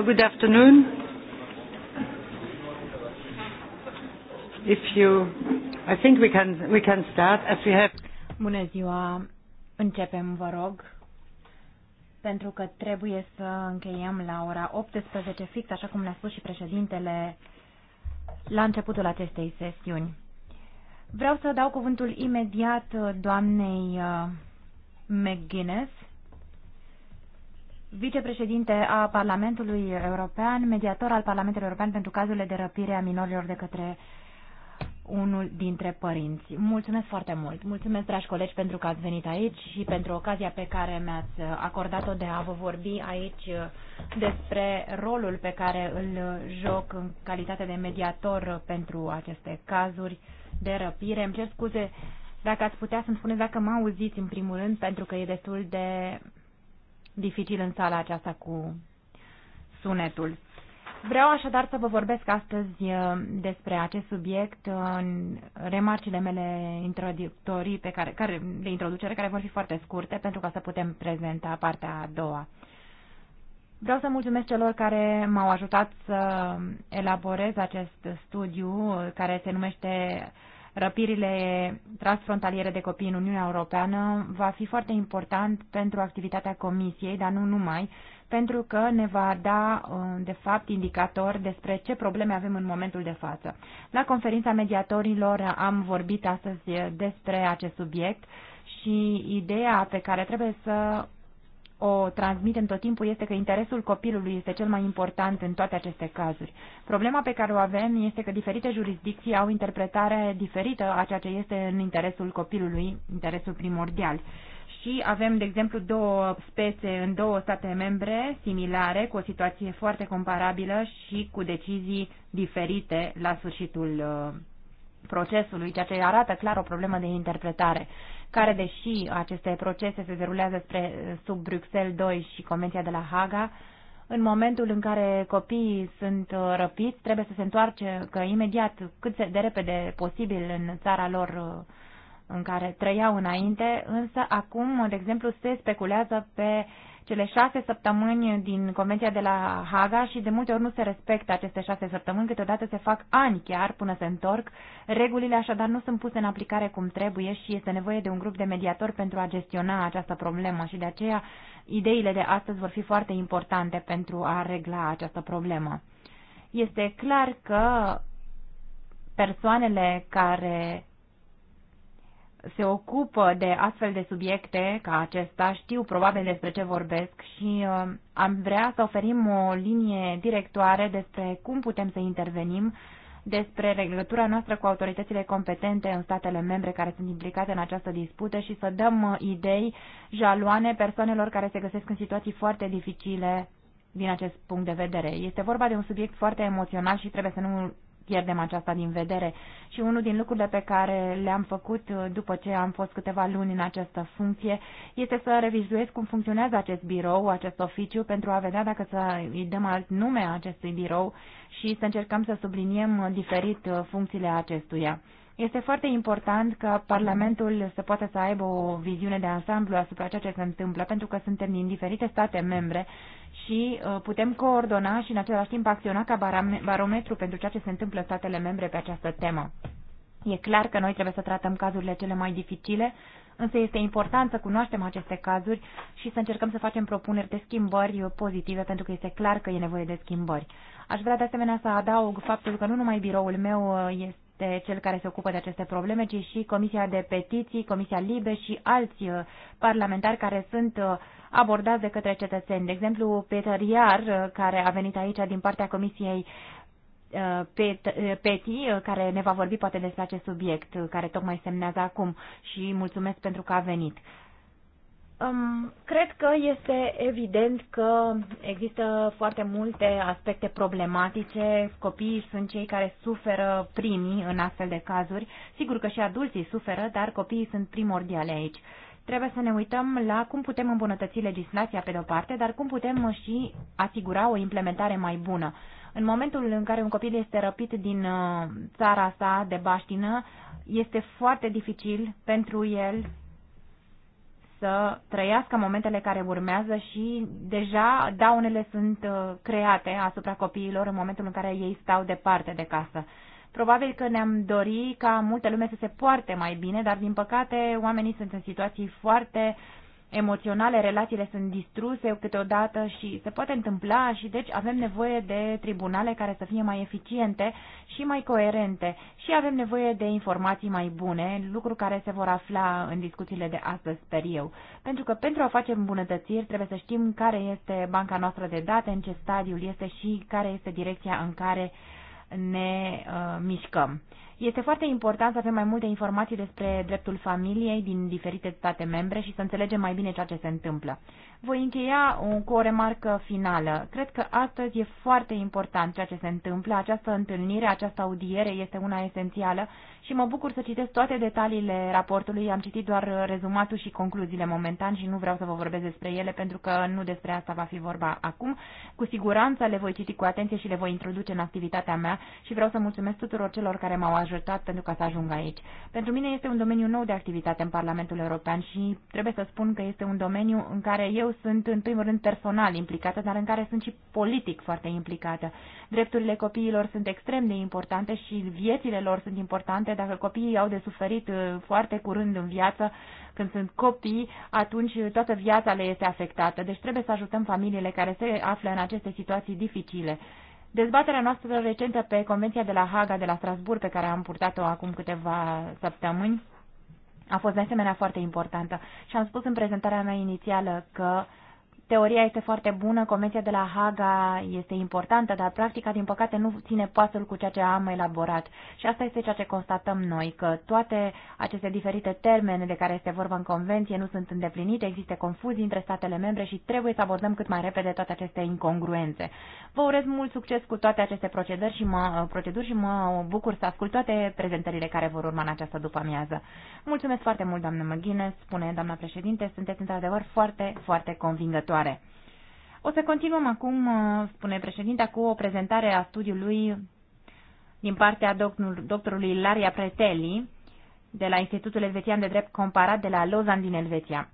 good afternoon. I think we can start as we have. Bună ziua. Începem, vă rog, pentru că trebuie să încheiem la ora 18:00 fix, așa cum ne-a spus și președintele la începutul acestei sesiuni. Vreau să dau cuvântul imediat doamnei uh, McGuinness, vicepreședinte a Parlamentului European, mediator al Parlamentului European pentru cazurile de răpire a minorilor de către unul dintre părinți. Mulțumesc foarte mult. Mulțumesc, dragi colegi, pentru că ați venit aici și pentru ocazia pe care mi-ați acordat-o de a vă vorbi aici despre rolul pe care îl joc în calitate de mediator pentru aceste cazuri de răpire. Îmi cer scuze dacă ați putea să-mi spuneți dacă mă auziți în primul rând, pentru că e destul de dificil în sala aceasta cu sunetul. Vreau așadar să vă vorbesc astăzi uh, despre acest subiect uh, în remarcile mele introductorii pe care, care, de introducere care vor fi foarte scurte pentru ca să putem prezenta partea a doua. Vreau să mulțumesc celor care m-au ajutat să elaborez acest studiu uh, care se numește răpirile transfrontaliere de copii în Uniunea Europeană va fi foarte important pentru activitatea Comisiei, dar nu numai, pentru că ne va da, uh, de fapt, indicator despre ce probleme avem în momentul de față. La conferința mediatorilor am vorbit astăzi despre acest subiect și ideea pe care trebuie să o transmitem tot timpul este că interesul copilului este cel mai important în toate aceste cazuri. Problema pe care o avem este că diferite jurisdicții au interpretare diferită a ceea ce este în interesul copilului, interesul primordial. Și avem, de exemplu, două spețe în două state membre similare, cu o situație foarte comparabilă și cu decizii diferite la sfârșitul uh, procesului, ceea ce arată clar o problemă de interpretare care, deși aceste procese se derulează spre, sub Bruxelles 2 și Convenția de la Haga, în momentul în care copiii sunt uh, răpiți, trebuie să se întoarce că imediat, cât de repede posibil în țara lor uh, în care trăiau înainte, însă acum, de exemplu, se speculează pe uh, cele șase săptămâni din Convenția de la Haga și de multe ori nu se respectă aceste șase săptămâni, câteodată se fac ani chiar până se întorc. Regulile așadar nu sunt puse în aplicare cum trebuie și este nevoie de un grup de mediatori pentru a gestiona această problemă și de aceea ideile de astăzi vor fi foarte importante pentru a regla această problemă. Este clar că persoanele care se ocupă de astfel de subiecte ca acesta știu probabil despre ce vorbesc și uh, am vrea să oferim o linie directoare despre cum putem să intervenim, despre legătura noastră cu autoritățile competente în statele membre care sunt implicate în această dispută și să dăm uh, idei jaloane persoanelor care se găsesc în situații foarte dificile din acest punct de vedere. Este vorba de un subiect foarte emoțional și trebuie să nu pierdem aceasta din vedere. Și unul din lucrurile pe care le-am făcut uh, după ce am fost câteva luni în această funcție este să revizuiesc cum funcționează acest birou, acest oficiu, pentru a vedea dacă să îi dăm alt nume acestui birou și să încercăm să subliniem uh, diferit uh, funcțiile acestuia. Este foarte important ca Parlamentul să poată să aibă o viziune de ansamblu asupra ceea ce se întâmplă, pentru că suntem din diferite state membre și uh, putem coordona și în același timp acționa ca barometru pentru ceea ce se întâmplă în statele membre pe această temă. E clar că noi trebuie să tratăm cazurile cele mai dificile, însă este important să cunoaștem aceste cazuri și să încercăm să facem propuneri de schimbări uh, pozitive, pentru că este clar că e nevoie de schimbări. Aș vrea de asemenea să adaug faptul că nu numai biroul meu uh, este este cel care se ocupă de aceste probleme, ci și Comisia de Petiții, Comisia Libe și alți uh, parlamentari care sunt uh, abordați de către cetățeni. De exemplu, Peter Iar, uh, care a venit aici din partea Comisiei Peti, care ne va vorbi poate despre acest subiect, care tocmai semnează acum și mulțumesc pentru că a venit. Um, cred că este evident că există foarte multe aspecte problematice. Copiii sunt cei care suferă primii în astfel de cazuri. Sigur că și adulții suferă, dar copiii sunt primordiale aici. Trebuie să ne uităm la cum putem îmbunătăți legislația pe de-o parte, dar cum putem și asigura o implementare mai bună. În momentul în care un copil este răpit din uh, țara sa de baștină, este foarte dificil pentru el să trăiască momentele care urmează și deja daunele sunt uh, create asupra copiilor în momentul în care ei stau departe de casă. Probabil că ne-am dori ca multe lume să se poarte mai bine, dar din păcate oamenii sunt în situații foarte emoționale, relațiile sunt distruse câteodată și se poate întâmpla și deci avem nevoie de tribunale care să fie mai eficiente și mai coerente și avem nevoie de informații mai bune, lucru care se vor afla în discuțiile de astăzi, sper eu. Pentru că pentru a face îmbunătățiri trebuie să știm care este banca noastră de date, în ce stadiul este și care este direcția în care ne uh, mișcăm. Este foarte important să avem mai multe informații despre dreptul familiei din diferite state membre și să înțelegem mai bine ceea ce se întâmplă. Voi încheia cu o remarcă finală. Cred că astăzi e foarte important ceea ce se întâmplă. Această întâlnire, această audiere este una esențială și mă bucur să citesc toate detaliile raportului. Am citit doar rezumatul și concluziile momentan și nu vreau să vă vorbesc despre ele pentru că nu despre asta va fi vorba acum. Cu siguranță le voi citi cu atenție și le voi introduce în activitatea mea și vreau să mulțumesc tuturor celor care m-au ajutat ajutat pentru ca să ajung aici. Pentru mine este un domeniu nou de activitate în Parlamentul European și trebuie să spun că este un domeniu în care eu sunt în primul rând personal implicată, dar în care sunt și politic foarte implicată. Drepturile copiilor sunt extrem de importante și viețile lor sunt importante. Dacă copiii au de suferit uh, foarte curând în viață, când sunt copii, atunci uh, toată viața le este afectată. Deci trebuie să ajutăm familiile care se află în aceste situații dificile. Dezbaterea noastră recentă pe Convenția de la Haga de la Strasburg, pe care am purtat-o acum câteva săptămâni, a fost de asemenea foarte importantă. Și am spus în prezentarea mea inițială că Teoria este foarte bună, Convenția de la Haga este importantă, dar practica, din păcate, nu ține pasul cu ceea ce am elaborat. Și asta este ceea ce constatăm noi, că toate aceste diferite termene de care este vorba în Convenție nu sunt îndeplinite, există confuzii între statele membre și trebuie să abordăm cât mai repede toate aceste incongruențe. Vă urez mult succes cu toate aceste proceduri și mă, proceduri și mă bucur să ascult toate prezentările care vor urma în această după-amiază. Mulțumesc foarte mult, doamnă Măghine, spune doamna președinte, sunteți într-adevăr foarte, foarte convingătoare viitoare. O să continuăm acum, uh, spune președinta, cu o prezentare a studiului din partea doctorului Laria Preteli de la Institutul Elvețian de Drept Comparat de la Lozan din Elveția.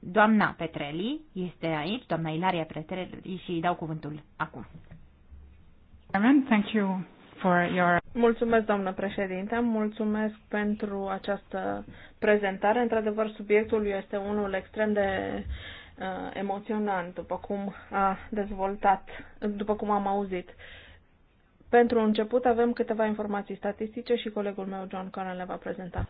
Doamna Petreli este aici, doamna Ilaria Petreli și îi dau cuvântul acum. Mulțumesc, doamnă președinte, mulțumesc pentru această prezentare. Într-adevăr, subiectul este unul extrem de uh, uh, emoționant, după cum a dezvoltat, după cum am auzit. Pentru început avem câteva informații statistice și colegul meu, John Conan, le va prezenta.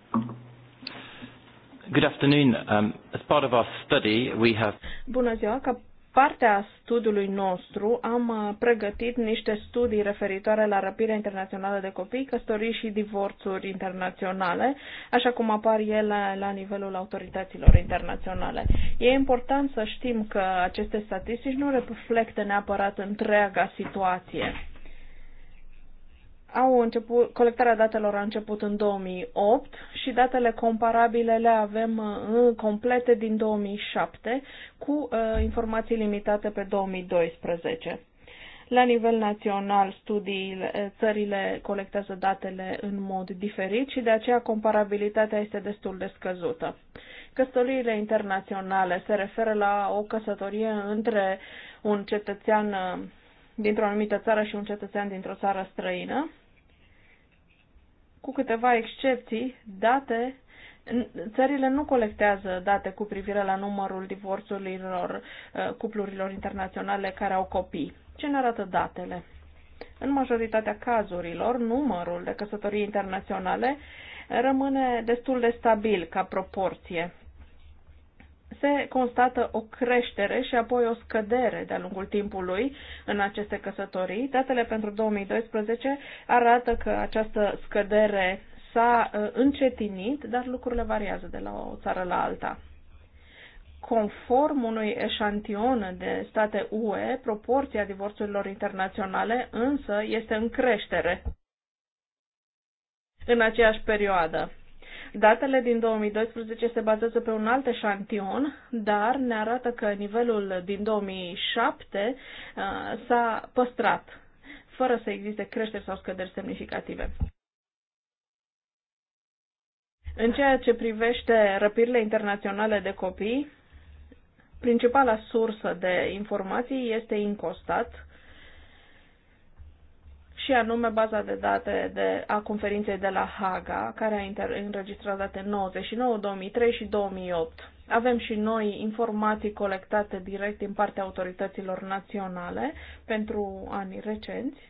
Good afternoon. Um, as part of our study, we have... Bună ziua! Ca partea studiului nostru am uh, pregătit niște studii referitoare la răpirea internațională de copii, căsătorii și divorțuri internaționale, așa cum apar ele la nivelul autorităților internaționale. E important să știm că aceste statistici nu reflectă neapărat întreaga situație au început, colectarea datelor a început în 2008 și datele comparabile le avem uh, complete din 2007 cu uh, informații limitate pe 2012. La nivel național, studiile, uh, țările colectează datele în mod diferit și de aceea comparabilitatea este destul de scăzută. Căsătoriile internaționale se referă la o căsătorie între un cetățean dintr-o anumită țară și un cetățean dintr-o țară străină cu câteva excepții, date Țările nu colectează date cu privire la numărul divorțurilor uh, cuplurilor internaționale care au copii. Ce ne arată datele? În majoritatea cazurilor, numărul de căsătorii internaționale rămâne destul de stabil ca proporție, se constată o creștere și apoi o scădere de-a lungul timpului în aceste căsătorii. Datele pentru 2012 arată că această scădere s-a uh, încetinit, dar lucrurile variază de la o țară la alta. Conform unui eșantion de state UE, proporția divorțurilor internaționale însă este în creștere în aceeași perioadă. Datele din 2012 se bazează pe un alt eșantion, dar ne arată că nivelul din 2007 uh, s-a păstrat, fără să existe creșteri sau scăderi semnificative. În ceea ce privește răpirile internaționale de copii, principala sursă de informații este Incostat, și anume baza de date de, a conferinței de la Haga, care a inter, înregistrat date 99, 2003 și 2008. Avem și noi informații colectate direct din partea autorităților naționale pentru anii recenți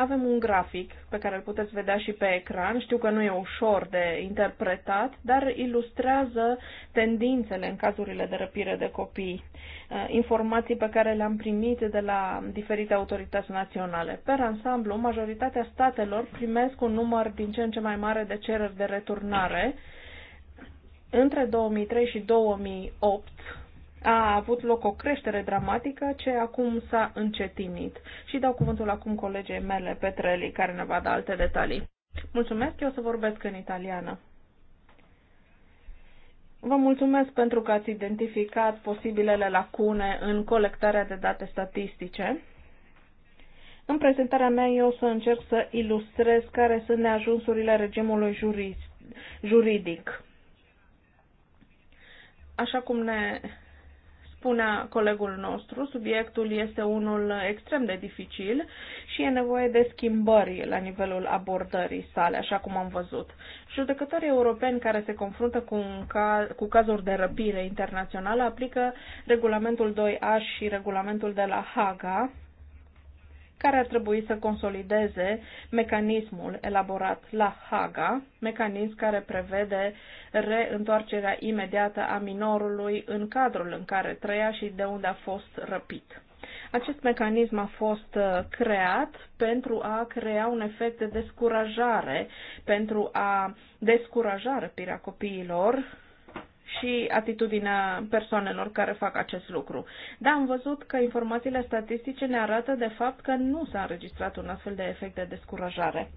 avem un grafic pe care îl puteți vedea și pe ecran. Știu că nu e ușor de interpretat, dar ilustrează tendințele în cazurile de răpire de copii. Uh, informații pe care le-am primit de la diferite autorități naționale. Per ansamblu, majoritatea statelor primesc un număr din ce în ce mai mare de cereri de returnare. Între 2003 și 2008, a avut loc o creștere dramatică ce acum s-a încetinit. Și dau cuvântul acum colegei mele, Petreli, care ne va da alte detalii. Mulțumesc, eu o să vorbesc în italiană. Vă mulțumesc pentru că ați identificat posibilele lacune în colectarea de date statistice. În prezentarea mea eu o să încerc să ilustrez care sunt neajunsurile regimului juridic. Așa cum ne spunea colegul nostru, subiectul este unul extrem de dificil și e nevoie de schimbări la nivelul abordării sale, așa cum am văzut. Judecătorii europeni care se confruntă cu, un caz, cu cazuri de răpire internațională aplică regulamentul 2A și regulamentul de la Haga, care ar trebui să consolideze mecanismul elaborat la Haga, mecanism care prevede reîntoarcerea imediată a minorului în cadrul în care trăia și de unde a fost răpit. Acest mecanism a fost uh, creat pentru a crea un efect de descurajare, pentru a descuraja răpirea copiilor și atitudinea persoanelor care fac acest lucru. Dar am văzut că informațiile statistice ne arată de fapt că nu s-a înregistrat un astfel de efect de descurajare.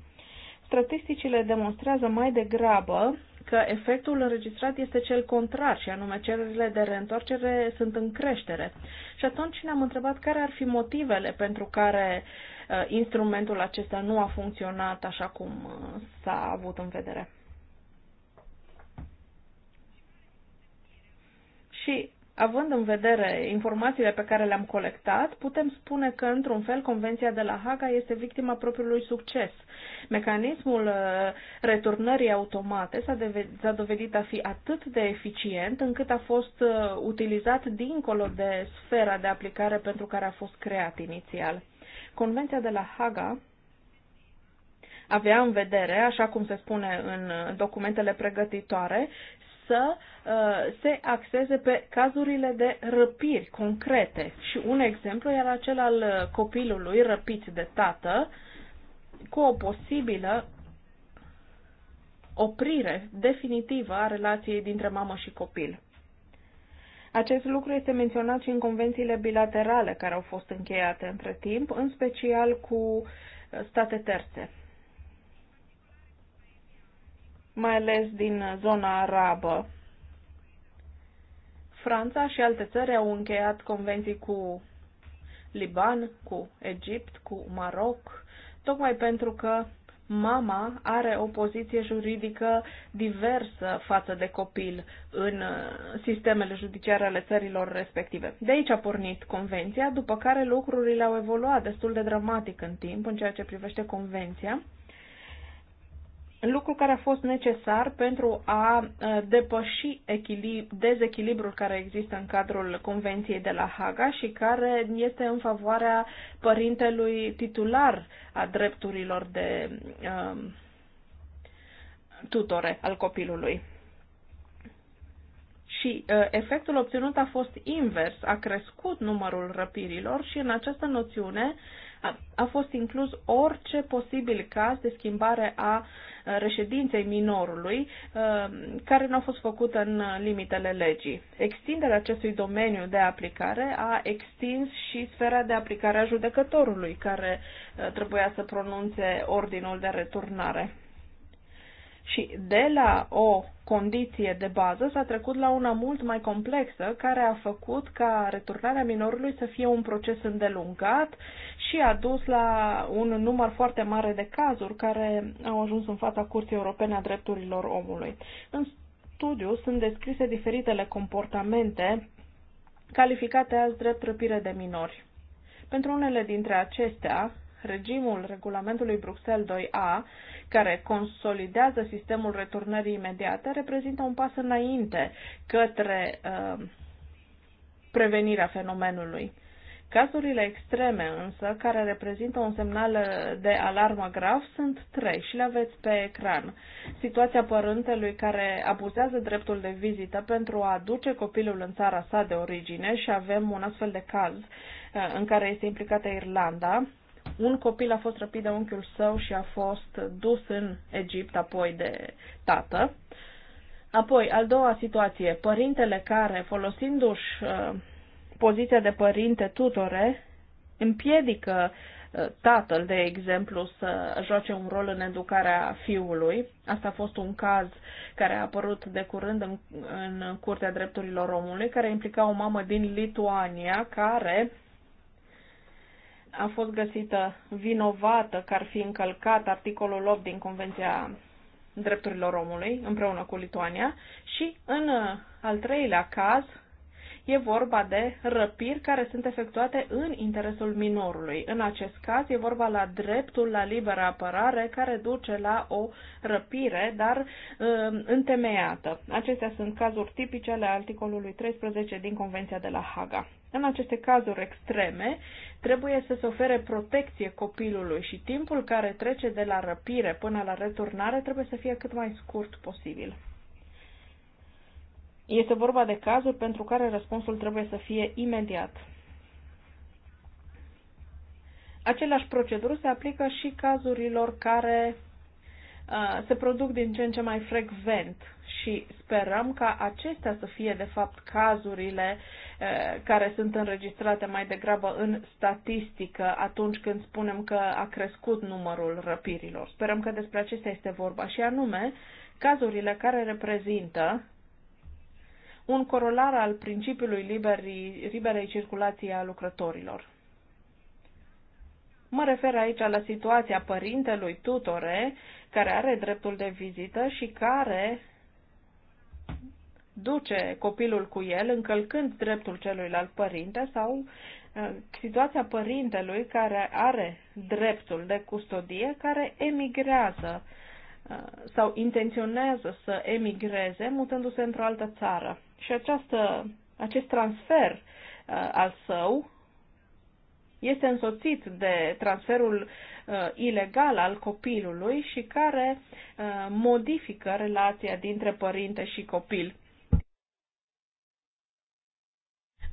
Statisticile demonstrează mai degrabă că efectul înregistrat este cel contrar, și anume cererile de reîntoarcere sunt în creștere. Și atunci ne-am întrebat care ar fi motivele pentru care uh, instrumentul acesta nu a funcționat așa cum uh, s-a avut în vedere. Și având în vedere informațiile pe care le-am colectat, putem spune că, într-un fel, Convenția de la Haga este victima propriului succes. Mecanismul uh, returnării automate s-a, dovedit a fi atât de eficient încât a fost uh, utilizat dincolo de sfera de aplicare pentru care a fost creat inițial. Convenția de la Haga avea în vedere, așa cum se spune în documentele pregătitoare, să uh, se axeze pe cazurile de răpiri concrete. Și un exemplu era cel al uh, copilului răpit de tată cu o posibilă oprire definitivă a relației dintre mamă și copil. Acest lucru este menționat și în convențiile bilaterale care au fost încheiate între timp, în special cu uh, state terțe mai ales din zona arabă. Franța și alte țări au încheiat convenții cu Liban, cu Egipt, cu Maroc, tocmai pentru că mama are o poziție juridică diversă față de copil în sistemele judiciare ale țărilor respective. De aici a pornit convenția, după care lucrurile au evoluat destul de dramatic în timp în ceea ce privește convenția lucru care a fost necesar pentru a depăși dezechilibrul care există în cadrul Convenției de la Haga și care este în favoarea părintelui titular a drepturilor de tutore al copilului. Și uh, efectul obținut a fost invers, a crescut numărul răpirilor și în această noțiune uh, a fost inclus orice posibil caz de schimbare a reședinței minorului care nu a fost făcută în limitele legii. Extinderea acestui domeniu de aplicare a extins și sfera de aplicare a judecătorului care trebuia să pronunțe ordinul de returnare. Și de la o condiție de bază s-a trecut la una mult mai complexă, care a făcut ca returnarea minorului să fie un proces îndelungat și a dus la un număr foarte mare de cazuri care au ajuns în fața Curții Europene a Drepturilor Omului. În studiu sunt descrise diferitele comportamente calificate azi drept răpire de minori. Pentru unele dintre acestea, regimul regulamentului Bruxelles 2A, care consolidează sistemul returnării imediate, reprezintă un pas înainte către uh, prevenirea fenomenului. Cazurile extreme însă, care reprezintă un semnal de alarmă grav, sunt trei și le aveți pe ecran. Situația părintelui care abuzează dreptul de vizită pentru a aduce copilul în țara sa de origine și avem un astfel de caz uh, în care este implicată Irlanda, un copil a fost răpit de unchiul său și a fost dus în Egipt apoi de tată. Apoi, al doua situație, părintele care, folosindu-și uh, poziția de părinte tutore, împiedică uh, tatăl, de exemplu, să joace un rol în educarea fiului. Asta a fost un caz care a apărut de curând în, în Curtea Drepturilor Omului, care implica o mamă din Lituania care a fost găsită vinovată că ar fi încălcat articolul 8 din Convenția drepturilor omului împreună cu Lituania și în uh, al treilea caz E vorba de răpiri care sunt efectuate în interesul minorului. În acest caz e vorba la dreptul la liberă apărare care duce la o răpire, dar uh, întemeiată. Acestea sunt cazuri tipice ale articolului 13 din Convenția de la Haga. În aceste cazuri extreme, trebuie să se ofere protecție copilului și timpul care trece de la răpire până la returnare trebuie să fie cât mai scurt posibil. Este vorba de cazuri pentru care răspunsul trebuie să fie imediat. Același proceduri se aplică și cazurilor care uh, se produc din ce în ce mai frecvent și sperăm ca acestea să fie, de fapt, cazurile uh, care sunt înregistrate mai degrabă în statistică atunci când spunem că a crescut numărul răpirilor. Sperăm că despre acestea este vorba și anume cazurile care reprezintă un corolar al principiului liberii, liberei circulații a lucrătorilor. Mă refer aici la situația părintelui tutore, care are dreptul de vizită și care duce copilul cu el, încălcând dreptul celuilalt părinte sau uh, situația părintelui care are dreptul de custodie, care emigrează uh, sau intenționează să emigreze, mutându-se într-o altă țară. Și această, acest transfer uh, al său este însoțit de transferul uh, ilegal al copilului și care uh, modifică relația dintre părinte și copil.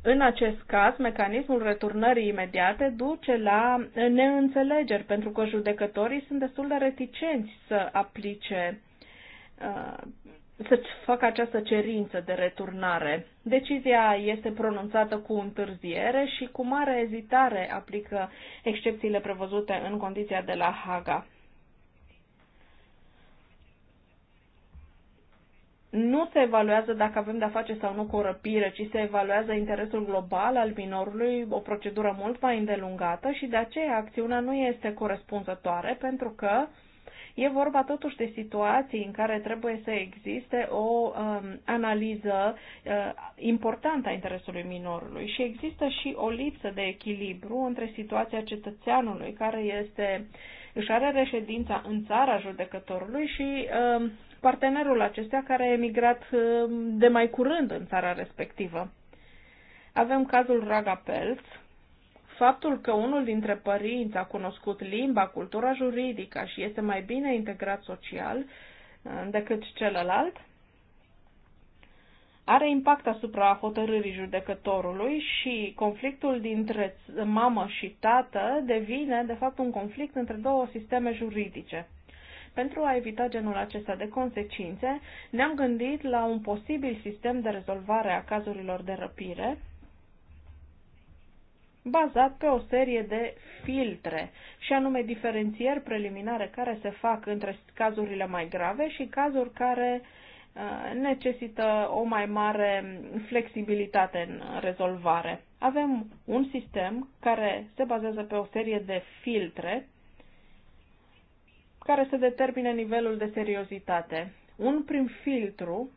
În acest caz, mecanismul returnării imediate duce la neînțelegeri, pentru că judecătorii sunt destul de reticenți să aplice uh, să facă această cerință de returnare. Decizia este pronunțată cu întârziere și cu mare ezitare aplică excepțiile prevăzute în condiția de la Haga. Nu se evaluează dacă avem de-a face sau nu cu o răpire, ci se evaluează interesul global al minorului, o procedură mult mai îndelungată și de aceea acțiunea nu este corespunzătoare pentru că uh, E vorba totuși de situații în care trebuie să existe o um, analiză uh, importantă a interesului minorului și există și o lipsă de echilibru între situația cetățeanului care este își are reședința în țara judecătorului și um, partenerul acestea care a emigrat um, de mai curând în țara respectivă. Avem cazul Raga Pelz, Faptul că unul dintre părinți a cunoscut limba, cultura juridică și este mai bine integrat social uh, decât celălalt, are impact asupra hotărârii judecătorului și conflictul dintre mamă și tată devine, de fapt, un conflict între două sisteme juridice. Pentru a evita genul acesta de consecințe, ne-am gândit la un posibil sistem de rezolvare a cazurilor de răpire, bazat pe o serie de filtre, și anume diferențieri preliminare care se fac între cazurile mai grave și cazuri care uh, necesită o mai mare flexibilitate în rezolvare. Avem un sistem care se bazează pe o serie de filtre care să determine nivelul de seriozitate. Un prim filtru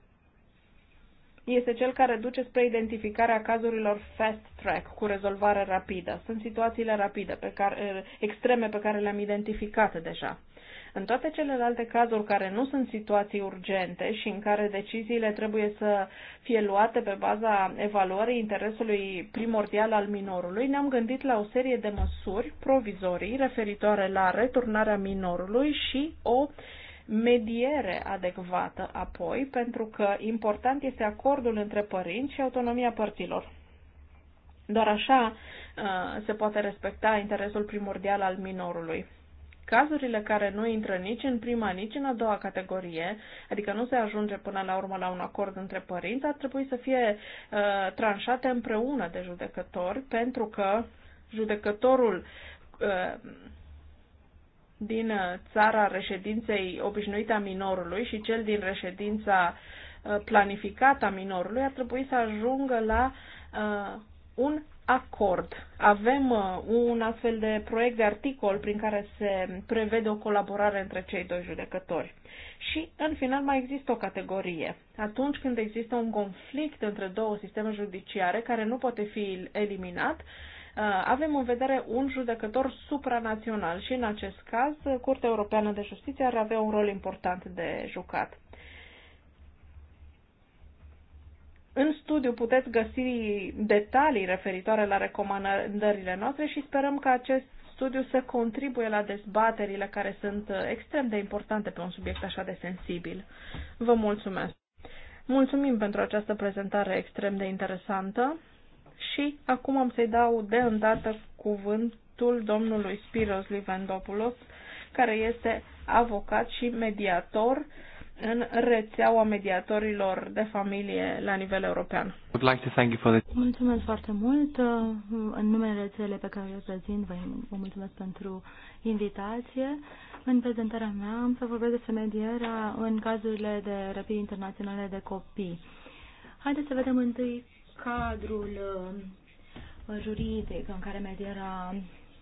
este cel care duce spre identificarea cazurilor fast track, cu rezolvare rapidă. Sunt situațiile rapide, pe care, eh, extreme pe care le-am identificat deja. În toate celelalte cazuri care nu sunt situații urgente și în care deciziile trebuie să fie luate pe baza evaluării interesului primordial al minorului, ne-am gândit la o serie de măsuri provizorii referitoare la returnarea minorului și o mediere adecvată apoi, pentru că important este acordul între părinți și autonomia părților. Doar așa uh, se poate respecta interesul primordial al minorului. Cazurile care nu intră nici în prima, nici în a doua categorie, adică nu se ajunge până la urmă la un acord între părinți, ar trebui să fie uh, tranșate împreună de judecători, pentru că judecătorul uh, din uh, țara reședinței obișnuite a minorului și cel din reședința uh, planificată a minorului ar trebui să ajungă la uh, un acord. Avem uh, un astfel de proiect de articol prin care se prevede o colaborare între cei doi judecători. Și, în final, mai există o categorie. Atunci când există un conflict între două sisteme judiciare care nu poate fi eliminat, uh, Uh, avem în vedere un judecător supranațional și în acest caz Curtea Europeană de Justiție ar avea un rol important de jucat. În studiu puteți găsi detalii referitoare la recomandările noastre și sperăm că acest studiu să contribuie la dezbaterile care sunt extrem de importante pe un subiect așa de sensibil. Vă mulțumesc! Mulțumim pentru această prezentare extrem de interesantă. Și acum am să-i dau de îndată cuvântul domnului Spiros Livendopoulos, care este avocat și mediator în rețeaua mediatorilor de familie la nivel european. like to thank you for this. Mulțumesc foarte mult. În numele rețelei pe care o prezint, vă mulțumesc pentru invitație. În prezentarea mea am să vorbesc despre medierea în cazurile de răpiri internaționale de copii. Haideți să vedem întâi cadrul uh, juridic în care mediera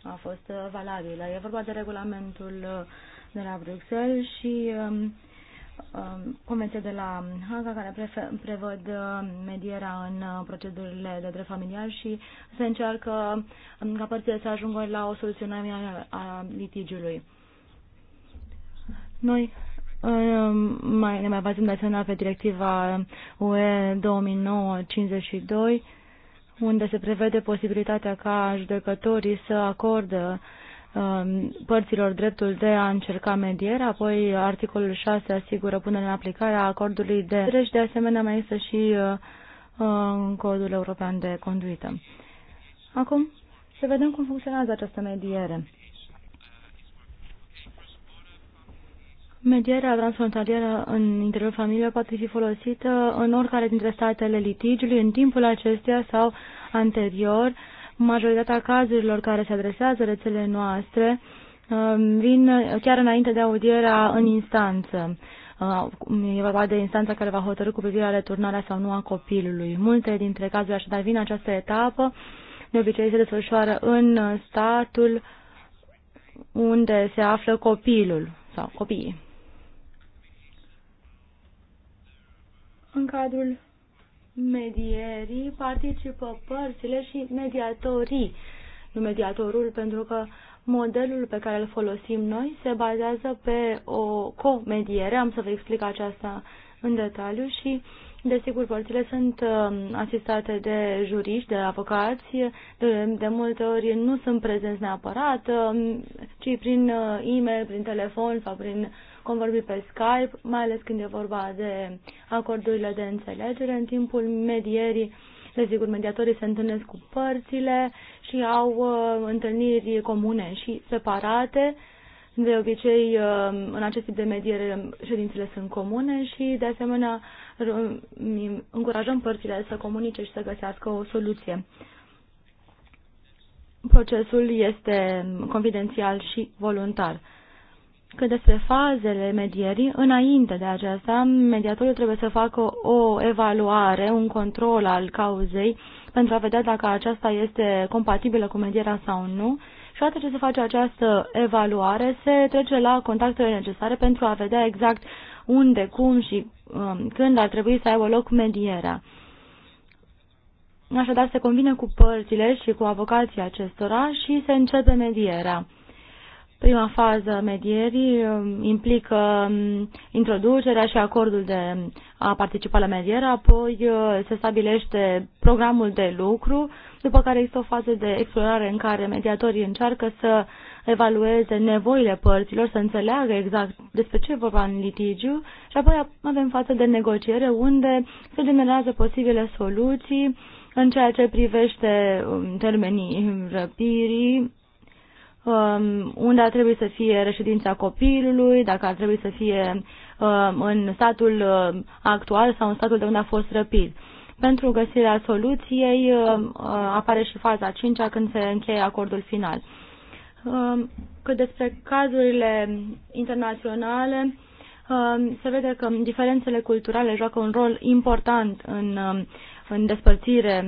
a fost uh, valabilă. E vorba de regulamentul uh, de la Bruxelles și um, um, Convenția de la Haga care prevăd medierea în procedurile de drept familial și se încearcă um, ca părțile să ajungă la o soluționare a litigiului. Noi mai, ne mai bazăm de asemenea pe directiva UE 2009-52, unde se prevede posibilitatea ca judecătorii să acordă um, părților dreptul de a încerca mediere, apoi articolul 6 asigură punerea în aplicare a acordului de drept de asemenea mai este și în uh, uh, codul european de conduită. Acum, să vedem cum funcționează această mediere. Medierea transfrontalieră în interiorul familiei poate fi folosită în oricare dintre statele litigiului, în timpul acesteia sau anterior. Majoritatea cazurilor care se adresează rețelei noastre um, vin chiar înainte de audierea în instanță. Uh, e vorba de instanța care va hotărâ cu privire la returnarea sau nu a copilului. Multe dintre cazuri așadar vin în această etapă. De obicei se desfășoară în statul unde se află copilul sau copiii. În cadrul medierii participă părțile și mediatorii, nu mediatorul, pentru că modelul pe care îl folosim noi se bazează pe o comediere, am să vă explic aceasta în detaliu și Desigur, părțile sunt um, asistate de juriști, de avocați, de, de multe ori nu sunt prezenți neapărat, um, ci prin uh, e-mail, prin telefon sau prin cum vorbi pe Skype, mai ales când e vorba de acordurile de înțelegere. În timpul medierii, desigur, mediatorii se întâlnesc cu părțile și au uh, întâlniri comune și separate. De obicei, uh, în acest tip de mediere, ședințele sunt comune și, de asemenea, încurajăm părțile să comunice și să găsească o soluție. Procesul este confidențial și voluntar că despre fazele medierii, înainte de aceasta, mediatorul trebuie să facă o evaluare, un control al cauzei pentru a vedea dacă aceasta este compatibilă cu medierea sau nu. Și odată ce se face această evaluare, se trece la contactele necesare pentru a vedea exact unde, cum și um, când ar trebui să aibă loc medierea. Așadar, se convine cu părțile și cu avocații acestora și se începe medierea. Prima fază a medierii um, implică um, introducerea și acordul de a participa la mediere, apoi uh, se stabilește programul de lucru, după care există o fază de explorare în care mediatorii încearcă să evalueze nevoile părților, să înțeleagă exact despre ce vorba în litigiu și apoi avem fază de negociere unde se generează posibile soluții în ceea ce privește um, termenii răpirii, Um, unde ar trebui să fie reședința copilului, dacă ar trebui să fie um, în statul um, actual sau în statul de unde a fost răpit. Pentru găsirea soluției uh, apare și faza 5 -a când se încheie acordul final. Cât despre cazurile internaționale, se vede că diferențele culturale joacă un rol important în în despărțire.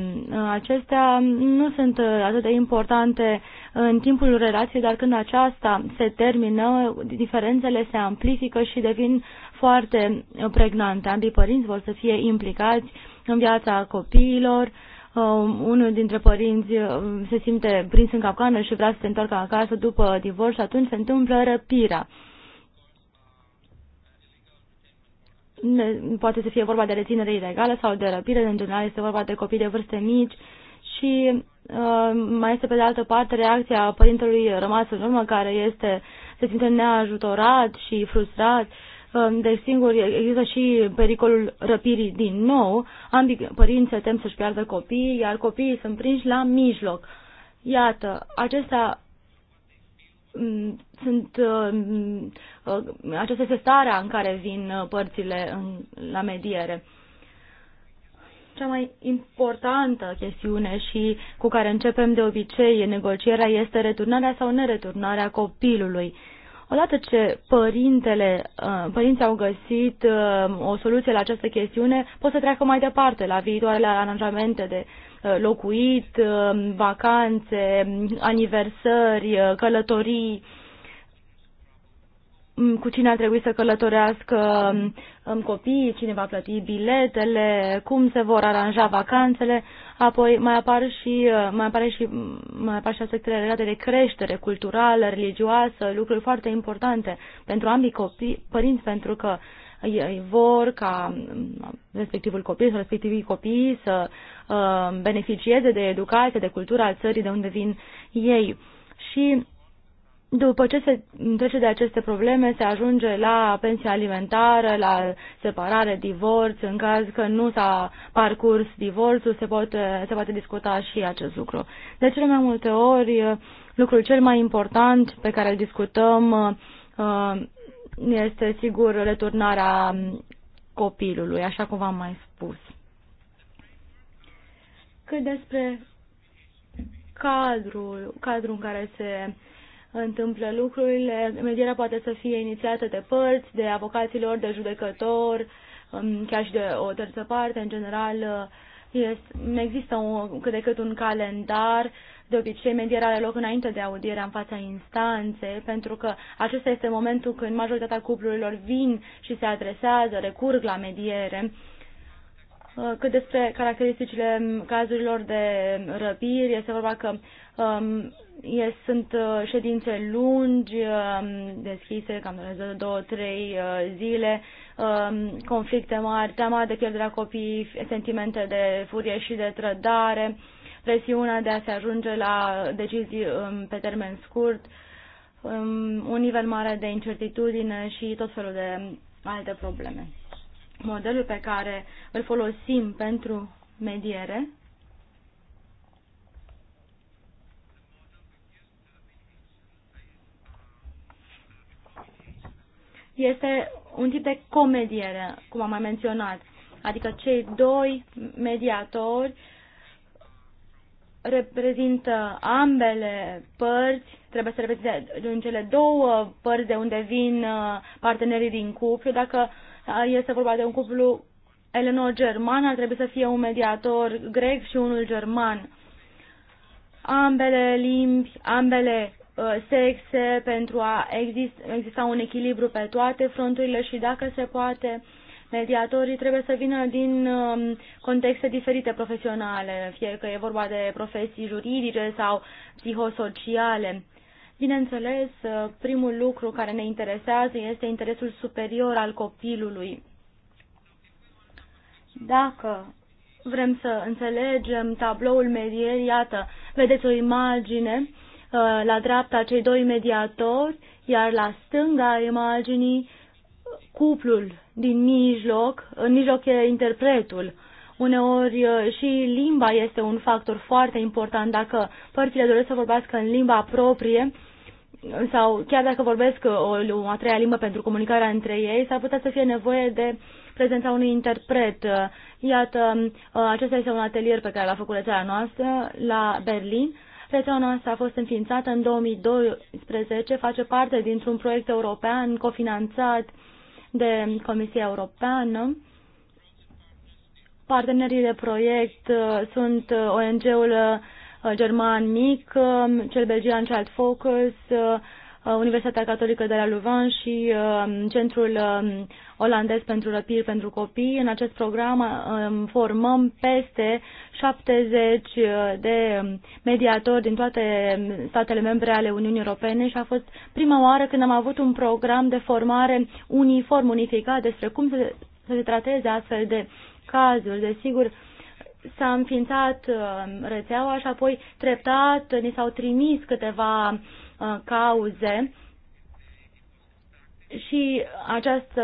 Acestea nu sunt atât de importante în timpul relației, dar când aceasta se termină, diferențele se amplifică și devin foarte pregnante. Ambii părinți vor să fie implicați în viața copiilor, um, unul dintre părinți um, se simte prins în capcană și vrea să se întoarcă acasă după divorț și atunci se întâmplă răpirea. poate să fie vorba de reținere ilegală sau de răpire, în general este vorba de copii de vârste mici și uh, mai este pe de altă parte reacția părintelui rămas în urmă care este, se simte neajutorat și frustrat. Uh, deci singur există și pericolul răpirii din nou. Ambii părinți se tem să-și piardă copiii, iar copiii sunt prinși la mijloc. Iată, acestea Mm, sunt, uh, mm, uh, aceasta este starea în care vin uh, părțile în, la mediere. Cea mai importantă chestiune și cu care începem de obicei negocierea este returnarea sau nereturnarea copilului. Odată ce părintele, părinții au găsit o soluție la această chestiune, pot să treacă mai departe la viitoarele aranjamente de Uh, locuit, uh, vacanțe, aniversări, uh, călătorii, mm, cu cine ar trebui să călătorească mm, copiii, cine va plăti biletele, cum se vor aranja vacanțele, apoi mai apar și mai apare și mm, mai apar și aspectele legate de creștere culturală, religioasă, lucruri foarte importante pentru ambii copii, părinți pentru că ei vor ca mm, respectivul copil sau respectivii copii să uh, beneficieze de educație, de cultura al țării de unde vin ei. Și după ce se trece de aceste probleme, se ajunge la pensie alimentară, la separare, divorț. În caz că nu s-a parcurs divorțul, se poate, se poate discuta și acest lucru. De cele mai multe ori, lucrul cel mai important pe care îl discutăm uh, uh, este sigur returnarea copilului, așa cum v-am mai spus. Cât despre cadrul, cadrul în care se întâmplă lucrurile, medierea poate să fie inițiată de părți, de avocaților, de judecători, um, chiar și de o terță parte, în general, uh, este, există un, cât de cât un calendar de obicei, medierea are loc înainte de audierea în fața instanței, pentru că acesta este momentul când majoritatea cuplurilor vin și se adresează, recurg la mediere. Uh, cât despre caracteristicile cazurilor de răpiri, este vorba că um, e, sunt uh, ședințe lungi, um, deschise, cam de două, trei uh, zile, um, conflicte mari, teama de pierderea copiii, sentimente de furie și de trădare, uh, presiunea de a se ajunge la decizii um, pe termen scurt, um, un nivel mare de incertitudine și tot felul de alte probleme. Modelul pe care îl folosim pentru mediere este un tip de comediere, cum am mai menționat, adică cei doi mediatori uh, reprezintă ambele părți, trebuie să reprezinte în cele două părți de unde vin uh, partenerii din cuplu. Dacă uh, este vorba de un cuplu Eleanor german ar trebui să fie un mediator grec și unul german. Ambele limbi, ambele uh, sexe pentru a exista un echilibru pe toate fronturile și dacă se poate Mediatorii trebuie să vină din um, contexte diferite profesionale, fie că e vorba de profesii juridice sau psihosociale. Bineînțeles, uh, primul lucru care ne interesează este interesul superior al copilului. Dacă vrem să înțelegem tabloul medier, iată, vedeți o imagine, uh, la dreapta cei doi mediatori, iar la stânga imaginii cuplul din mijloc, în mijloc e interpretul. Uneori uh, și limba este un factor foarte important. Dacă părțile doresc să vorbească în limba proprie sau chiar dacă vorbesc uh, o, o a treia limbă pentru comunicarea între ei, s-ar putea să fie nevoie de prezența unui interpret. Uh, iată, acesta este un atelier pe care l-a făcut rețeaua noastră la Berlin. Rețeaua noastră a fost înființată în 2012, face parte dintr-un proiect european cofinanțat uh, de Comisia Europeană. Partenerii de proiect uh, sunt uh, ONG-ul uh, german mic, cel belgian Child Focus, Uh, Universitatea Catolică de la Luvan și um, Centrul um, Olandez pentru Răpiri pentru Copii. În acest program uh, um, formăm peste 70 uh, de mediatori din toate statele membre ale Uniunii Europene și a fost prima oară când am avut un program de formare uniform, unificat despre cum să se, să se trateze astfel de cazuri. Desigur, s-a înființat rețeaua și apoi treptat ni s-au trimis câteva Uh, cauze și această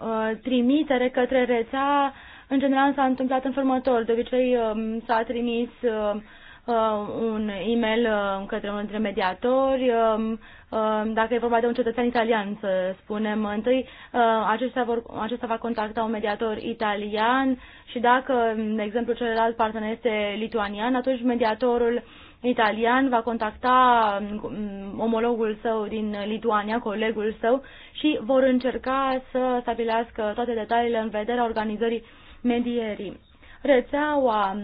uh, trimitere către rețea în general s-a întâmplat în următor. De obicei um, s-a trimis uh, un e-mail către unul dintre mediatori, um, dacă e vorba de un cetățean italian, să spunem. Întâi, acesta, vor, acesta va contacta un mediator italian și dacă, de exemplu, celălalt partener este lituanian, atunci mediatorul uh, italian va contacta mm, mm, omologul său din Lituania, colegul său, și vor încerca să stabilească toate detaliile în vederea organizării medierii. Rețeaua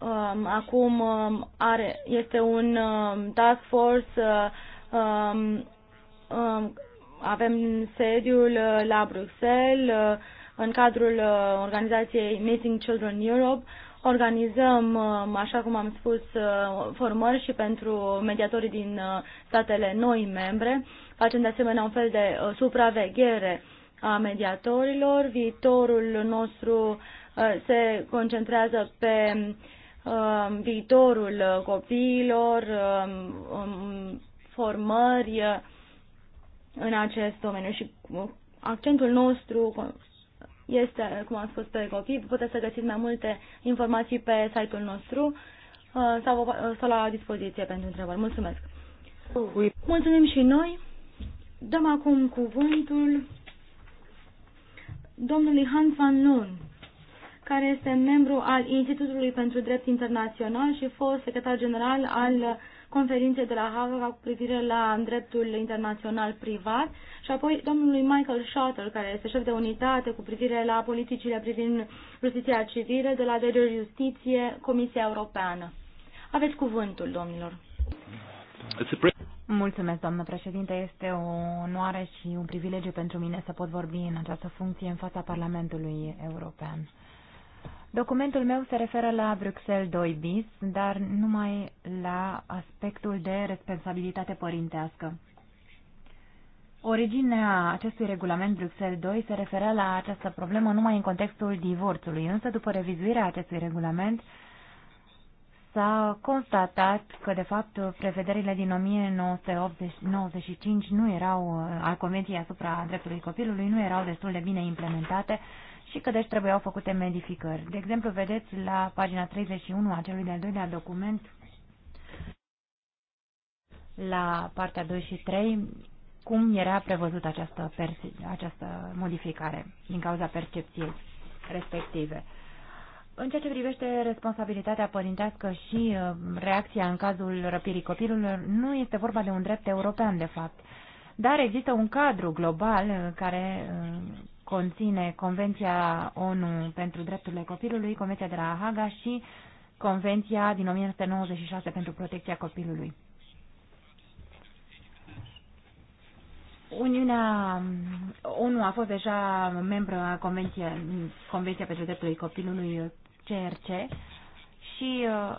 um, acum um, are, este un um, task force, uh, um, um, avem sediul uh, la Bruxelles, uh, în cadrul organizației Missing Children Europe, Organizăm, uh, așa cum am spus, uh, formări și pentru mediatorii din uh, statele noi membre. Facem de asemenea un fel de supraveghere a mediatorilor. Viitorul nostru se concentrează pe viitorul copiilor, um, um, formări în acest domeniu și accentul nostru este, cum am spus, pe copii. Puteți să găsiți mai multe informații pe site-ul nostru uh, sau, uh, sau la dispoziție pentru întrebări. Mulțumesc! Mulțumim și noi! Dăm acum cuvântul domnului Han Van Loon, care este membru al Institutului pentru Drept Internațional și fost secretar general al conferințe de la Haga cu privire la dreptul internațional privat și apoi domnului Michael Shuttle, care este șef de unitate cu privire la politicile privind justiția civilă de la Dreptul Justiție, Comisia Europeană. Aveți cuvântul, domnilor. Mulțumesc, doamnă președinte. Este o onoare și un privilegiu pentru mine să pot vorbi în această funcție în fața Parlamentului European. Documentul meu se referă la Bruxelles 2 bis, dar numai la aspectul de responsabilitate părintească. Originea acestui regulament Bruxelles 2 se referă la această problemă numai în contextul divorțului, însă după revizuirea acestui regulament s-a constatat că, de fapt, prevederile din 1995 nu erau, al Convenției asupra dreptului copilului nu erau destul de bine implementate și că deci trebuiau făcute modificări. De exemplu, vedeți la pagina 31 a celui de-al doilea document, la partea 2 și 3, cum era prevăzută această, această modificare din cauza percepției respective. În ceea ce privește responsabilitatea părintească și uh, reacția în cazul răpirii copilului, nu este vorba de un drept european, de fapt. Dar există un cadru global uh, care uh, conține Convenția ONU pentru drepturile copilului, Convenția de la Haga și Convenția din 1996 pentru protecția copilului. Uniunea ONU a fost deja membră a Convenția, Convenția pentru drepturile copilului CRC și uh,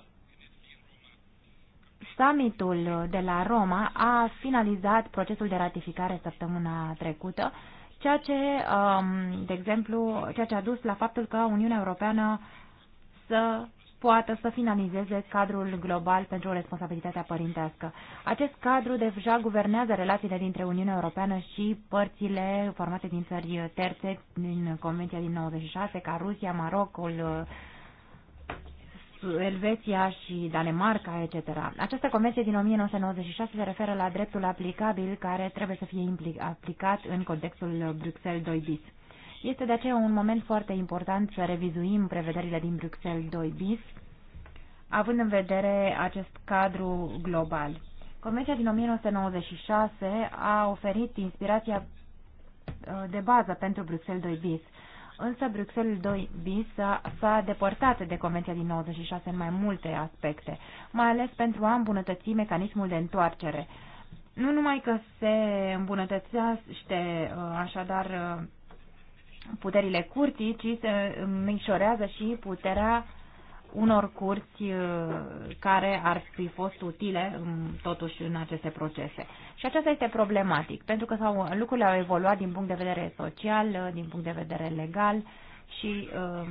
summitul de la Roma a finalizat procesul de ratificare săptămâna trecută ceea ce, um, de exemplu, ceea ce a dus la faptul că Uniunea Europeană să poată să finalizeze cadrul global pentru responsabilitatea părintească. Acest cadru deja guvernează relațiile dintre Uniunea Europeană și părțile formate din țări terțe din Convenția din 96, ca Rusia, Marocul, Elveția și Danemarca, etc. Această convenție din 1996 se referă la dreptul aplicabil care trebuie să fie aplicat în contextul Bruxelles 2 bis. Este de aceea un moment foarte important să revizuim prevederile din Bruxelles 2 bis, având în vedere acest cadru global. Convenția din 1996 a oferit inspirația uh, de bază pentru Bruxelles 2 bis. Însă Bruxelles 2 bis s-a depărtat de Convenția din 96 în mai multe aspecte, mai ales pentru a îmbunătăți mecanismul de întoarcere. Nu numai că se îmbunătățește uh, așadar uh, puterile curții, ci se micșorează și puterea unor curți uh, care ar fi fost utile um, totuși în aceste procese. Și aceasta este problematic, pentru că lucrurile au evoluat din punct de vedere social, uh, din punct de vedere legal și uh,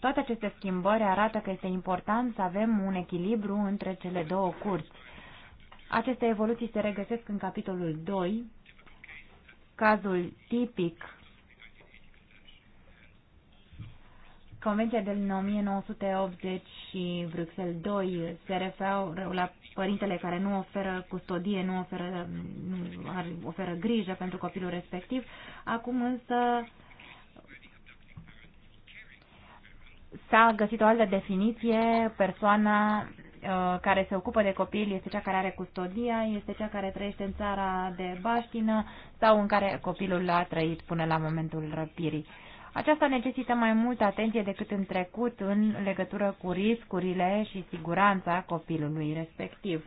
toate aceste schimbări arată că este important să avem un echilibru între cele două curți. Aceste evoluții se regăsesc în capitolul 2, cazul tipic Convenția din 1980 și Bruxelles 2 se referau la părintele care nu oferă custodie, nu oferă, nu oferă grijă pentru copilul respectiv. Acum însă s-a găsit o altă definiție, persoana uh, care se ocupă de copil este cea care are custodia, este cea care trăiește în țara de baștină sau în care copilul a trăit până la momentul răpirii. Aceasta necesită mai multă atenție decât în trecut în legătură cu riscurile și siguranța copilului respectiv.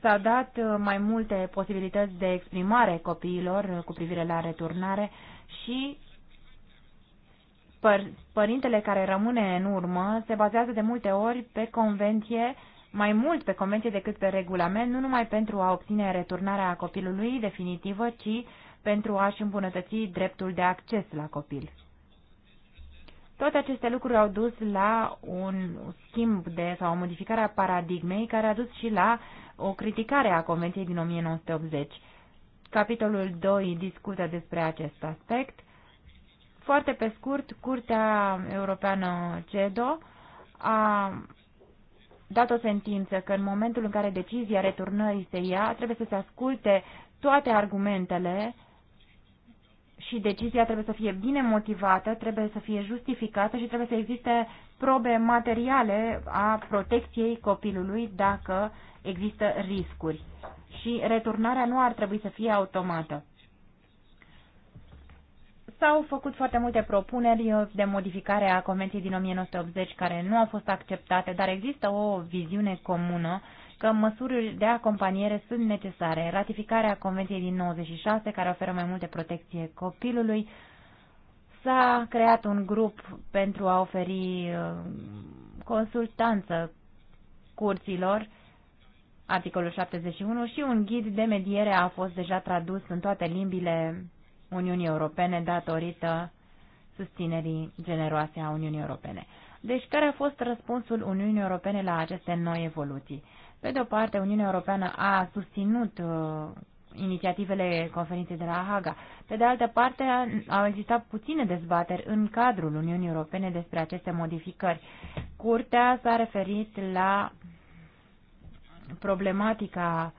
S-a dat uh, mai multe posibilități de exprimare copiilor uh, cu privire la returnare și păr- părintele care rămâne în urmă se bazează de multe ori pe convenție, mai mult pe convenție decât pe regulament, nu numai pentru a obține returnarea copilului definitivă, ci pentru a-și îmbunătăți dreptul de acces la copil. Toate aceste lucruri au dus la un schimb de, sau o modificare a paradigmei care a dus și la o criticare a Convenției din 1980. Capitolul 2 discută despre acest aspect. Foarte pe scurt, Curtea Europeană CEDO a dat o sentință că în momentul în care decizia returnării se ia, trebuie să se asculte toate argumentele și decizia trebuie să fie bine motivată, trebuie să fie justificată și trebuie să existe probe materiale a protecției copilului dacă există riscuri. Și returnarea nu ar trebui să fie automată. S-au făcut foarte multe propuneri de modificare a Convenției din 1980 care nu au fost acceptate, dar există o viziune comună uh, că măsurile de acompaniere sunt necesare. Ratificarea Convenției din 96, care oferă mai multe protecție copilului, s-a creat un grup pentru a oferi uh, consultanță curților, articolul 71, și un ghid de mediere a fost deja tradus în toate limbile Uniunii Europene datorită susținerii generoase a Uniunii Europene. Deci, care a fost răspunsul Uniunii Europene la aceste noi evoluții? Pe de o parte, Uniunea Europeană a susținut uh, inițiativele conferinței de la Haga. Pe de altă parte, au existat puține dezbateri în cadrul Uniunii Europene despre aceste modificări. Curtea s-a referit la problematica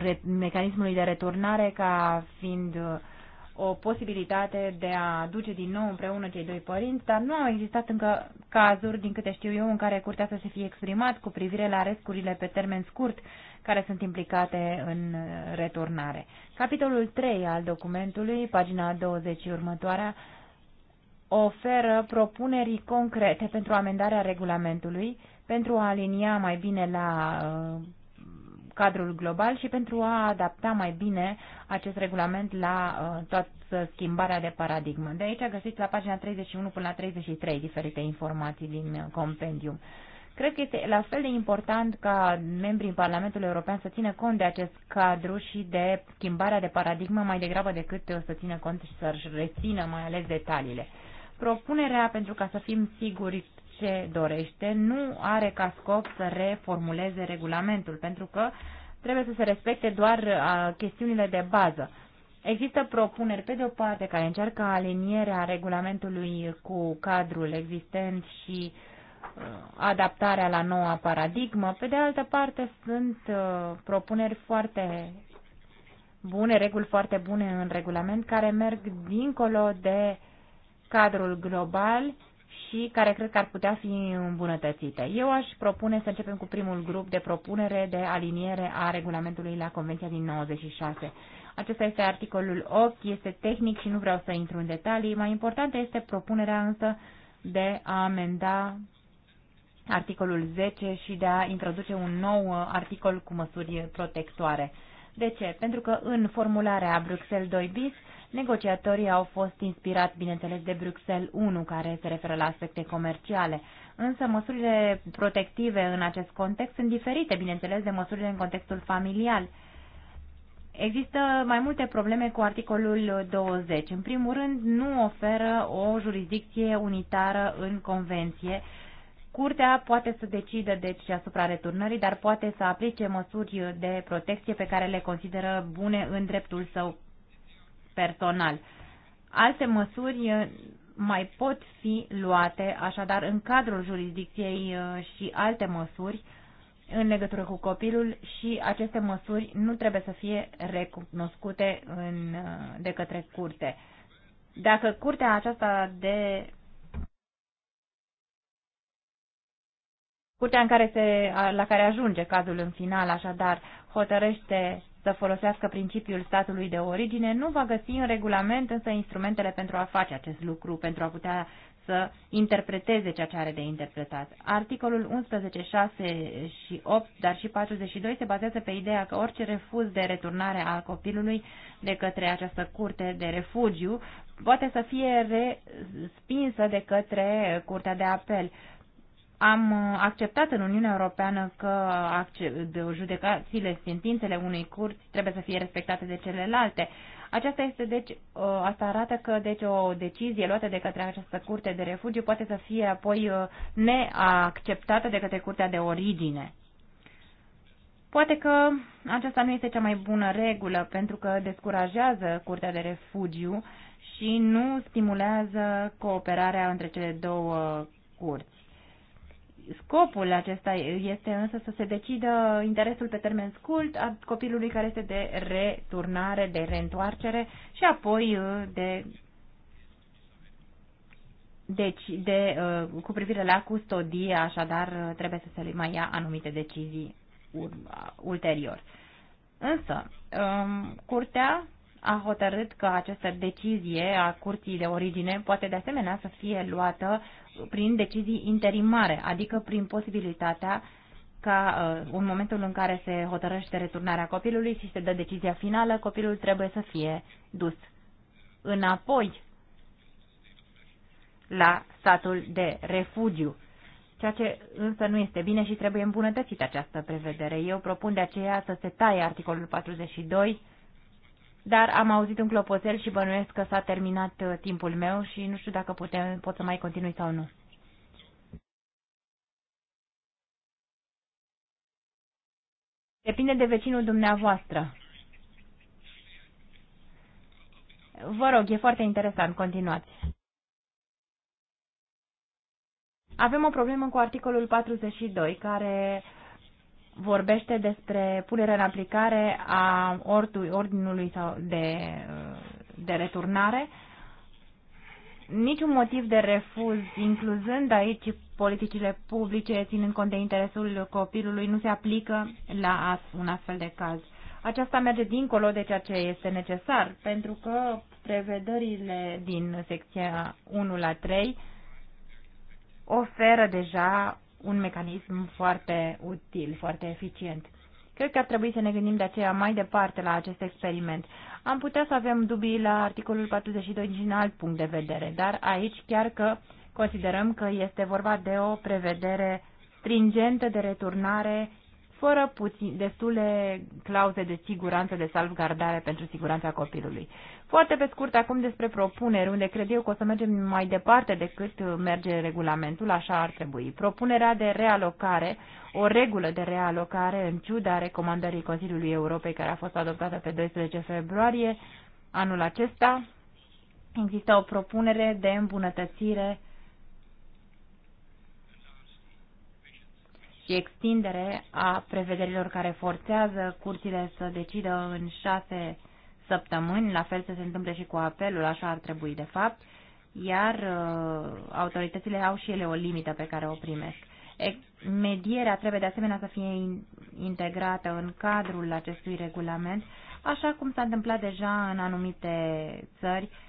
uh, mecanismului de returnare ca fiind uh, o posibilitate de a duce din nou împreună cei doi părinți, dar nu au existat încă cazuri, din câte știu eu, în care curtea să se fie exprimat cu privire la rescurile pe termen scurt care sunt implicate în uh, returnare. Capitolul 3 al documentului, pagina 20 următoarea, oferă propuneri concrete pentru amendarea regulamentului, pentru a alinia mai bine la uh, cadrul global și pentru a adapta mai bine acest regulament la uh, toată schimbarea de paradigmă. De aici găsiți la pagina 31 până la 33 diferite informații din uh, compendium. Cred că este la fel de important ca membrii Parlamentului European să țină cont de acest cadru și de schimbarea de paradigmă mai degrabă decât uh, să țină cont și să-și rețină mai ales detaliile. Propunerea, pentru ca să fim siguri ce dorește nu are ca scop să reformuleze regulamentul, pentru că trebuie să se respecte doar chestiunile de bază. Există propuneri, pe de o parte, care încearcă alinierea regulamentului cu cadrul existent și adaptarea la noua paradigmă. Pe de altă parte, sunt propuneri foarte bune, reguli foarte bune în regulament, care merg dincolo de cadrul global și care cred că ar putea fi îmbunătățite. Eu aș propune să începem cu primul grup de propunere de aliniere a regulamentului la Convenția din 96. Acesta este articolul 8, este tehnic și nu vreau să intru în detalii. Mai importantă este propunerea însă de a amenda articolul 10 și de a introduce un nou articol cu măsuri protectoare. De ce? Pentru că în formularea Bruxelles 2 bis Negociatorii au fost inspirați, bineînțeles, de Bruxelles 1, care se referă la aspecte comerciale. Însă măsurile protective în acest context sunt diferite, bineînțeles, de măsurile în contextul familial. Există mai multe probleme cu articolul 20. În primul rând, nu oferă o jurisdicție unitară în convenție. Curtea poate să decidă deci asupra returnării, dar poate să aplice măsuri de protecție pe care le consideră bune în dreptul său personal. Alte măsuri eh, mai pot fi luate, așadar, în cadrul jurisdicției eh, și alte măsuri în legătură cu copilul și aceste măsuri nu trebuie să fie recunoscute în, eh, de către curte. Dacă curtea aceasta de Curtea în care se, la care ajunge cazul în final, așadar, hotărăște să folosească principiul statului de origine, nu va găsi în regulament însă instrumentele pentru a face acest lucru, pentru a putea să interpreteze ceea ce are de interpretat. Articolul 11, 6 și 8, dar și 42 se bazează pe ideea că orice refuz de returnare a copilului de către această curte de refugiu poate să fie respinsă de către curtea de apel am uh, acceptat în Uniunea Europeană că de judecațiile, sentințele unei curți trebuie să fie respectate de celelalte. Aceasta este, deci, uh, asta arată că, deci, o decizie luată de către această curte de refugiu poate să fie apoi uh, neacceptată de către curtea de origine. Poate că aceasta nu este cea mai bună regulă, pentru că descurajează curtea de refugiu și nu stimulează cooperarea între cele două curți. Scopul acesta este însă să se decidă interesul pe termen scurt a copilului care este de returnare, de reîntoarcere și apoi uh, de deci, de, uh, cu privire la custodie, așadar, uh, trebuie să se mai ia anumite decizii ulterior. Însă, um, curtea a hotărât că această decizie a curții de origine poate de asemenea să fie luată prin decizii interimare, adică prin posibilitatea ca uh, în momentul în care se hotărăște returnarea copilului și se dă decizia finală, copilul trebuie să fie dus înapoi la statul de refugiu, ceea ce însă nu este bine și trebuie îmbunătățită această prevedere. Eu propun de aceea să se taie articolul 42 dar am auzit un clopoțel și bănuiesc că s-a terminat uh, timpul meu și nu știu dacă putem, pot să mai continui sau nu. Depinde de vecinul dumneavoastră. Vă rog, e foarte interesant, continuați. Avem o problemă cu articolul 42, care vorbește despre punerea în aplicare a ordinului sau de, de returnare, niciun motiv de refuz, incluzând aici politicile publice, ținând cont de interesul copilului, nu se aplică la un astfel de caz. Aceasta merge dincolo de ceea ce este necesar, pentru că prevederile din secția 1 la 3 oferă deja un mecanism foarte util, foarte eficient. Cred că ar trebui să ne gândim de aceea mai departe la acest experiment. Am putea să avem dubii la articolul 42 din alt punct de vedere, dar aici chiar că considerăm că este vorba de o prevedere stringentă de returnare fără puțin, destule clauze de siguranță, de salvgardare pentru siguranța copilului. Foarte pe scurt acum despre propuneri, unde cred eu că o să mergem mai departe decât merge regulamentul, așa ar trebui. Propunerea de realocare, o regulă de realocare în ciuda recomandării Consiliului Europei care a fost adoptată pe 12 februarie anul acesta, există o propunere de îmbunătățire și extindere a prevederilor care forțează curțile să decidă în șase săptămâni, la fel să se întâmple și cu apelul, așa ar trebui de fapt, iar uh, autoritățile au și ele o limită pe care o primesc. Medierea trebuie de asemenea să fie integrată în cadrul acestui regulament, așa cum s-a întâmplat deja în anumite țări, uh,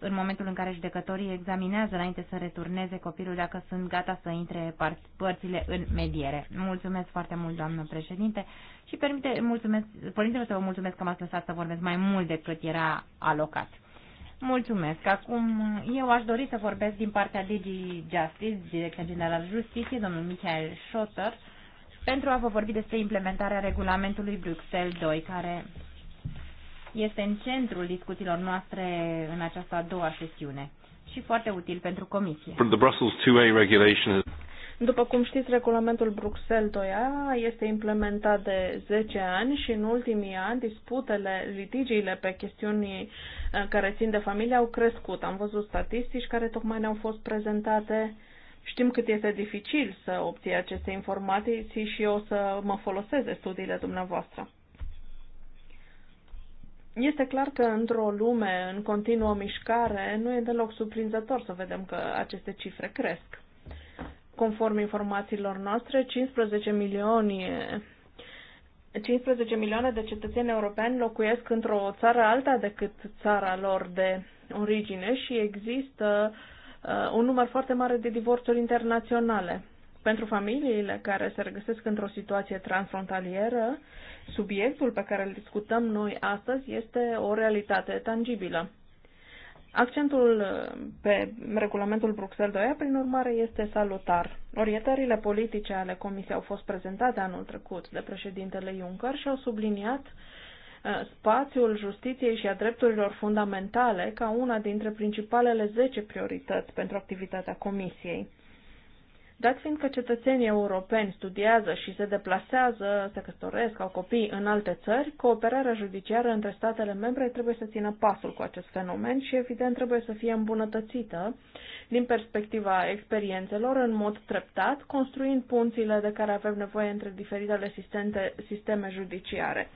în momentul în care judecătorii examinează înainte să returneze copilul dacă sunt gata să intre părțile în mediere. Mulțumesc foarte mult, doamnă președinte, și permite, mulțumesc, părintele să vă mulțumesc că m-ați lăsat să vorbesc mai mult decât era alocat. Mulțumesc. Acum eu aș dori să vorbesc din partea Digi Justice, Direcția Generală Justiție, domnul Michael Schotter, pentru a vă vorbi despre implementarea regulamentului Bruxelles 2, care este în centrul discuțiilor noastre în această a doua sesiune și foarte util pentru comisie. The Brussels 2A regulation după cum știți, regulamentul Bruxelles 2A este implementat de 10 ani și în ultimii ani disputele, litigiile pe chestiuni uh, care țin de familie au crescut. Am văzut statistici care tocmai ne-au fost prezentate. Știm cât este dificil să obții aceste informații și eu o să mă folosesc de studiile dumneavoastră. Este clar că într-o lume în continuă mișcare nu e deloc surprinzător să vedem că aceste cifre cresc. Conform informațiilor noastre, 15 milioane 15 milioane de cetățeni europeni locuiesc într-o țară alta decât țara lor de origine și există uh, un număr foarte mare de divorțuri internaționale. Pentru familiile care se regăsesc într-o situație transfrontalieră, Subiectul pe care îl discutăm noi astăzi este o realitate tangibilă. Accentul uh, pe regulamentul Bruxelles 2, prin urmare, este salutar. Orientările politice ale Comisiei au fost prezentate anul trecut de președintele Juncker și au subliniat uh, spațiul justiției și a drepturilor fundamentale ca una dintre principalele 10 priorități pentru activitatea Comisiei. Dat fiind că cetățenii europeni studiază și se deplasează, se căsătoresc, au copii în alte țări, cooperarea judiciară între statele membre trebuie să țină pasul cu acest fenomen și, evident, trebuie să fie îmbunătățită din perspectiva experiențelor în mod treptat, construind punțile de care avem nevoie între diferitele sisteme judiciare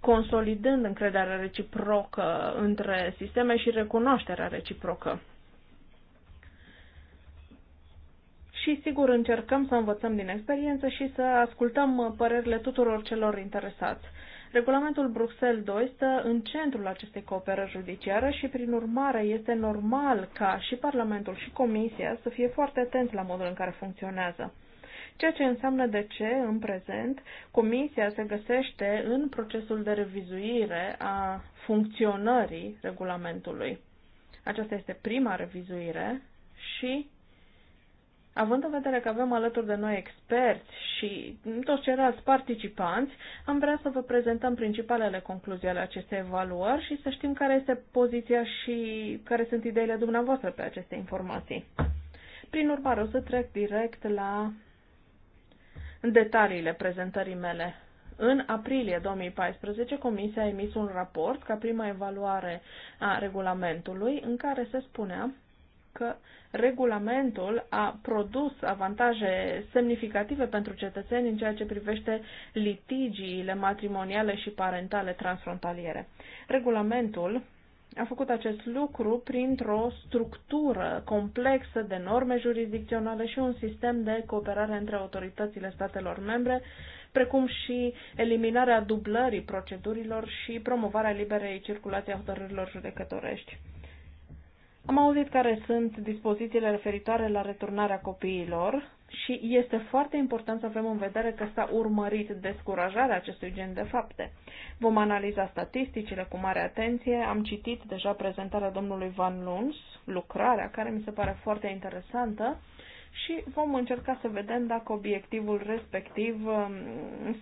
consolidând încrederea reciprocă între sisteme și recunoașterea reciprocă. și sigur încercăm să învățăm din experiență și să ascultăm părerile tuturor celor interesați. Regulamentul Bruxelles II stă în centrul acestei cooperări judiciare și, prin urmare, este normal ca și Parlamentul și Comisia să fie foarte atenți la modul în care funcționează. Ceea ce înseamnă de ce, în prezent, Comisia se găsește în procesul de revizuire a funcționării regulamentului. Aceasta este prima revizuire și Având în vedere că avem alături de noi experți și toți ceilalți participanți, am vrea să vă prezentăm principalele concluzii ale acestei evaluări și să știm care este poziția și care sunt ideile dumneavoastră pe aceste informații. Prin urmare, o să trec direct la detaliile prezentării mele. În aprilie 2014, Comisia a emis un raport ca prima evaluare a regulamentului în care se spunea că regulamentul a produs avantaje semnificative pentru cetățeni în ceea ce privește litigiile matrimoniale și parentale transfrontaliere. Regulamentul a făcut acest lucru printr-o structură complexă de norme jurisdicționale și un sistem de cooperare între autoritățile statelor membre, precum și eliminarea dublării procedurilor și promovarea liberei circulației a hotărârilor judecătorești. Am auzit care sunt dispozițiile referitoare la returnarea copiilor și este foarte important să avem în vedere că s-a urmărit descurajarea acestui gen de fapte. Vom analiza statisticile cu mare atenție. Am citit deja prezentarea domnului Van Luns, lucrarea care mi se pare foarte interesantă și vom încerca să vedem dacă obiectivul respectiv um,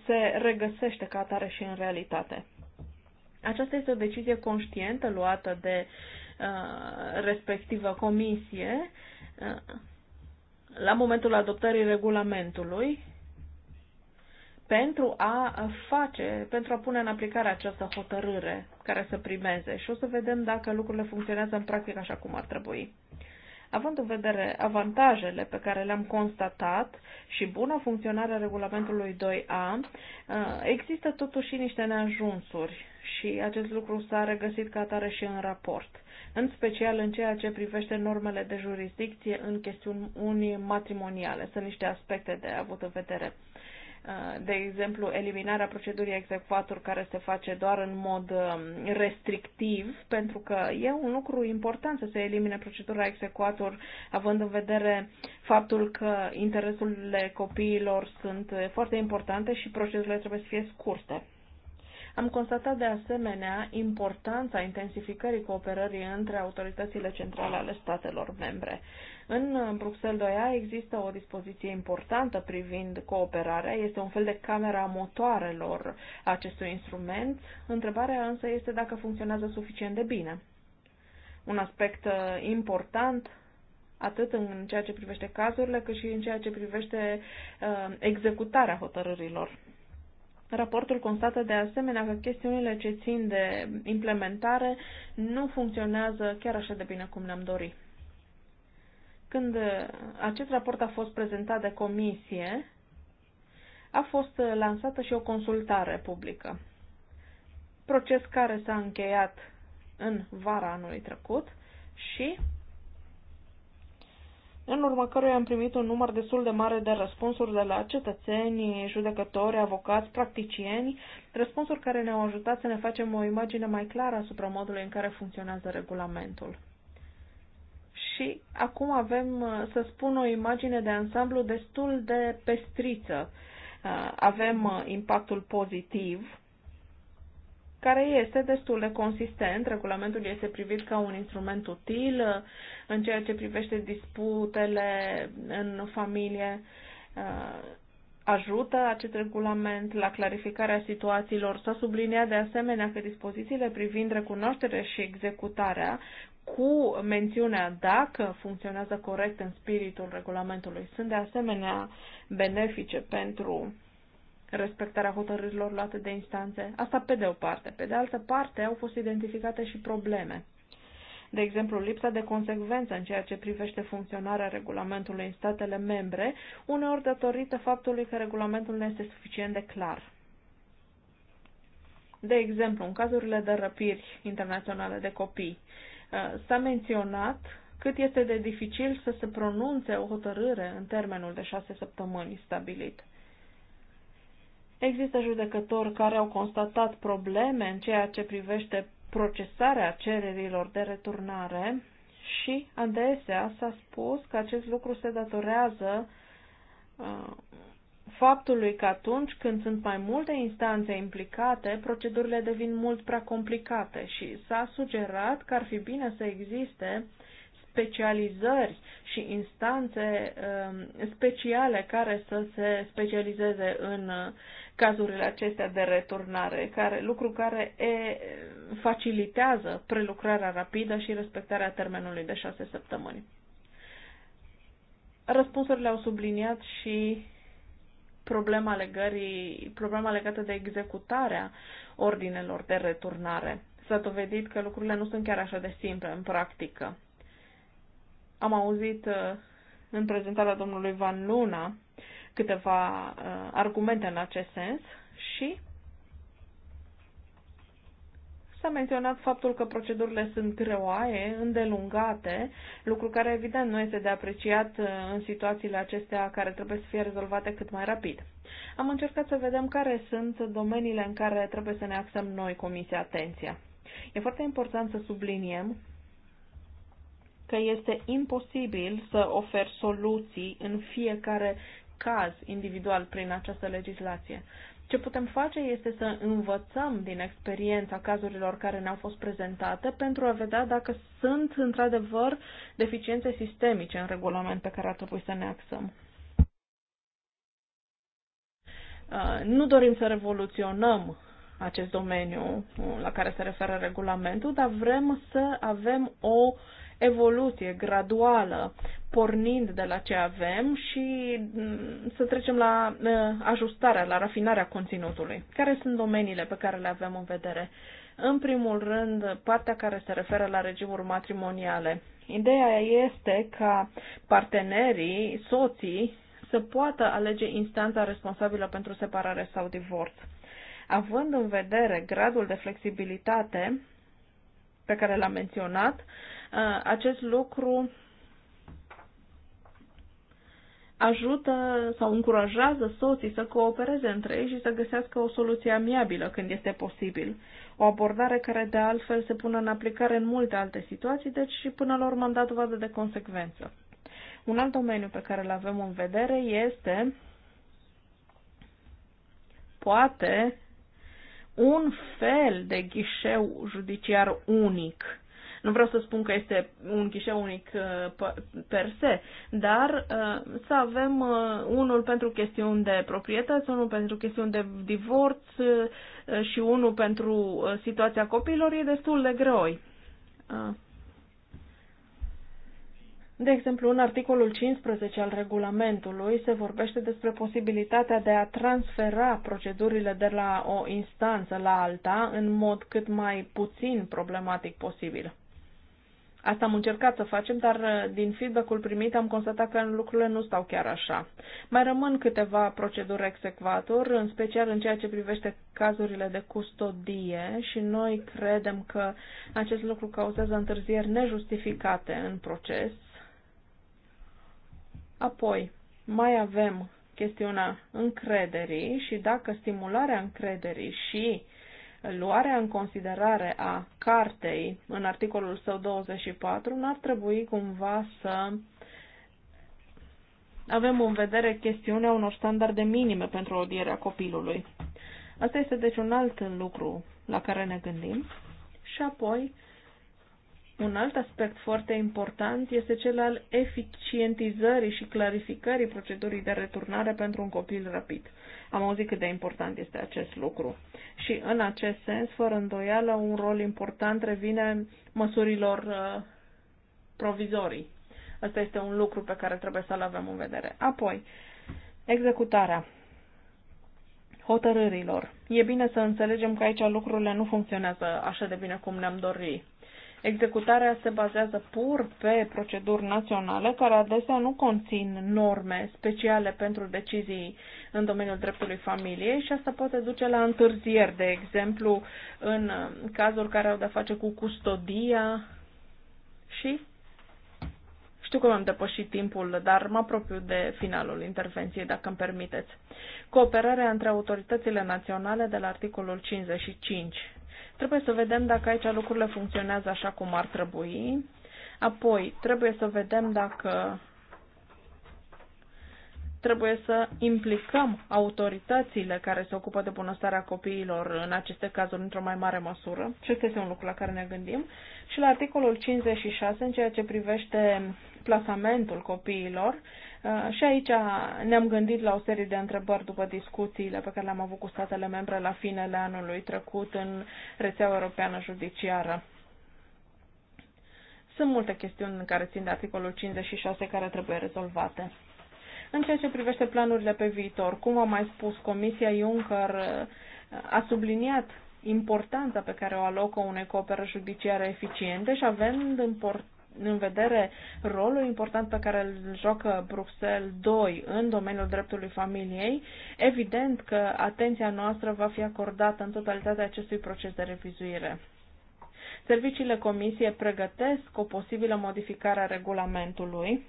se regăsește ca atare și în realitate. Aceasta este o decizie conștientă luată de uh, Uh, respectivă comisie uh, la momentul adoptării regulamentului pentru a face, pentru a pune în aplicare această hotărâre care să primeze și o să vedem dacă lucrurile funcționează în practică așa cum ar trebui. Având în vedere avantajele pe care le-am constatat și buna funcționare a regulamentului 2A, uh, există totuși niște neajunsuri și acest lucru s-a regăsit ca atare și în raport în special în ceea ce privește normele de jurisdicție în chestiuni unii matrimoniale. Sunt niște aspecte de avut în vedere. Uh, de exemplu, eliminarea procedurii execvatur care se face doar în mod um, restrictiv, pentru că e un lucru important să se elimine procedura execvatur, având în vedere faptul că interesurile copiilor sunt foarte importante și procedurile trebuie să fie scurte. Am constatat de asemenea importanța intensificării cooperării între autoritățile centrale ale statelor membre. În uh, Bruxelles 2 există o dispoziție importantă privind cooperarea, este un fel de camera motoarelor acestui instrument. Întrebarea însă este dacă funcționează suficient de bine. Un aspect uh, important atât în ceea ce privește cazurile, cât și în ceea ce privește uh, executarea hotărârilor. Raportul constată de asemenea că chestiunile ce țin de implementare nu funcționează chiar așa de bine cum ne-am dorit. Când acest raport a fost prezentat de comisie, a fost lansată și o consultare publică, proces care s-a încheiat în vara anului trecut și în urma căruia am primit un număr destul de mare de răspunsuri de la cetățeni, judecători, avocați, practicieni, răspunsuri care ne-au ajutat să ne facem o imagine mai clară asupra modului în care funcționează regulamentul. Și acum avem, uh, să spun, o imagine de ansamblu destul de pestriță. Uh, avem uh, impactul pozitiv, care este destul de consistent. Regulamentul este privit ca un instrument util uh, în ceea ce privește disputele în familie. Uh, ajută acest regulament la clarificarea situațiilor. S-a subliniat de asemenea că dispozițiile privind recunoașterea și executarea cu mențiunea dacă funcționează corect în spiritul regulamentului sunt de asemenea benefice pentru respectarea hotărârilor luate de instanțe. Asta pe de o parte. Pe de altă parte, au fost identificate și probleme. De exemplu, lipsa de consecvență în ceea ce privește funcționarea regulamentului în statele membre, uneori datorită faptului că regulamentul nu este suficient de clar. De exemplu, în cazurile de răpiri internaționale de copii, uh, s-a menționat cât este de dificil să se pronunțe o hotărâre în termenul de șase săptămâni stabilit. Există judecători care au constatat probleme în ceea ce privește procesarea cererilor de returnare și adesea s-a spus că acest lucru se datorează uh, faptului că atunci când sunt mai multe instanțe implicate, procedurile devin mult prea complicate și s-a sugerat că ar fi bine să existe specializări și instanțe uh, speciale care să se specializeze în uh, cazurile acestea de returnare, care, lucru care e, facilitează prelucrarea rapidă și respectarea termenului de șase săptămâni. Răspunsurile au subliniat și problema, legării, problema legată de executarea ordinelor de returnare. S-a dovedit că lucrurile nu sunt chiar așa de simple în practică. Am auzit uh, în prezentarea domnului Van Luna câteva uh, argumente în acest sens și S-a menționat faptul că procedurile sunt greoaie, îndelungate, lucru care evident nu este de apreciat uh, în situațiile acestea care trebuie să fie rezolvate cât mai rapid. Am încercat să vedem care sunt domeniile în care trebuie să ne axăm noi Comisia atenția. E foarte important să subliniem că este imposibil să oferi soluții în fiecare caz individual prin această legislație. Ce putem face este să învățăm din experiența cazurilor care ne-au fost prezentate pentru a vedea dacă sunt într-adevăr deficiențe sistemice în regulament pe care ar trebui să ne axăm. Uh, nu dorim să revoluționăm acest domeniu la care se referă regulamentul, dar vrem să avem o evoluție graduală pornind de la ce avem și mm, să trecem la mm, ajustarea, la rafinarea conținutului. Care sunt domeniile pe care le avem în vedere? În primul rând, partea care se referă la regimuri matrimoniale. Ideea este ca partenerii, soții, să poată alege instanța responsabilă pentru separare sau divorț. Având în vedere gradul de flexibilitate pe care l-am menționat, acest lucru ajută sau încurajează soții să coopereze între ei și să găsească o soluție amiabilă când este posibil. O abordare care de altfel se pune în aplicare în multe alte situații, deci și până la urmă am dat vadă de consecvență. Un alt domeniu pe care îl avem în vedere este poate un fel de ghișeu judiciar unic nu vreau să spun că este un ghișeu unic uh, per se, dar uh, să avem uh, unul pentru chestiuni de proprietăți, unul pentru chestiuni de divorț și unul pentru situația copiilor e destul de greoi. De exemplu, în articolul 15 al regulamentului se vorbește despre posibilitatea de a transfera procedurile de la o instanță la alta în mod cât mai puțin problematic posibil. Asta am încercat să facem, dar uh, din feedback-ul primit am constatat că lucrurile nu stau chiar așa. Mai rămân câteva proceduri execvator, în special în ceea ce privește cazurile de custodie și noi credem că acest lucru cauzează întârzieri nejustificate în proces. Apoi, mai avem chestiunea încrederii și dacă stimularea încrederii și luarea în considerare a cartei în articolul său 24 n-ar trebui cumva să avem în vedere chestiunea unor standarde minime pentru odierea copilului. Asta este deci un alt lucru la care ne gândim. Și apoi, un alt aspect foarte important este cel al eficientizării și clarificării procedurii de returnare pentru un copil rapid. Am auzit cât de important este acest lucru. Și în acest sens, fără îndoială, un rol important revine măsurilor uh, provizorii. Asta este un lucru pe care trebuie să-l avem în vedere. Apoi, executarea hotărârilor. E bine să înțelegem că aici lucrurile nu funcționează așa de bine cum ne-am dorit. Executarea se bazează pur pe proceduri naționale care adesea nu conțin norme speciale pentru decizii în domeniul dreptului familiei și asta poate duce la întârzieri, de exemplu, în uh, cazuri care au de-a face cu custodia și știu că mi-am depășit timpul, dar mă apropiu de finalul intervenției, dacă îmi permiteți. Cooperarea între autoritățile naționale de la articolul 55. Trebuie să vedem dacă aici lucrurile funcționează așa cum ar trebui. Apoi, trebuie să vedem dacă trebuie să implicăm autoritățile care se ocupă de bunăstarea copiilor în aceste cazuri într-o mai mare măsură. Și este un lucru la care ne gândim. Și la articolul 56, în ceea ce privește plasamentul copiilor, uh, și aici ne-am gândit la o serie de întrebări după discuțiile pe care le-am avut cu statele membre la finele anului trecut în rețeaua europeană judiciară. Sunt multe chestiuni care țin de articolul 56 care trebuie rezolvate. În ceea ce privește planurile pe viitor, cum am mai spus, Comisia Juncker a subliniat importanța pe care o alocă unei cooperă judiciare eficiente și având în vedere rolul important pe care îl joacă Bruxelles 2 în domeniul dreptului familiei, evident că atenția noastră va fi acordată în totalitatea acestui proces de revizuire. Serviciile Comisiei pregătesc o posibilă modificare a regulamentului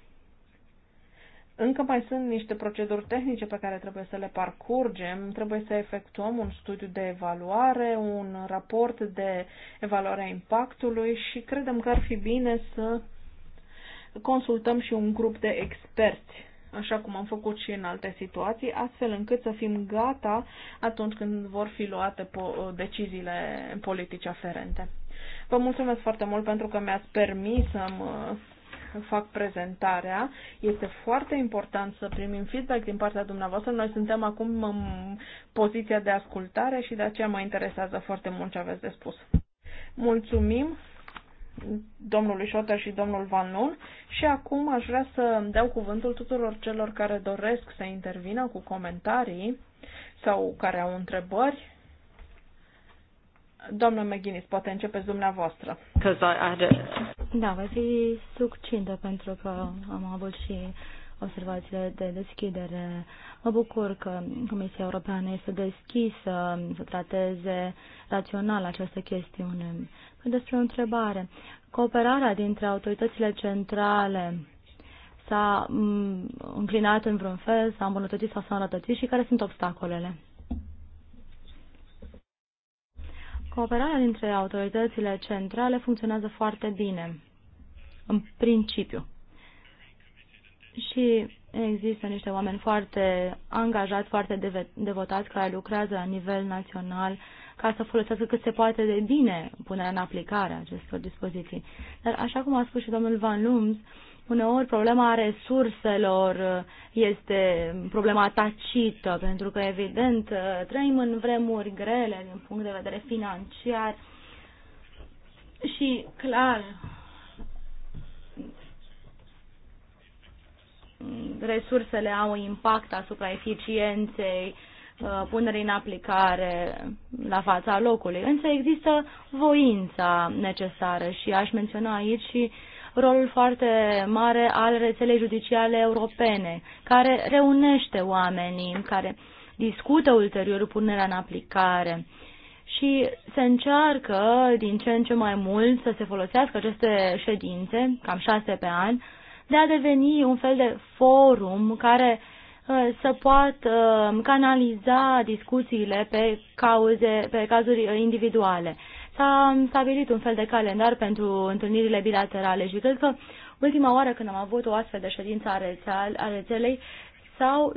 încă mai sunt niște proceduri tehnice pe care trebuie să le parcurgem, trebuie să efectuăm un studiu de evaluare, un raport de evaluare a impactului și credem că ar fi bine să consultăm și un grup de experți, așa cum am făcut și în alte situații, astfel încât să fim gata atunci când vor fi luate deciziile politice aferente. Vă mulțumesc foarte mult pentru că mi-ați permis să-mi fac prezentarea. Este foarte important să primim feedback din partea dumneavoastră. Noi suntem acum în poziția de ascultare și de aceea mă interesează foarte mult ce aveți de spus. Mulțumim domnului Șoter și domnul Van Loon și acum aș vrea să dau cuvântul tuturor celor care doresc să intervină cu comentarii sau care au întrebări. Doamna McGuinness, poate începeți dumneavoastră. I had a... Da, va fi succintă pentru că am avut și observațiile de deschidere. Mă bucur că Comisia Europeană este deschisă să trateze rațional această chestiune. Despre o întrebare. Cooperarea dintre autoritățile centrale s-a înclinat în vreun fel, s-a îmbunătățit sau s-a înrătățit și care sunt obstacolele? Cooperarea dintre autoritățile centrale funcționează foarte bine, în principiu. Și există niște oameni foarte angajați, foarte devotați, care lucrează la nivel național ca să folosească cât se poate de bine punerea în aplicare a acestor dispoziții. Dar așa cum a spus și domnul Van Lums, uneori problema resurselor este problema tacită, pentru că evident trăim în vremuri grele din punct de vedere financiar și clar resursele au impact asupra eficienței Uh, punerii în aplicare la fața locului. Însă există voința necesară și aș menționa aici și rolul foarte mare al rețelei judiciale europene, care reunește oamenii, care discută ulterior punerea în aplicare și se încearcă din ce în ce mai mult să se folosească aceste ședințe, cam șase pe an, de a deveni un fel de forum care uh, Uh, să poată uh, canaliza discuțiile pe, cauze, pe cazuri uh, individuale. S-a stabilit un fel de calendar pentru întâlnirile bilaterale și cred că ultima oară când am avut o astfel de ședință a rețelei s-au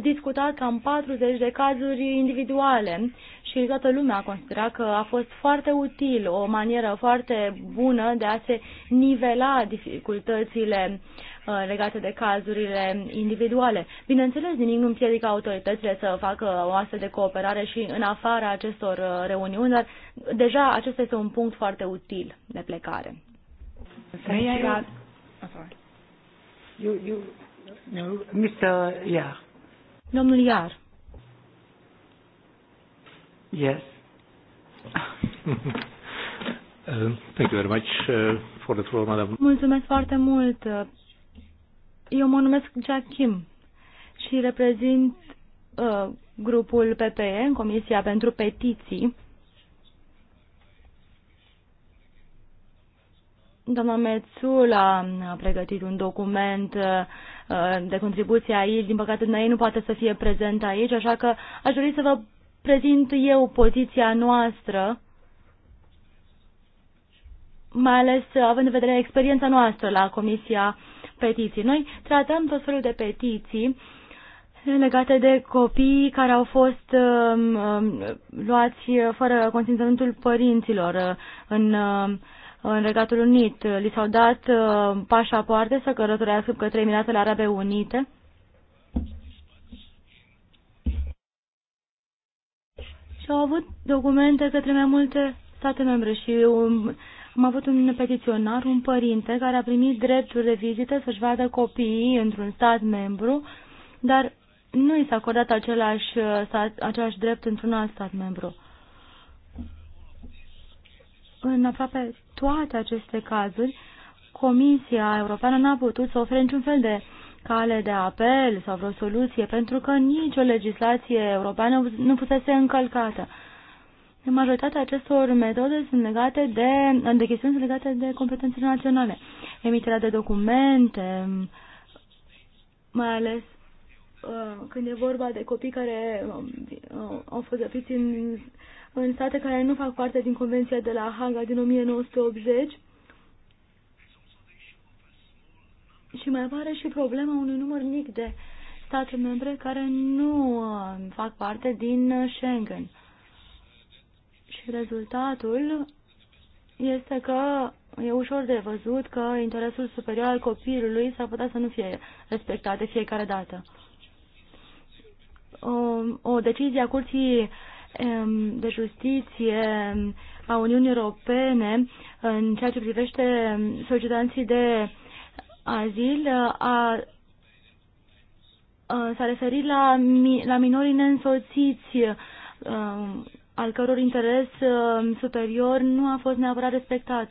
discutat cam 40 de cazuri individuale și toată lumea considera că a fost foarte util, o manieră foarte bună de a se nivela dificultățile uh, legate de cazurile individuale. Bineînțeles, nimic nu împiedică autoritățile să facă o astfel de cooperare și în afara acestor uh, reuniuni, dar deja acesta este un punct foarte util de plecare. May I Oh, sorry. You, you, no, Mr. Yeah. Domnul Iar. Yes. Uh, thank you very much uh, for the floor, madam. Mulțumesc foarte mult. Eu mă numesc Jack Kim și reprezint uh, grupul PPE în Comisia pentru Petiții. Doamna Mețul a pregătit un document uh, Uh, de contribuție aici. Din păcate, ei nu poate să fie prezent aici, așa că aș dori să vă prezint eu poziția noastră, mai ales având în vedere experiența noastră la Comisia Petiții. Noi tratăm tot felul de petiții legate de copii care au fost uh, luați fără consimțământul părinților uh, în uh, în Regatul Unit. Li s-au dat uh, pașapoarte să călătorească către Emiratele Arabe Unite. Și au avut documente către mai multe state membre și am avut un petiționar, un părinte, care a primit dreptul de vizită să-și vadă copiii într-un stat membru, dar nu i s-a acordat același, uh, stat, același drept într-un alt stat membru. În aproape toate aceste cazuri, Comisia Europeană n-a putut să ofere niciun fel de cale de apel sau vreo soluție, pentru că nicio legislație europeană nu fusese încălcată. Majoritatea acestor metode sunt legate de, de chestiuni sunt legate de competențele naționale. Emiterea de documente, mai ales uh, când e vorba de copii care uh, au fost răpiți în în state care nu fac parte din Convenția de la Haga din 1980. Și mai apare și problema unui număr mic de state membre care nu uh, fac parte din uh, Schengen. Și rezultatul este că e ușor de văzut că interesul superior al copilului s-ar putea să nu fie respectat de fiecare dată. O, um, o decizie a curții de justiție a Uniunii Europene în ceea ce privește solicitanții de azil a, s-a referit la, la minorii neînsoțiți al căror interes superior nu a fost neapărat respectat.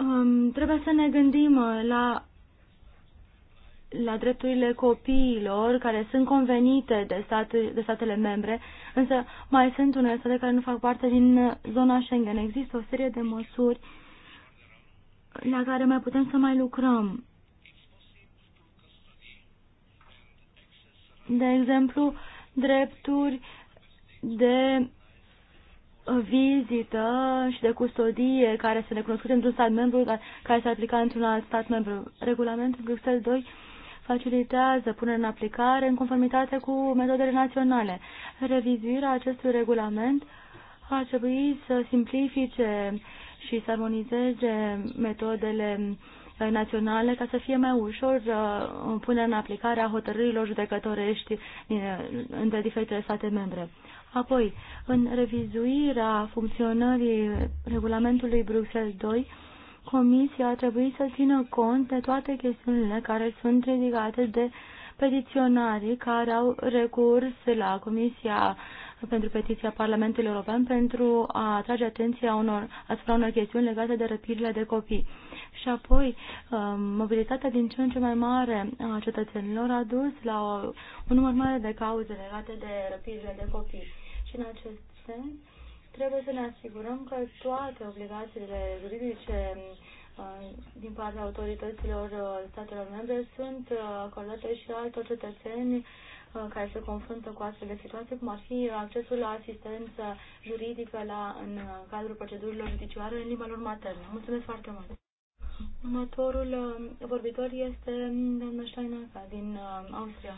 Um, trebuie să ne gândim la la drepturile copiilor care sunt convenite de, stat, de statele membre, însă mai sunt unele state care nu fac parte din zona Schengen. Există o serie de măsuri la care mai putem să mai lucrăm. De exemplu, drepturi de vizită și de custodie care sunt recunoscute într-un stat membru, dar care se aplica într-un alt stat membru. Regulamentul Bruxelles 2 facilitează punerea în aplicare în conformitate cu metodele naționale. Revizuirea acestui regulament ar trebui să simplifice și să armonizeze metodele eh, naționale ca să fie mai ușor eh, punerea în aplicare a hotărârilor judecătorești eh, între diferitele state membre. Apoi, în revizuirea funcționării regulamentului Bruxelles II. Comisia a trebuit să țină cont de toate chestiunile care sunt ridicate de petiționarii care au recurs la Comisia pentru petiția Parlamentului European pentru a atrage atenția unor, asupra unor chestiuni legate de răpirile de copii. Și apoi, um, mobilitatea din ce în ce mai mare a cetățenilor a dus la un număr mare de cauze legate de răpirile de copii. Și în acest sens, Trebuie să ne asigurăm că toate obligațiile juridice uh, din partea autorităților uh, statelor membre sunt uh, acordate și altor cetățeni care se confruntă cu astfel de situații, cum ar fi accesul la asistență juridică la, în cadrul procedurilor judiciare în limba lor maternă. Mulțumesc foarte mult! Următorul vorbitor este mm, doamna Steinaca din Austria.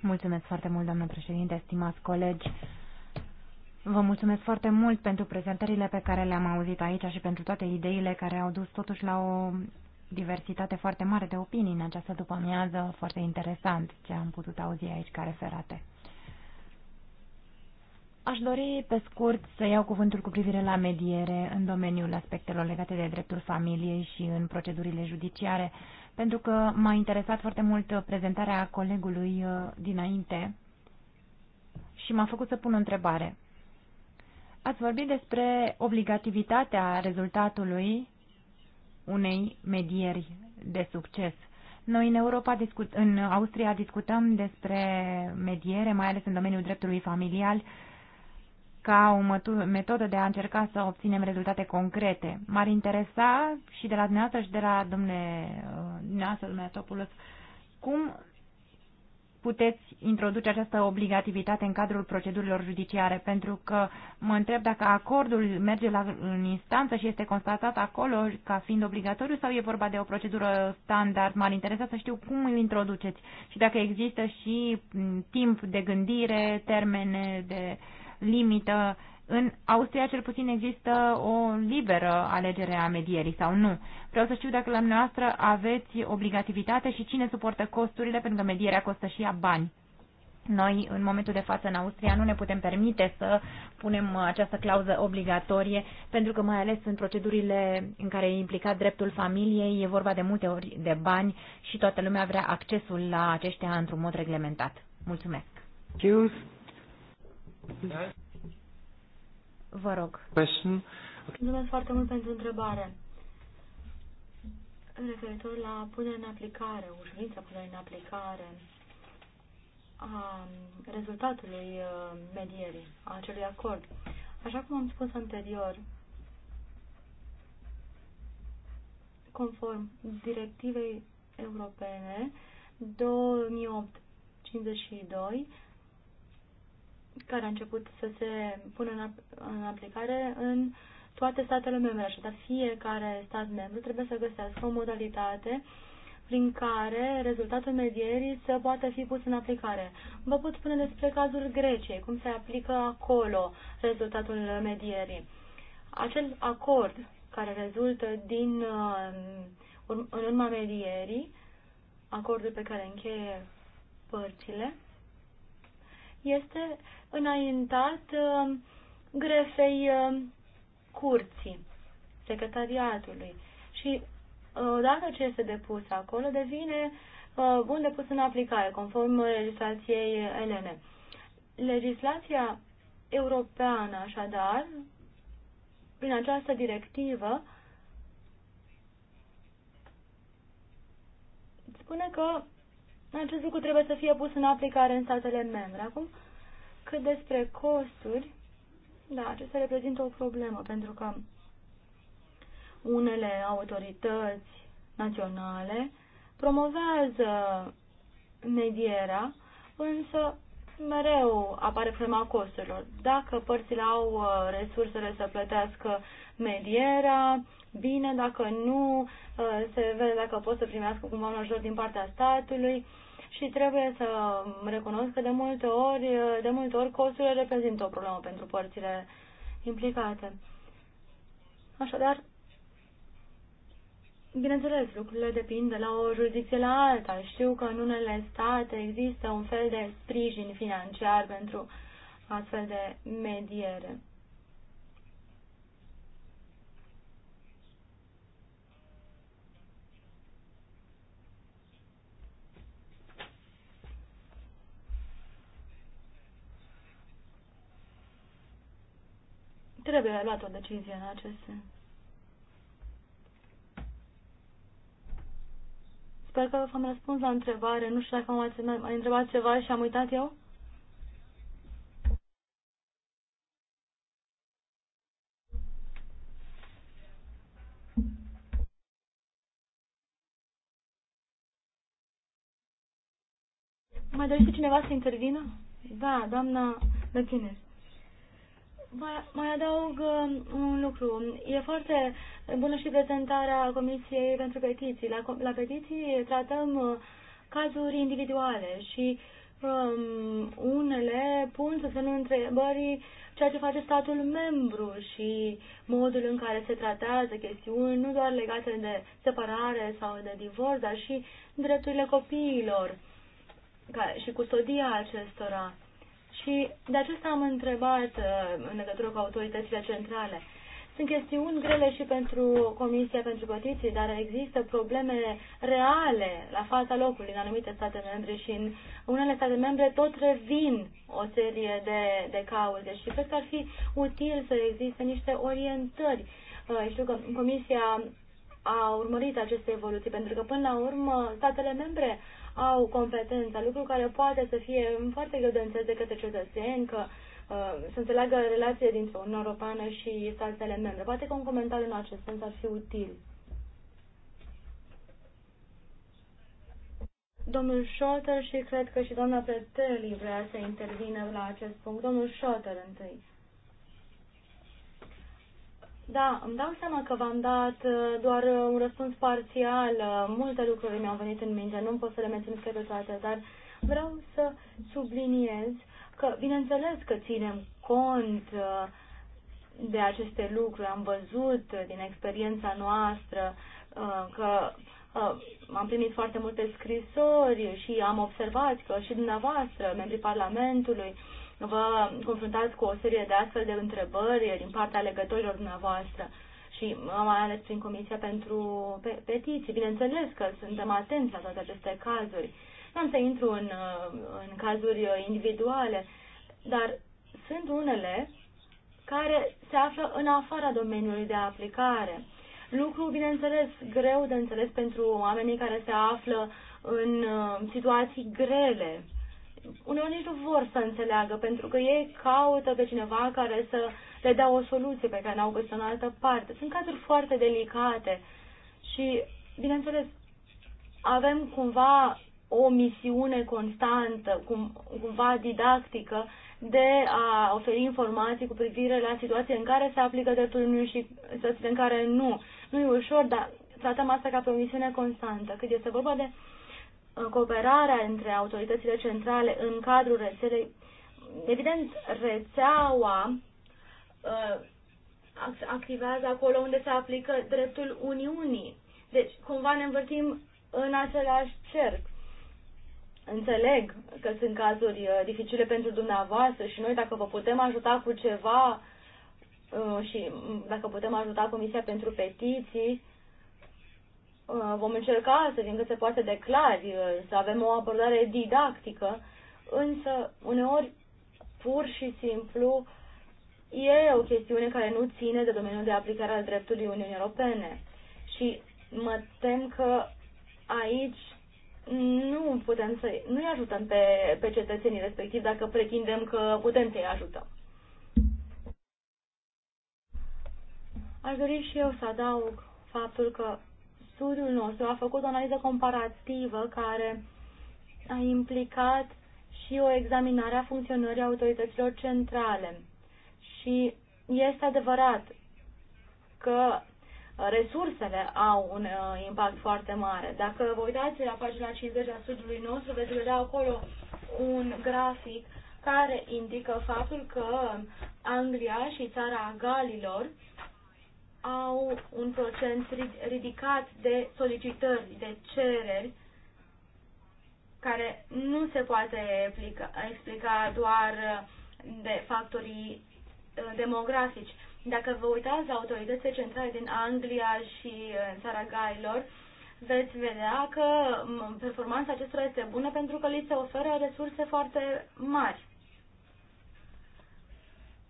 Mulțumesc foarte mult, doamnă președinte, stimați colegi. Vă mulțumesc foarte mult pentru prezentările pe care le-am auzit aici și pentru toate ideile care au dus totuși la o diversitate foarte mare de opinii în această după-amiază, foarte interesant ce am putut auzi aici care referate. Aș dori, pe scurt, să iau cuvântul cu privire la mediere în domeniul aspectelor legate de dreptul familiei și în procedurile judiciare, pentru că m-a interesat foarte mult prezentarea colegului uh, dinainte și m-a făcut să pun o întrebare. Ați vorbit despre obligativitatea rezultatului unei medieri de succes. Noi în Europa, discut, în Austria discutăm despre mediere, mai ales în domeniul dreptului familial, ca o metodă de a încerca să obținem rezultate concrete. M-ar interesa și de la dumneavoastră și de la uh, domnule dumneavoastră, cum puteți introduce această obligativitate în cadrul procedurilor judiciare, pentru că mă întreb dacă acordul merge la, în instanță și este constatat acolo ca fiind obligatoriu sau e vorba de o procedură standard. M-ar interesa să știu cum îl introduceți și dacă există și mm, timp de gândire, termene de limită în Austria, cel puțin, există o liberă alegere a medierii sau nu. Vreau să știu dacă la noastră aveți obligativitate și cine suportă costurile, pentru că medierea costă și ea bani. Noi, în momentul de față, în Austria, nu ne putem permite să punem această clauză obligatorie, pentru că mai ales în procedurile în care e implicat dreptul familiei, e vorba de multe ori de bani și toată lumea vrea accesul la aceștia într-un mod reglementat. Mulțumesc! Cheers. Vă rog. Mulțumesc foarte mult pentru întrebare. Referitor la punerea în aplicare, ușurința punerii în aplicare a rezultatului uh, medierii, a acelui acord. Așa cum am spus anterior, conform directivei europene 2008-52, care a început să se pună în, în aplicare în toate statele membre. Așadar, fiecare stat membru trebuie să găsească o modalitate prin care rezultatul medierii să poată fi pus în aplicare. Vă pot spune despre cazul Greciei, cum se aplică acolo rezultatul medierii. Acel acord care rezultă din uh, în urma medierii, acordul pe care încheie părțile, este înaintat uh, grefei uh, curții, secretariatului. Și uh, dacă ce este depus acolo devine bun depus în aplicare, conform legislației elene. Legislația europeană, așadar, prin această directivă, spune că acest lucru trebuie să fie pus în aplicare în statele membre. Acum, cât despre costuri, da, acestea reprezintă o problemă, pentru că unele autorități naționale promovează medierea, însă mereu apare problema costurilor. Dacă părțile au uh, resursele să plătească medierea, bine, dacă nu, Uh, se vede dacă pot să primească cumva un ajutor din partea statului și trebuie să recunosc că de multe ori, uh, de multe ori costurile reprezintă o problemă pentru părțile implicate. Așadar, bineînțeles, lucrurile depind de la o jurisdicție la alta. Știu că în unele state există un fel de sprijin financiar pentru astfel de mediere. Trebuie luat o decizie în acest sens. Sper că v-am răspuns la întrebare. Nu știu dacă m-ați mai întrebat ceva și am uitat eu. Mai dorește cineva să intervină? Da, doamna McInnes. Mai adaug um, un lucru. E foarte bună și prezentarea Comisiei pentru Petiții. La, la petiții tratăm uh, cazuri individuale și um, unele pun să se întrebări ceea ce face statul membru și modul în care se tratează chestiuni nu doar legate de separare sau de divorț, dar și drepturile copiilor ca și custodia acestora. Și de acesta am întrebat uh, în legătură cu autoritățile centrale. Sunt chestiuni grele și pentru Comisia pentru Petiții, dar există probleme reale la fața locului în anumite state membre și în unele state membre tot revin o serie de, de cauze și cred că ar fi util să existe niște orientări. Uh, știu că Comisia a urmărit aceste evoluții, pentru că până la urmă statele membre au competența, lucru care poate să fie foarte greu de înțeles de către cetățeni, că uh, se înțeleagă relația dintre Uniunea Europeană și statele membre. Poate că un comentariu în acest sens ar fi util. Domnul Schotter și cred că și doamna Preteli vrea să intervină la acest punct. Domnul Schotter întâi. Da, îmi dau seama că v-am dat uh, doar uh, un răspuns parțial. Uh, multe lucruri mi-au venit în minte, nu pot să le mențin pe toate, dar vreau să subliniez că, bineînțeles că ținem cont de aceste lucruri. Am văzut din experiența noastră că am primit foarte multe scrisori și am observat că și dumneavoastră, membrii Parlamentului, vă confruntați cu o serie de astfel de întrebări din partea legătorilor dumneavoastră și mai ales prin Comisia pentru Petiții. Bineînțeles că suntem atenți la toate aceste cazuri. Nu am să intru în, uh, în cazuri individuale, dar sunt unele care se află în afara domeniului de aplicare. Lucru, bineînțeles, greu de înțeles pentru oamenii care se află în uh, situații grele uneori nici nu vor să înțeleagă, pentru că ei caută pe cineva care să le dea o soluție pe care n-au găsit în altă parte. Sunt cazuri foarte delicate și, bineînțeles, avem cumva o misiune constantă, cum, cumva didactică, de a oferi informații cu privire la situații în care se aplică dreptul Uniunii și situații în care nu. Nu e ușor, dar tratăm asta ca pe o misiune constantă. Cât este vorba de uh, cooperarea între autoritățile centrale în cadrul rețelei. Evident, rețeaua uh, activează acolo unde se aplică dreptul Uniunii. Deci, cumva ne învârtim în același cerc. Înțeleg că sunt cazuri uh, dificile pentru dumneavoastră și noi, dacă vă putem ajuta cu ceva uh, și dacă putem ajuta Comisia pentru Petiții, Uh, vom încerca să din cât se poate de clar, uh, să avem o abordare didactică, însă uneori pur și simplu e o chestiune care nu ține de domeniul de aplicare al dreptului Uniunii Europene. Și mă tem că aici nu putem să nu ajutăm pe, pe cetățenii respectivi dacă pretindem că putem să-i ajutăm. Aș dori și eu să adaug faptul că Studiul nostru a făcut o analiză comparativă care a implicat și o examinare a funcționării autorităților centrale. Și este adevărat că uh, resursele au un uh, impact foarte mare. Dacă vă uitați la pagina 50 a studiului nostru, veți vedea acolo un grafic care indică faptul că Anglia și țara Galilor au un procent ridicat de solicitări, de cereri, care nu se poate explica, explica doar de factorii uh, demografici. Dacă vă uitați la autoritățile centrale din Anglia și uh, în țara Gailor, veți vedea că performanța acestora este bună pentru că li se oferă resurse foarte mari.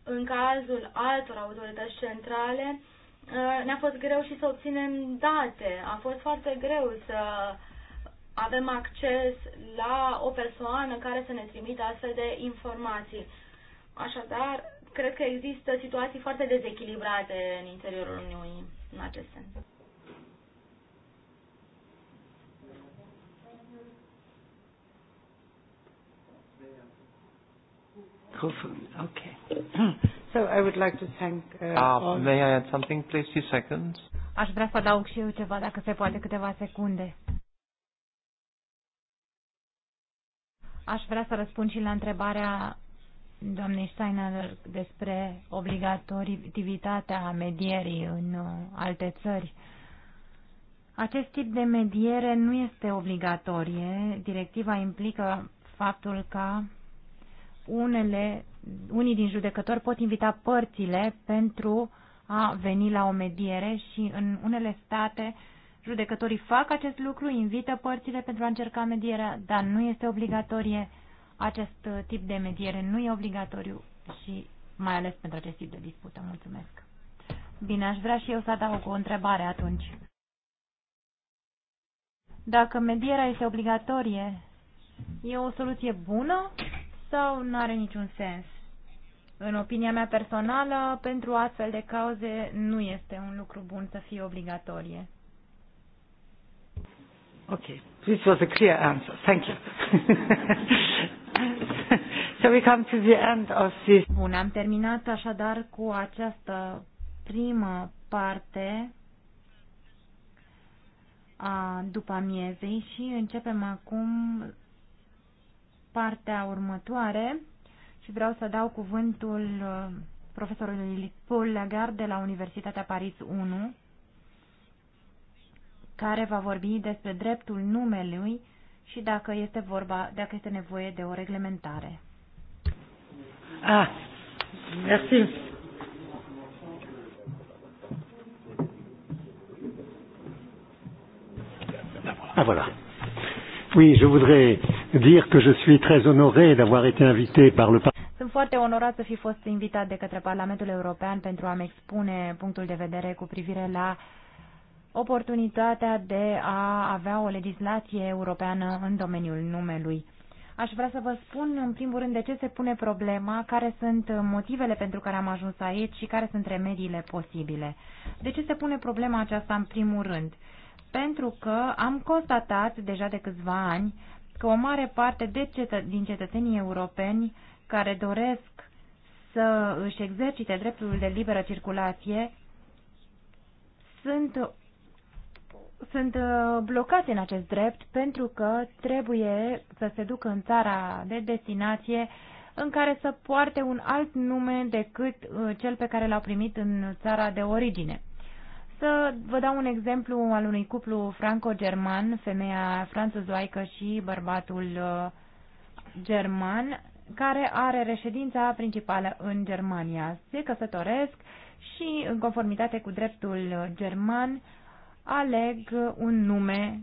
În cazul altor autorități centrale, Eh, ne-a fost greu și să obținem date. A fost foarte greu să avem acces la o persoană care să ne trimită astfel de informații. Așadar, cred că există situații foarte dezechilibrate în interiorul Uniunii în acest sens. Okay. So I would like to thank uh, ah, all. May I add something, please, few seconds? Aș vrea să adaug și eu ceva, dacă se poate, câteva secunde. Aș vrea să răspund și la întrebarea doamnei Steiner despre obligativitatea medierii în uh, alte țări. Acest tip de mediere nu este obligatorie. Directiva implică faptul că unele unii din judecători pot invita părțile pentru a veni la o mediere și în unele state judecătorii fac acest lucru, invită părțile pentru a încerca medierea, dar nu este obligatorie acest tip de mediere, nu e obligatoriu și mai ales pentru acest tip de dispută. Mulțumesc. Bine, aș vrea și eu să adaug o întrebare atunci. Dacă medierea este obligatorie, e o soluție bună sau nu are niciun sens? În opinia mea personală, pentru astfel de cauze nu este un lucru bun să fie obligatorie. Ok. This was a clear answer. Thank you. so we come to the end of this. Bun, am terminat așadar cu această primă parte a după amiezei și începem acum partea următoare și vreau să dau cuvântul uh, profesorului Paul Lagarde de la Universitatea Paris 1, care va vorbi despre dreptul numelui și dacă este vorba, dacă este nevoie de o reglementare. Ah, merci. Ah voilà. Oui, je voudrais dire que je suis très honoré d'avoir été invité par le Parlement sunt foarte onorat să fi fost invitat de către Parlamentul European pentru a-mi expune punctul de vedere cu privire la oportunitatea de a avea o legislație europeană în domeniul numelui. Aș vrea să vă spun, în primul rând, de ce se pune problema, care sunt motivele pentru care am ajuns aici și care sunt remediile posibile. De ce se pune problema aceasta, în primul rând? Pentru că am constatat deja de câțiva ani că o mare parte de cetă din cetățenii europeni care doresc să își exercite dreptul de liberă circulație sunt, sunt uh, blocate în acest drept pentru că trebuie să se ducă în țara de destinație în care să poarte un alt nume decât uh, cel pe care l-au primit în țara de origine. Să vă dau un exemplu al unui cuplu franco-german, femeia franțuzoaică și bărbatul uh, german care are reședința principală în Germania. Se căsătoresc și, în conformitate cu dreptul german, aleg un nume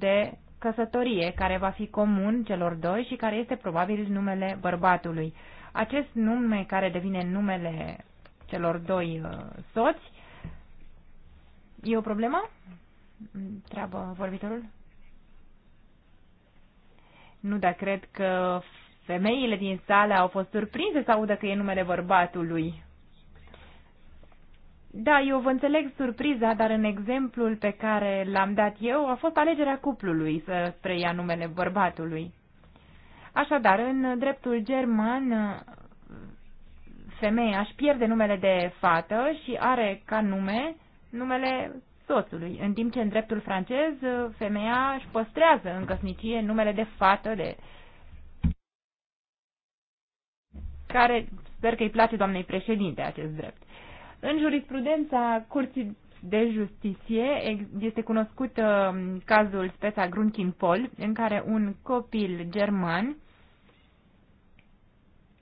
de căsătorie care va fi comun celor doi și care este probabil numele bărbatului. Acest nume care devine numele celor doi uh, soți e o problemă? Treabă vorbitorul. Nu, dar cred că Femeile din sală au fost surprinse să audă că e numele bărbatului. Da, eu vă înțeleg surpriza, dar în exemplul pe care l-am dat eu a fost alegerea cuplului să preia numele bărbatului. Așadar, în dreptul german, femeia își pierde numele de fată și are ca nume numele soțului, în timp ce în dreptul francez femeia își păstrează în căsnicie numele de fată, de care sper că îi place doamnei președinte acest drept. În jurisprudența Curții de Justiție este cunoscut um, cazul speța Grunkin Pol, în care un copil german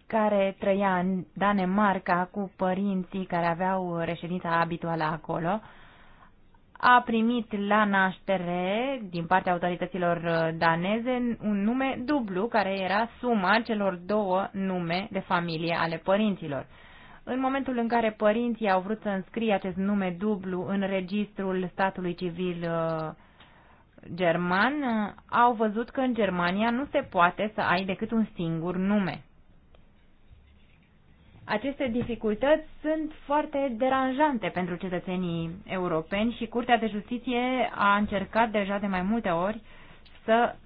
care trăia în Danemarca cu părinții care aveau reședința abituală acolo, uh, a primit la naștere, din partea autorităților uh, daneze, un nume dublu, care era suma celor două nume de familie ale părinților. În momentul în care părinții au vrut să înscrie acest nume dublu în registrul statului civil uh, german, uh, au văzut că în Germania nu se poate să ai decât un singur nume. Aceste dificultăți sunt foarte deranjante pentru cetățenii europeni și Curtea de Justiție a încercat deja de mai multe ori să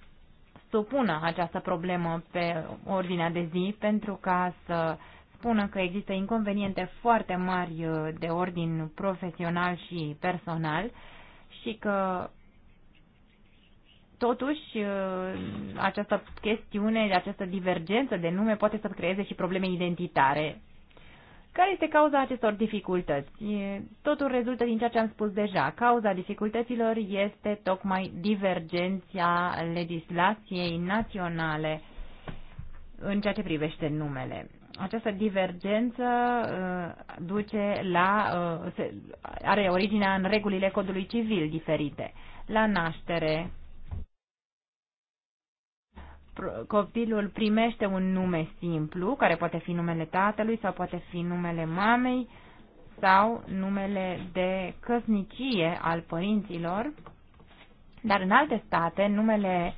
supună această problemă pe ordinea de zi pentru ca să spună că există inconveniente foarte mari de ordin profesional și personal și că totuși această chestiune, această divergență de nume poate să creeze și probleme identitare care este cauza acestor dificultăți? Totul rezultă din ceea ce am spus deja. Cauza dificultăților este tocmai divergenția legislației naționale în ceea ce privește numele. Această divergență uh, duce la, uh, are originea în regulile codului civil diferite. La naștere, copilul primește un nume simplu, care poate fi numele tatălui sau poate fi numele mamei sau numele de căsnicie al părinților, dar în alte state numele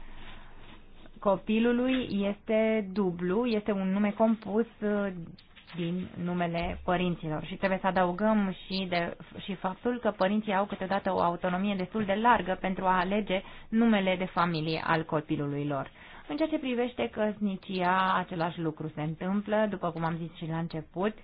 copilului este dublu, este un nume compus uh, din numele părinților. Și trebuie să adăugăm și, de, și faptul că părinții au câteodată o autonomie destul de largă pentru a alege numele de familie al copilului lor. În ceea ce privește căsnicia, același lucru se întâmplă, după cum am zis și la început, uh,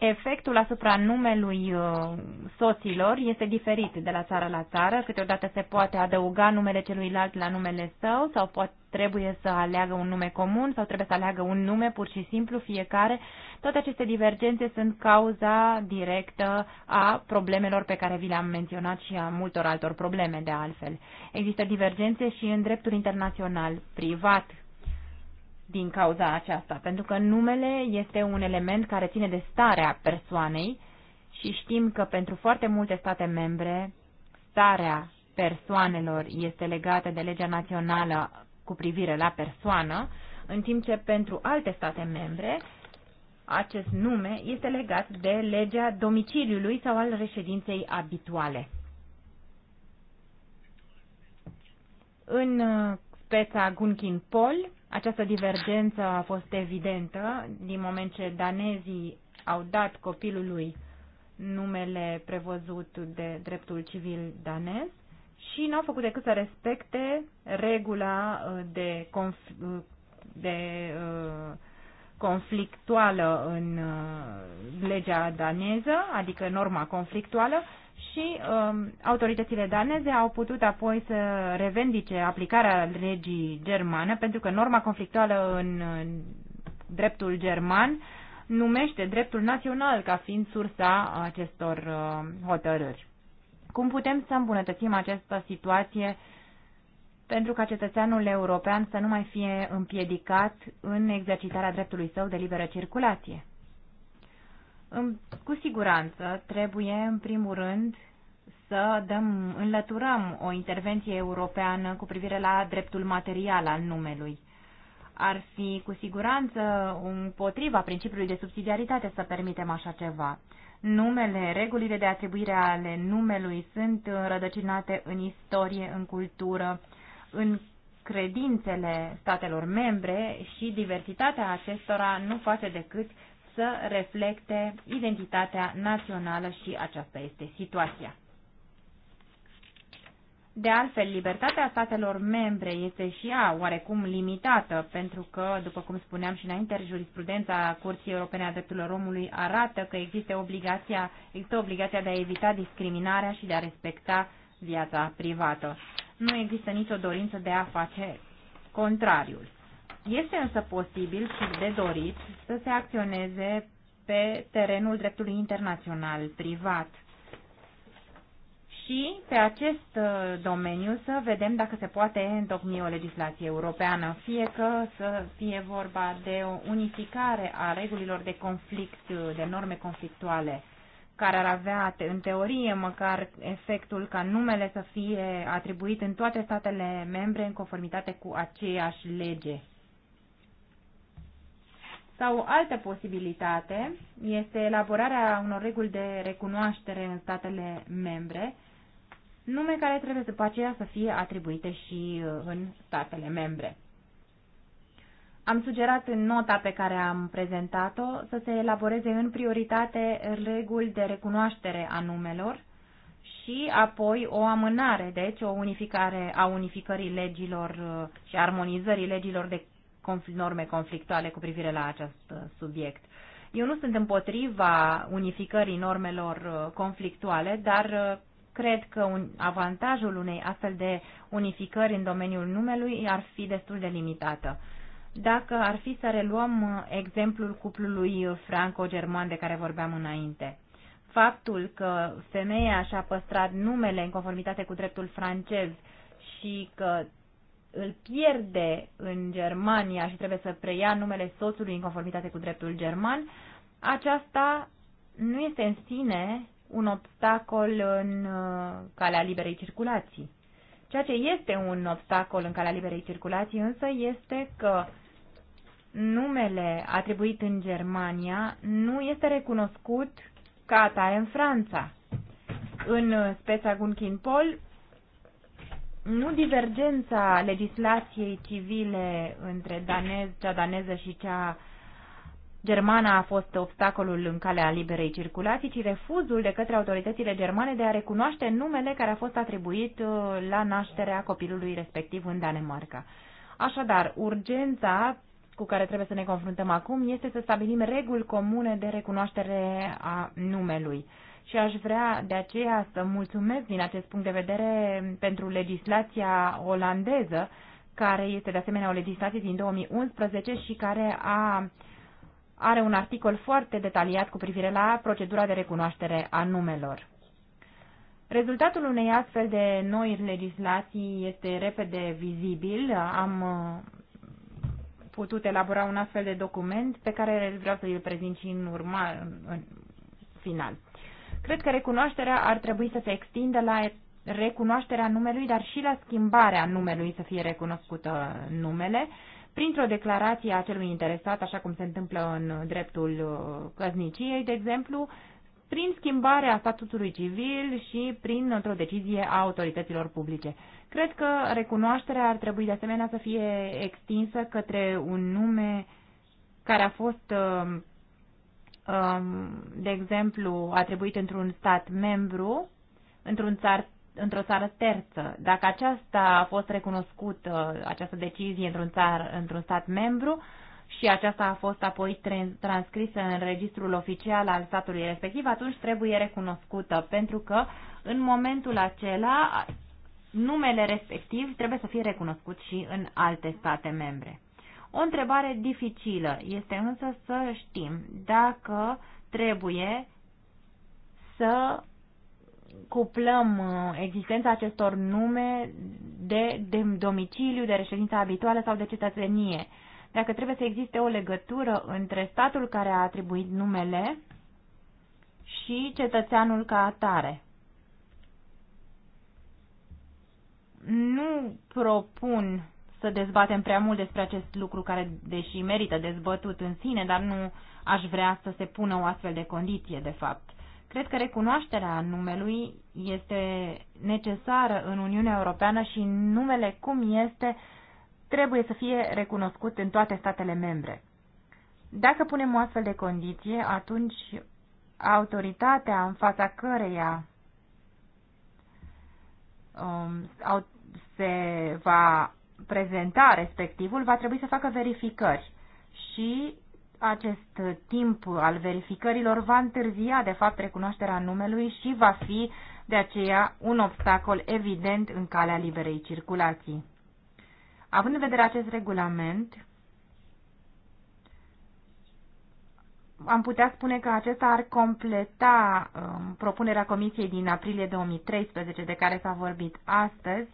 efectul asupra numelui uh, soților este diferit de la țară la țară. Câteodată se poate adăuga numele celuilalt la numele său sau poate, trebuie să aleagă un nume comun sau trebuie să aleagă un nume pur și simplu fiecare. Toate aceste divergențe sunt cauza directă a problemelor pe care vi le-am menționat și a multor altor probleme de altfel. Există divergențe și în dreptul internațional privat din cauza aceasta, pentru că numele este un element care ține de starea persoanei și știm că pentru foarte multe state membre starea persoanelor este legată de legea națională cu privire la persoană, în timp ce pentru alte state membre acest nume este legat de legea domiciliului sau al reședinței abituale. În speța Gunkin Pol, această divergență a fost evidentă din moment ce danezii au dat copilului numele prevăzut de dreptul civil danez și n-au făcut decât să respecte regula uh, de, conf- uh, de uh, conflictuală în legea daneză, adică norma conflictuală, și um, autoritățile daneze au putut apoi să revendice aplicarea legii germane, pentru că norma conflictuală în, în dreptul german numește dreptul național ca fiind sursa acestor uh, hotărâri. Cum putem să îmbunătățim această situație pentru ca cetățeanul european să nu mai fie împiedicat în exercitarea dreptului său de liberă circulație? Cu siguranță trebuie, în primul rând, să dăm, înlăturăm o intervenție europeană cu privire la dreptul material al numelui. Ar fi cu siguranță împotriva principiului de subsidiaritate să permitem așa ceva. Numele, regulile de atribuire ale numelui sunt rădăcinate în istorie, în cultură, în credințele statelor membre și diversitatea acestora nu face decât să reflecte identitatea națională și aceasta este situația. De altfel, libertatea statelor membre este și ea oarecum limitată, pentru că, după cum spuneam și înainte, jurisprudența Curții Europene a Drepturilor Omului arată că există obligația, există obligația de a evita discriminarea și de a respecta viața privată. Nu există nicio dorință de a face contrariul. Este însă posibil și de dorit să se acționeze pe terenul dreptului internațional privat și pe acest uh, domeniu să vedem dacă se poate întocmi o legislație europeană, fie că să fie vorba de o unificare a regulilor de conflict, uh, de norme conflictuale, care ar avea, în teorie măcar, efectul ca numele să fie atribuit în toate statele membre în conformitate cu aceeași lege. Sau o altă posibilitate este elaborarea unor reguli de recunoaștere în statele membre, nume care trebuie după aceea să fie atribuite și uh, în statele membre. Am sugerat în nota pe care am prezentat-o să se elaboreze în prioritate reguli de recunoaștere a numelor și apoi o amânare, deci o unificare a unificării legilor uh, și armonizării legilor de norme conflictuale cu privire la acest uh, subiect. Eu nu sunt împotriva unificării normelor uh, conflictuale, dar uh, cred că un, avantajul unei astfel de unificări în domeniul numelui ar fi destul de limitată. Dacă ar fi să reluăm exemplul cuplului franco-german de care vorbeam înainte, faptul că femeia și-a păstrat numele în conformitate cu dreptul francez și că îl pierde în Germania și trebuie să preia numele soțului în conformitate cu dreptul german, aceasta nu este în sine un obstacol în uh, calea liberei circulații. Ceea ce este un obstacol în calea liberei circulații însă este că numele atribuit în Germania nu este recunoscut ca atare în Franța. În speța Kinpol, nu divergența legislației civile între danez, cea daneză și cea germană a fost obstacolul în calea liberei circulații, ci refuzul de către autoritățile germane de a recunoaște numele care a fost atribuit uh, la nașterea copilului respectiv în Danemarca. Așadar, urgența cu care trebuie să ne confruntăm acum este să stabilim reguli comune de recunoaștere a numelui și aș vrea de aceea să mulțumesc din acest punct de vedere pentru legislația olandeză, care este de asemenea o legislație din 2011 și care a, are un articol foarte detaliat cu privire la procedura de recunoaștere a numelor. Rezultatul unei astfel de noi legislații este repede vizibil. Am putut elabora un astfel de document pe care vreau să îl prezint și în urma, în final. Cred că recunoașterea ar trebui să se extindă la recunoașterea numelui, dar și la schimbarea numelui să fie recunoscută numele, printr-o declarație a celui interesat, așa cum se întâmplă în dreptul uh, căzniciei, de exemplu, prin schimbarea statutului civil și prin o decizie a autorităților publice. Cred că recunoașterea ar trebui de asemenea să fie extinsă către un nume care a fost uh, Um, de exemplu, atribuit într-un stat membru, într-un țar, într-o țară terță. Dacă aceasta a fost recunoscută, uh, această decizie într-un, țar, într-un stat membru, și aceasta a fost apoi transcrisă în registrul oficial al statului respectiv, atunci trebuie recunoscută, pentru că în momentul acela numele respectiv trebuie să fie recunoscut și în alte state membre. O întrebare dificilă este însă să știm dacă trebuie să cuplăm uh, existența acestor nume de, de domiciliu, de reședință habituală sau de cetățenie. Dacă trebuie să existe o legătură între statul care a atribuit numele și cetățeanul ca atare. Nu propun să dezbatem prea mult despre acest lucru care, deși merită dezbătut în sine, dar nu aș vrea să se pună o astfel de condiție, de fapt. Cred că recunoașterea numelui este necesară în Uniunea Europeană și numele cum este trebuie să fie recunoscut în toate statele membre. Dacă punem o astfel de condiție, atunci autoritatea în fața căreia um, se va prezenta respectivul, va trebui să facă verificări și acest timp al verificărilor va întârzia, de fapt, recunoașterea numelui și va fi, de aceea, un obstacol evident în calea liberei circulații. Având în vedere acest regulament, am putea spune că acesta ar completa um, propunerea Comisiei din aprilie 2013, de care s-a vorbit astăzi,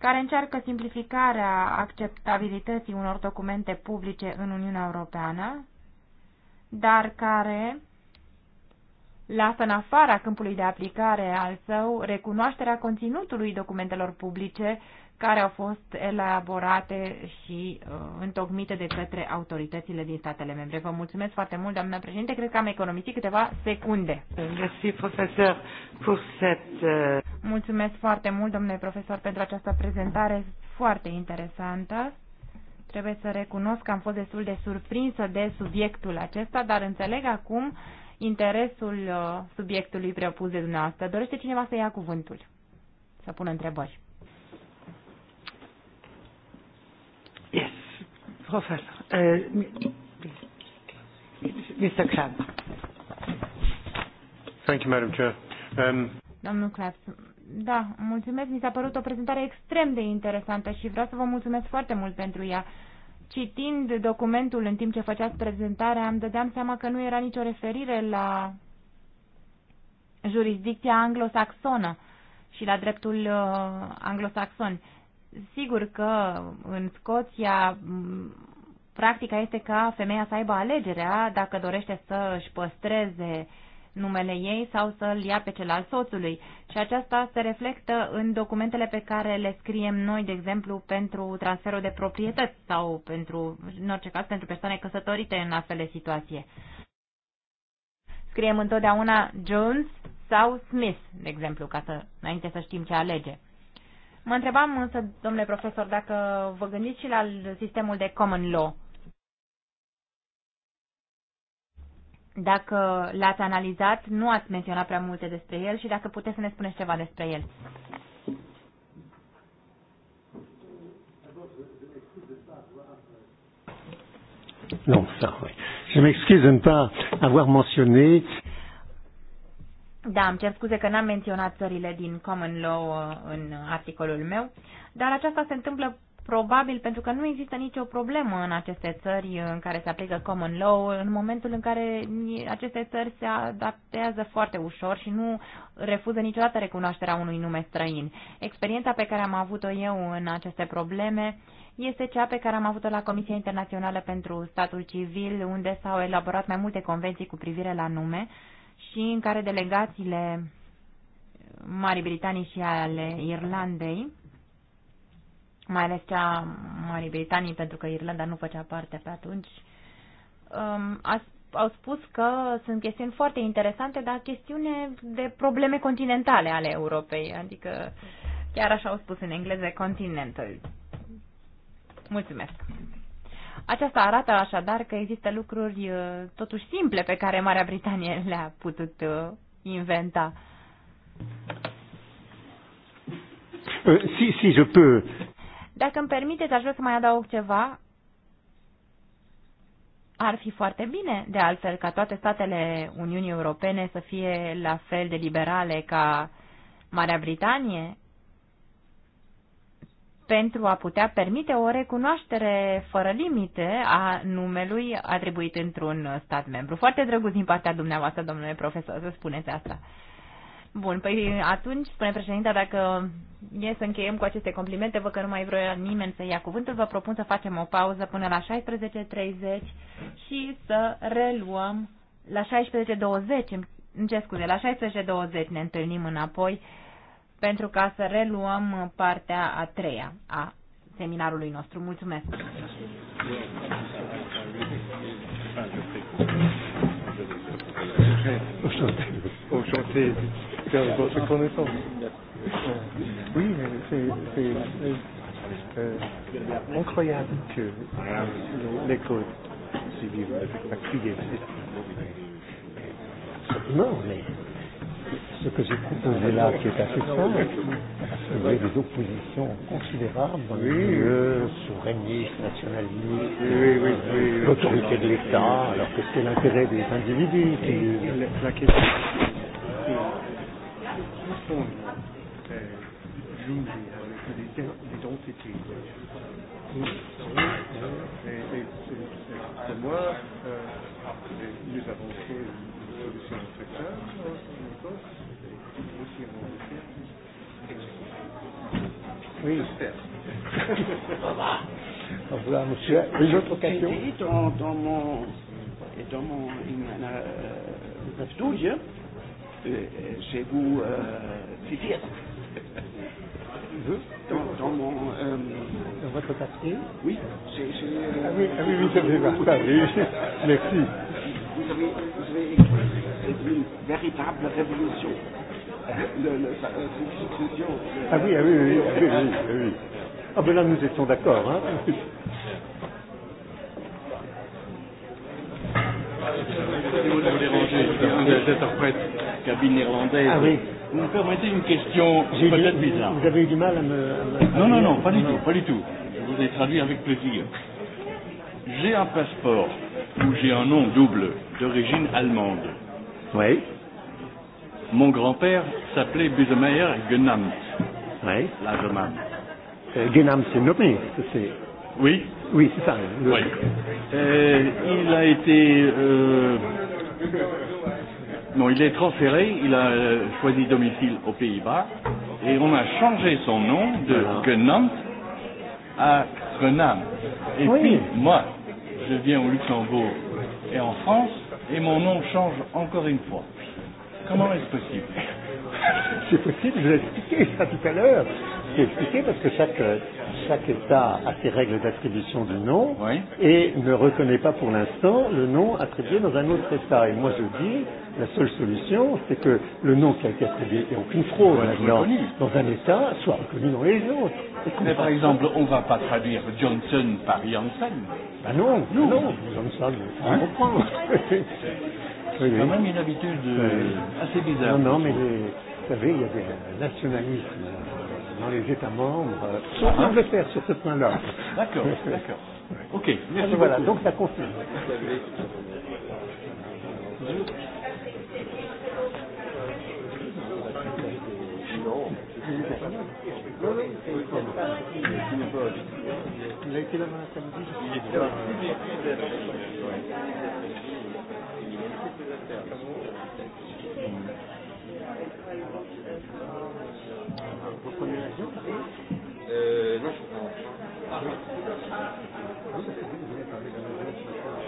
care încearcă simplificarea acceptabilității unor documente publice în Uniunea Europeană, dar care lasă în afara câmpului de aplicare al său recunoașterea conținutului documentelor publice care au fost elaborate și uh, întocmite de către autoritățile din statele membre. Vă mulțumesc foarte mult, doamna președinte. Cred că am economisit câteva secunde. Merci, profesor, pour cette... Uh, mulțumesc foarte mult, domnule profesor, pentru această prezentare foarte interesantă. Trebuie să recunosc că am fost destul de surprinsă de subiectul acesta, dar înțeleg acum interesul uh, subiectului propus de dumneavoastră. Dorește cineva să ia cuvântul, să pună întrebări. Yes, Professor. Uh, Mr. Clamp. Thank you, Madam Chair. Um, Domnul Claps, da, mulțumesc. Mi s-a părut o prezentare extrem de interesantă și vreau să vă mulțumesc foarte mult pentru ea. Citind documentul în timp ce făceați prezentarea, îmi dădeam seama că nu era nicio referire la jurisdicția anglosaxonă și la dreptul uh, anglosaxon. Sigur că în Scoția practica este ca femeia să aibă alegerea dacă dorește să își păstreze numele ei sau să-l ia pe cel al soțului. Și aceasta se reflectă în documentele pe care le scriem noi, de exemplu, pentru transferul de proprietăți sau pentru, în orice caz, pentru persoane căsătorite în astfel de situație. Scriem întotdeauna Jones sau Smith, de exemplu, ca să, înainte să știm ce alege. Mă întrebam însă, domnule profesor, dacă vă gândiți și la sistemul de common law. Dacă l-ați analizat, nu ați menționat prea multe despre el și dacă puteți să ne spuneți ceva despre el. Non, ça, oui. Je m'excuse de ne pas avoir mentionné da, îmi cer scuze că n-am menționat țările din common law uh, în articolul meu, dar aceasta se întâmplă probabil pentru că nu există nicio problemă în aceste țări uh, în care se aplică common law, în momentul în care aceste țări se adaptează foarte ușor și nu refuză niciodată recunoașterea unui nume străin. Experiența pe care am avut-o eu în aceste probleme este cea pe care am avut-o la Comisia Internațională pentru Statul Civil, unde s-au elaborat mai multe convenții cu privire la nume și în care delegațiile Marii Britanii și ale Irlandei, mai ales cea Marii Britanii, pentru că Irlanda nu făcea parte pe atunci, um, au spus că sunt chestiuni foarte interesante, dar chestiune de probleme continentale ale Europei, adică chiar așa au spus în engleză, continental. Mulțumesc! Aceasta arată așadar că există lucruri uh, totuși simple pe care Marea Britanie le-a putut uh, inventa. Euh, si, si, je peux. Dacă îmi permiteți, aș vrea să mai adaug ceva. Ar fi foarte bine, de altfel, ca toate statele Uniunii Europene să fie la fel de liberale ca Marea Britanie, pentru a putea permite o recunoaștere fără limite a numelui atribuit într-un stat membru. Foarte drăguț din partea dumneavoastră, domnule profesor, să spuneți asta. Bun, păi atunci, spune președinta, dacă e să încheiem cu aceste complimente, vă că nu mai vreau nimeni să ia cuvântul, vă propun să facem o pauză până la 16.30 și să reluăm la 16.20, îmi scuze, la 16.20 ne întâlnim înapoi pentru ca să reluăm partea a treia a seminarului nostru. Mulțumesc! Enchanté de votre connaissance. Oui, mais c'est euh, incroyable que les codes civiles, la crier. Non, mais ce que j'ai proposé là, qui est assez simple, parce qu'il y a des oppositions considérables oui. le souverainisme, nationalisme, oui, oui, oui, oui, l'autorité de l'État, alors que c'est l'intérêt des individus. Qui... La question, c'est jongler avec l'identité. Pour moi, nous avons fait une solution de secteur. Oui. voilà, monsieur. Les autres questions dans, dans mon, dans mon euh, studio, c'est vous euh, dans, dans mon. Euh, dans votre papier Oui. c'est... ah, oui, ah oui, vous avez partagé. Merci. Vous avez, vous avez écrit une véritable révolution. Ah oui, ah oui, oui, oui, ah oui, ah oui. Ah ben là, nous étions d'accord. Hein. cabine irlandaise. Ah oui. Vous me permettez une question peut-être bizarre. Vous avez eu du mal à me. À me non, non, non, pas du non. tout, pas du tout. Je vous ai traduit avec plaisir. J'ai un passeport où j'ai un nom double d'origine allemande. Oui. Mon grand-père s'appelait Busemeyer Gunamt. Oui. Largement. Euh, Gunamt, c'est nommé. C'est... Oui. Oui, c'est ça. Le... Oui. Euh, il a été. Euh... Non, il est transféré. Il a euh, choisi domicile aux Pays-Bas et on a changé son nom de voilà. Gunamt à Grenam. Et oui. puis moi, je viens au Luxembourg et en France et mon nom change encore une fois. Comment est-ce possible C'est possible, je l'ai expliqué ça tout à l'heure. J'ai expliqué parce que chaque, chaque État a ses règles d'attribution du nom oui. et ne reconnaît pas pour l'instant le nom attribué dans un autre État. Et moi je dis, la seule solution, c'est que le nom qui a été attribué, et aucune fraude ouais, maintenant, dans un État, soit reconnu dans les autres. Mais par exemple, on ne va pas traduire Johnson par Janssen. Ben non, non, non Johnson, on hein? comprend. oui, quand même une habitude oui. Euh, assez bizarre. Non, non, mais les, vous savez, il y a des nationalismes dans les États membres, sauf ah, l'Angleterre ah. sur ce point-là. D'accord, d'accord. Oui. Ok, merci. Alors, voilà, donc ça confirme. Il a été là samedi. Il est là. Vous prenez l'avion euh, Non, je prends. Ah, oui. Parce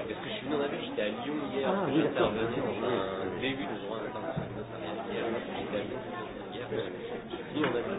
que je suis venu en avion, j'étais à Lyon hier, ah, oui, j'intervenais dans un début de droit d'intervention hier, j'étais à Lyon hier, je suis venu en avion.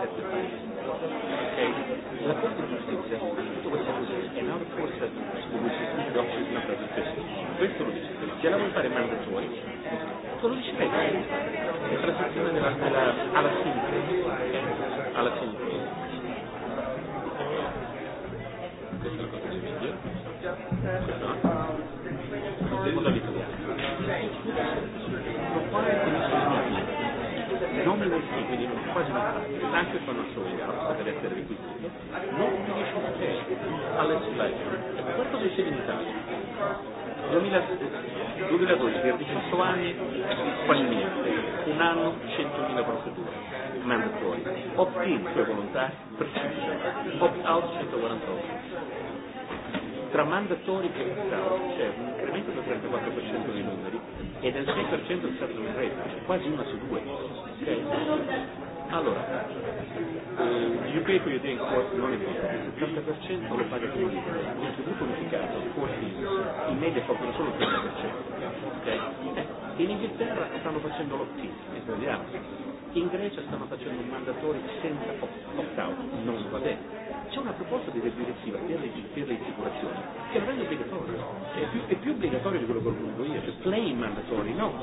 sette pagine. Ok? La Corte di giustizia ha detto questa cosa e non forse sconosciuti mandatori, lo dice lei. È traduzione della, della, alla sintesi. Alla sintesi. Questa è la cosa pagina anche fanno show per essere requisiti non finisce un ok alle sulle questo succede in Italia 2012 per 18 anni fallimento un anno 100.000 procedure mandatori opt-in per volontà precisa opt-out 148 tra mandatori che opt-out c'è un incremento del 34% dei numeri e del 6% è stato in rete, quasi una su due. Okay? Allora, eh, you pay for your drink for non è il 70% lo paga tu, il contributo unificato fuori in media coprono solo il 30%. Okay? Eh, in Inghilterra stanno facendo l'opt-in, è sbagliato. In Grecia stanno facendo un mandatorio senza opt-out, non va bene. C'è una proposta di direttiva per le, per le assicurazioni che non è obbligatoria. è più, è più obbligatorio di quello che ho voluto io, cioè plain mandatori, no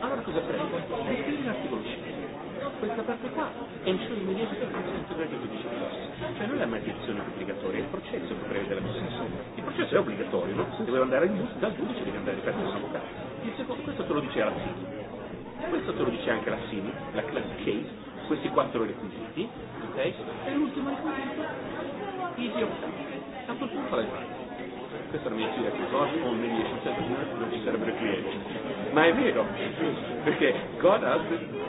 Allora cosa prendo? Definire l'articolo 5 questa parte qua è il suo immediato processo di disciplina. Cioè non è la maledizione obbligatoria, è il processo che prevede la possessione. Il processo è obbligatorio, no? Se deve andare dal giudice devi andare per un avvocato. Il secondo, questo te lo dice la Sini. Questo te lo dice anche la Sini, la class case, questi quattro requisiti, ok? E l'ultimo requisito, easy of time. A quel punto l'hai fatto. Questa è la mia teoria che cosa con mediation settlement non ci sarebbero clienti. Ma è vero, perché God has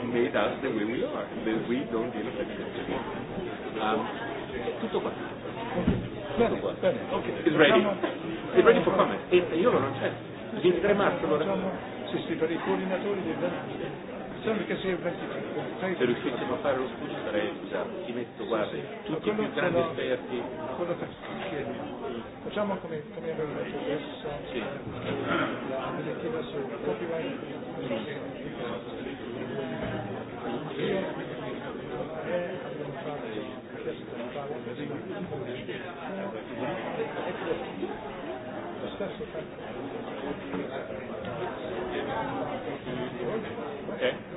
made us the way we are, that we don't deal with it. Um, tutto qua. Bene, qua. Okay. It's ready. It's ready for comment. E io non c'è. Il 3 marzo allora. Se si per i coordinatori del Sembra che Se riuscissimo a fare lo studio sarei scusato, ti metto, guarda, tutti i più grandi esperti. Quello che chiediamo Facciamo come, come abbiamo detto adesso sì. la direttiva sul copyright. Io e abbiamo fatto lo stesso fatto. Okay.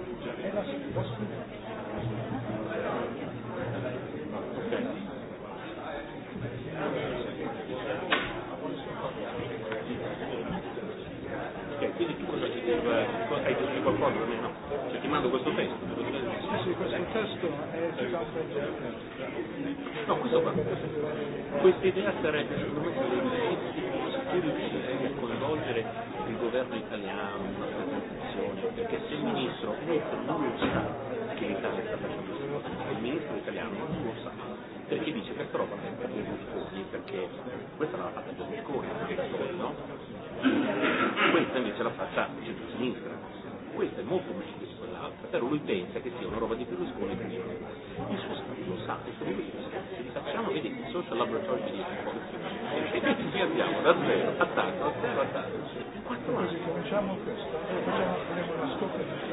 questo testo è eh, No, questo qua. Questa idea sarebbe secondo me se riuscirei a coinvolgere il governo italiano in una presentazione, perché se il ministro non lo sa che l'Italia sta facendo questa cosa, il ministro italiano non lo sa, perché dice questa roba non è per Berlusconi, perché questa l'ha fatta Berlusconi, no? Questa invece l'ha fatta centro-sinistra, questa è molto meglio però lui pensa che sia una roba di Berlusconi per il suo studio sa che sono questi scazzi li facciamo vedi che social laboratory di e quindi andiamo da zero a tanto a zero a tanto quattro anni cominciamo questo e eh, facciamo una scoperta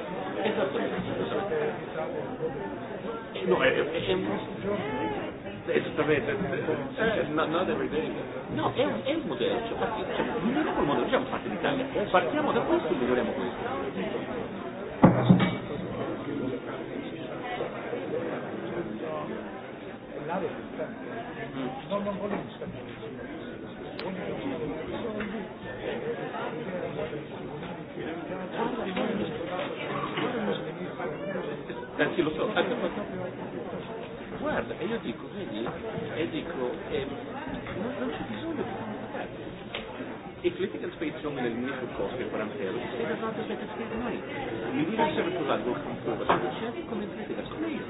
esattamente eh, no è, è, è un esattamente not, not every day no è un, è un modello cioè, parti, cioè, miglioriamo il modello diciamo parte d'Italia partiamo da questo e miglioriamo questo nave No, no, no, Anzi, lo so, guarda, e io dico, vedi, e dico, eh, non, non c'è bisogno di comunicare. Οι political space only del ministro Costa e 40 euro, se era dato per pescare noi. Mi dice sempre cosa lo struttura, succede come politica io.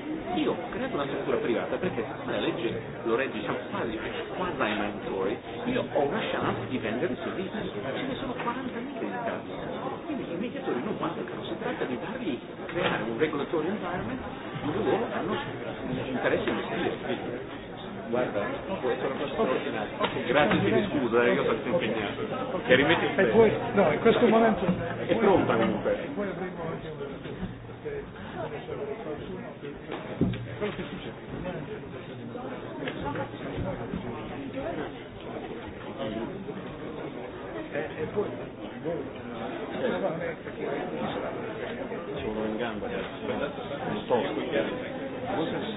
Io credo una struttura privata perché se la legge lo regge diciamo, quasi, quasi ai mandatori, io ho una chance di vendere il servizio. Ce ne sono 40.000 in Italia. Quindi i mediatori non mancano, si tratta di dargli creare un regulatory environment dove loro hanno interesse di investire. Guarda, Grazie, ti scusa, eh, io sono impegnato. Che rimette E poi, no, in questo momento... È pronta comunque. E sono in gamba non sto, cosas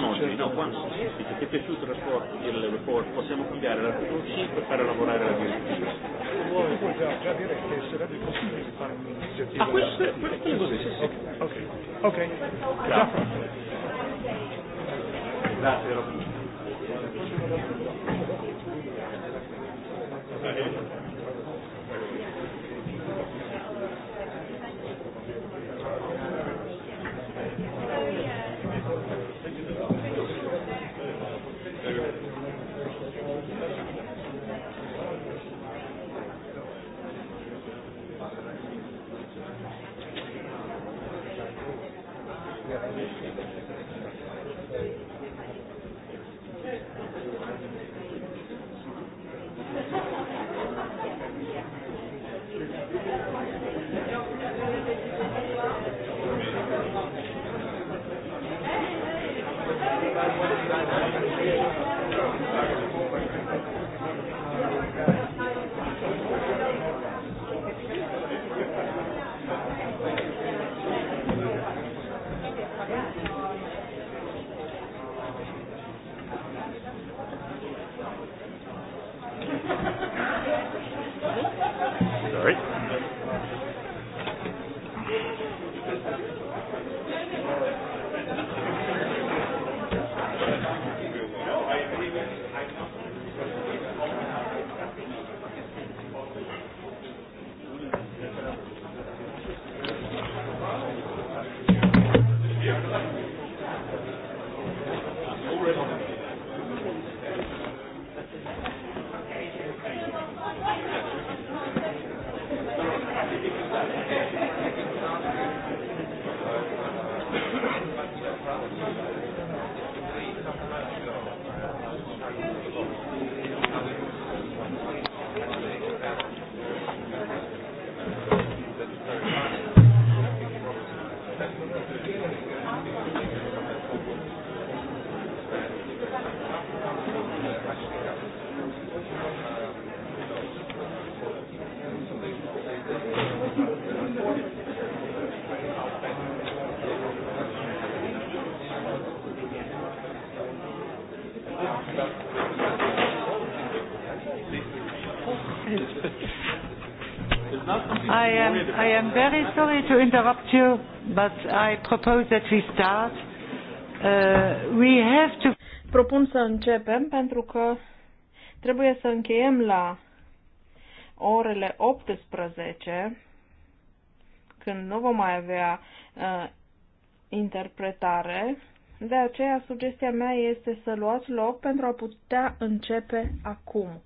non oggi, no, quando se ti è piaciuto il report, il report possiamo cambiare l'articolo 5 e fare lavorare la direttiva. Ah, questo, questo è così, sì, sì. Ok, ok. Grazie. Grazie, Roberto. I am very sorry to interrupt you, but I propose that we start. Uh, we have to... Propun să începem pentru că trebuie să încheiem la orele 18, când nu vom mai avea uh, interpretare. De aceea, sugestia mea este să luați loc pentru a putea începe acum.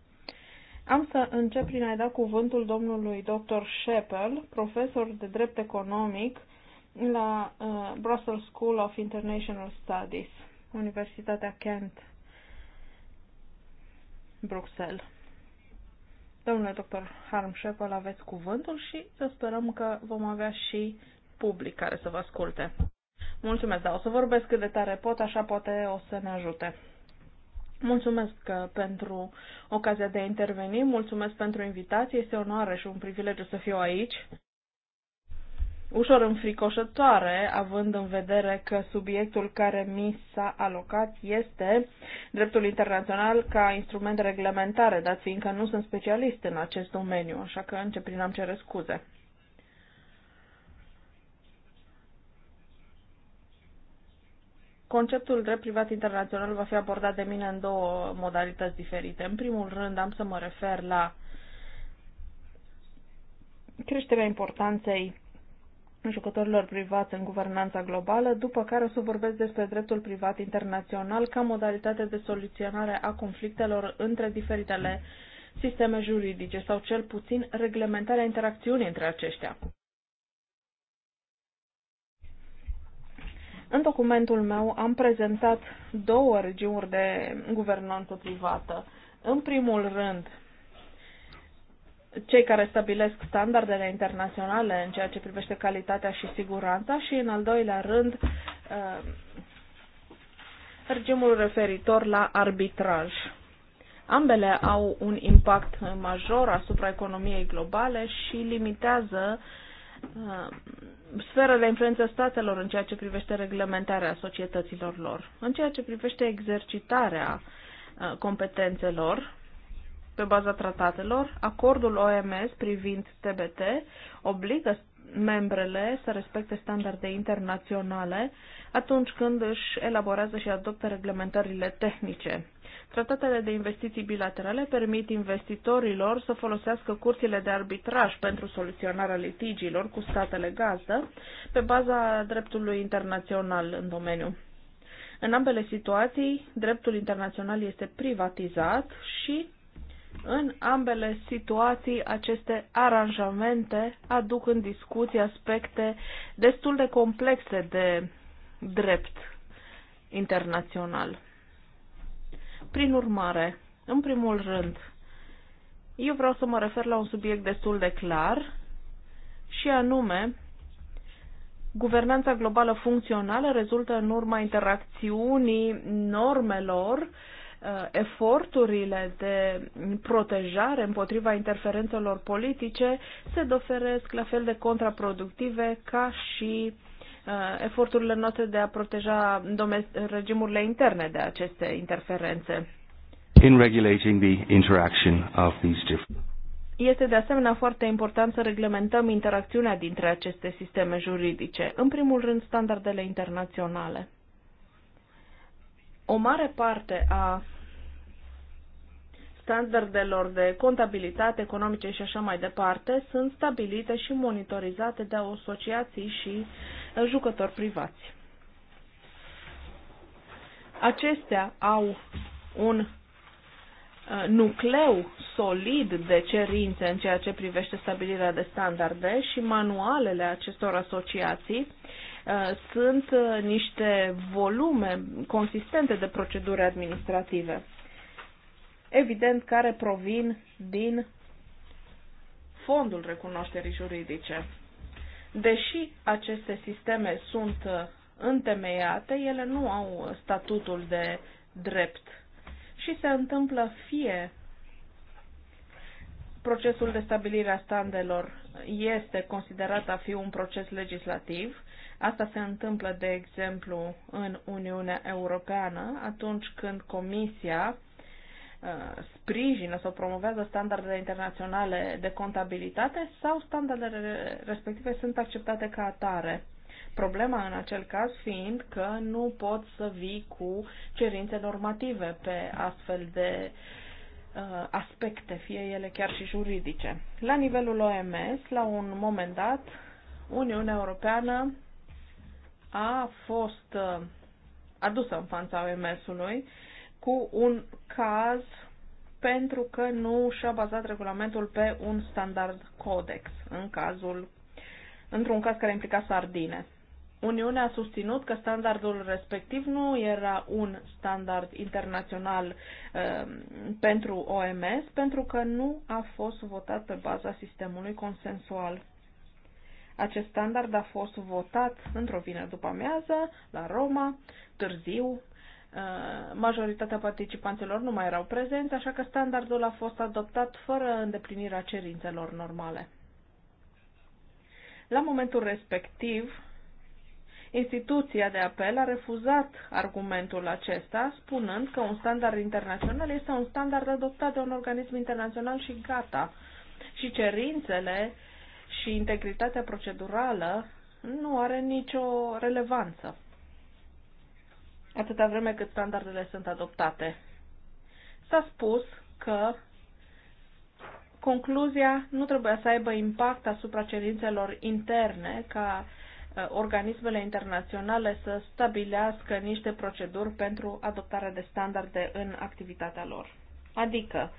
Am să încep prin a-i da cuvântul domnului dr. Sheppel, profesor de drept economic la uh, Brussels School of International Studies, Universitatea Kent, Bruxelles. Domnule dr. Harm Sheppel, aveți cuvântul și să sperăm că vom avea și public care să vă asculte. Mulțumesc, dar o să vorbesc cât de tare pot, așa poate o să ne ajute. Mulțumesc uh, pentru ocazia de a interveni, mulțumesc pentru invitație, este o onoare și un privilegiu să fiu aici. Ușor înfricoșătoare, având în vedere că subiectul care mi s-a alocat este dreptul internațional ca instrument de reglementare, dar fiindcă nu sunt specialist în acest domeniu, așa că încep prin am cere scuze. Conceptul drept privat internațional va fi abordat de mine în două modalități diferite. În primul rând am să mă refer la creșterea importanței jucătorilor privați în guvernanța globală, după care o să vorbesc despre dreptul privat internațional ca modalitate de soluționare a conflictelor între diferitele sisteme juridice sau cel puțin reglementarea interacțiunii între aceștia. În documentul meu am prezentat două regiuni de guvernanță privată. În primul rând, cei care stabilesc standardele internaționale în ceea ce privește calitatea și siguranța și, în al doilea rând, uh, regimul referitor la arbitraj. Ambele au un impact major asupra economiei globale și limitează uh, sferă de influență a statelor în ceea ce privește reglementarea societăților lor. În ceea ce privește exercitarea uh, competențelor pe baza tratatelor, acordul OMS privind TBT obligă membrele să respecte standarde internaționale atunci când își elaborează și adoptă reglementările tehnice Tratatele de investiții bilaterale permit investitorilor să folosească curțile de arbitraj pentru soluționarea litigiilor cu statele gazdă pe baza dreptului internațional în domeniu. În ambele situații, dreptul internațional este privatizat și în ambele situații, aceste aranjamente aduc în discuție aspecte destul de complexe de drept internațional. Prin urmare, în primul rând, eu vreau să mă refer la un subiect destul de clar și anume Guvernanța globală funcțională rezultă în urma interacțiunii normelor, uh, eforturile de protejare împotriva interferențelor politice se doferesc la fel de contraproductive ca și Uh, eforturile noastre de a proteja regimurile interne de aceste interferențe. In regulating the interaction of these different este de asemenea foarte important să reglementăm interacțiunea dintre aceste sisteme juridice, în primul rând standardele internaționale. O mare parte a standardelor de contabilitate economice și așa mai departe sunt stabilite și monitorizate de asociații și jucători privați. Acestea au un uh, nucleu solid de cerințe în ceea ce privește stabilirea de standarde și manualele acestor asociații uh, sunt uh, niște volume consistente de proceduri administrative, evident care provin din fondul recunoașterii juridice. Deși aceste sisteme sunt uh, întemeiate, ele nu au statutul de drept și se întâmplă fie procesul de stabilire a standelor este considerat a fi un proces legislativ. Asta se întâmplă, de exemplu, în Uniunea Europeană, atunci când Comisia Uh, sprijină sau promovează standardele internaționale de contabilitate sau standardele respective sunt acceptate ca atare. Problema în acel caz fiind că nu pot să vii cu cerințe normative pe astfel de uh, aspecte, fie ele chiar și juridice. La nivelul OMS, la un moment dat, Uniunea Europeană a fost uh, adusă în fața OMS-ului cu un caz pentru că nu și-a bazat regulamentul pe un standard codex în cazul într-un caz care implica sardine. Uniunea a susținut că standardul respectiv nu era un standard internațional uh, pentru OMS pentru că nu a fost votat pe baza sistemului consensual. Acest standard a fost votat într-o vină după amiază la Roma, târziu Uh, majoritatea participanților nu mai erau prezenți, așa că standardul a fost adoptat fără îndeplinirea cerințelor normale. La momentul respectiv, instituția de apel a refuzat argumentul acesta, spunând că un standard internațional este un standard adoptat de un organism internațional și gata. Și cerințele și integritatea procedurală nu are nicio relevanță atâta vreme cât standardele sunt adoptate. S-a spus că concluzia nu trebuie să aibă impact asupra cerințelor interne ca ă, organismele internaționale să stabilească niște proceduri pentru adoptarea de standarde în activitatea lor. Adică,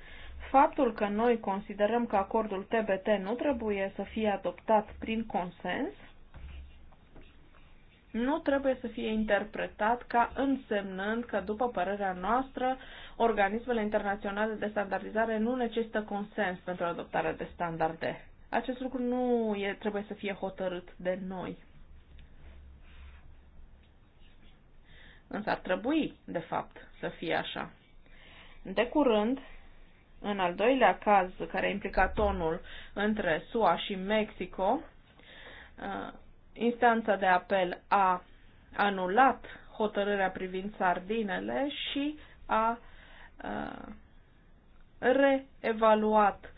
faptul că noi considerăm că acordul TBT nu trebuie să fie adoptat prin consens nu trebuie să fie interpretat ca însemnând că, după părerea noastră, organismele internaționale de standardizare nu necesită consens pentru adoptarea de standarde. Acest lucru nu e, trebuie să fie hotărât de noi. Însă ar trebui, de fapt, să fie așa. De curând, în al doilea caz care implica tonul între SUA și Mexico, uh, instanța de apel a anulat hotărârea privind sardinele și a, a reevaluat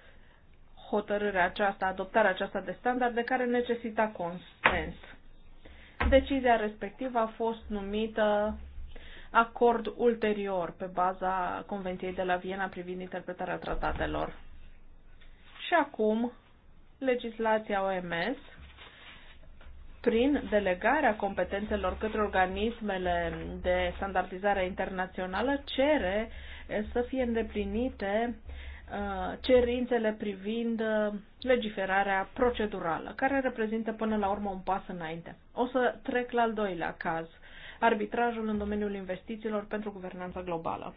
hotărârea aceasta, adoptarea aceasta de standarde care necesita consens. Decizia respectivă a fost numită acord ulterior pe baza Convenției de la Viena privind interpretarea tratatelor. Și acum, legislația OMS prin delegarea competențelor către organismele de standardizare internațională cere eh, să fie îndeplinite eh, cerințele privind eh, legiferarea procedurală, care reprezintă până la urmă un pas înainte. O să trec la al doilea caz, arbitrajul în domeniul investițiilor pentru guvernanța globală.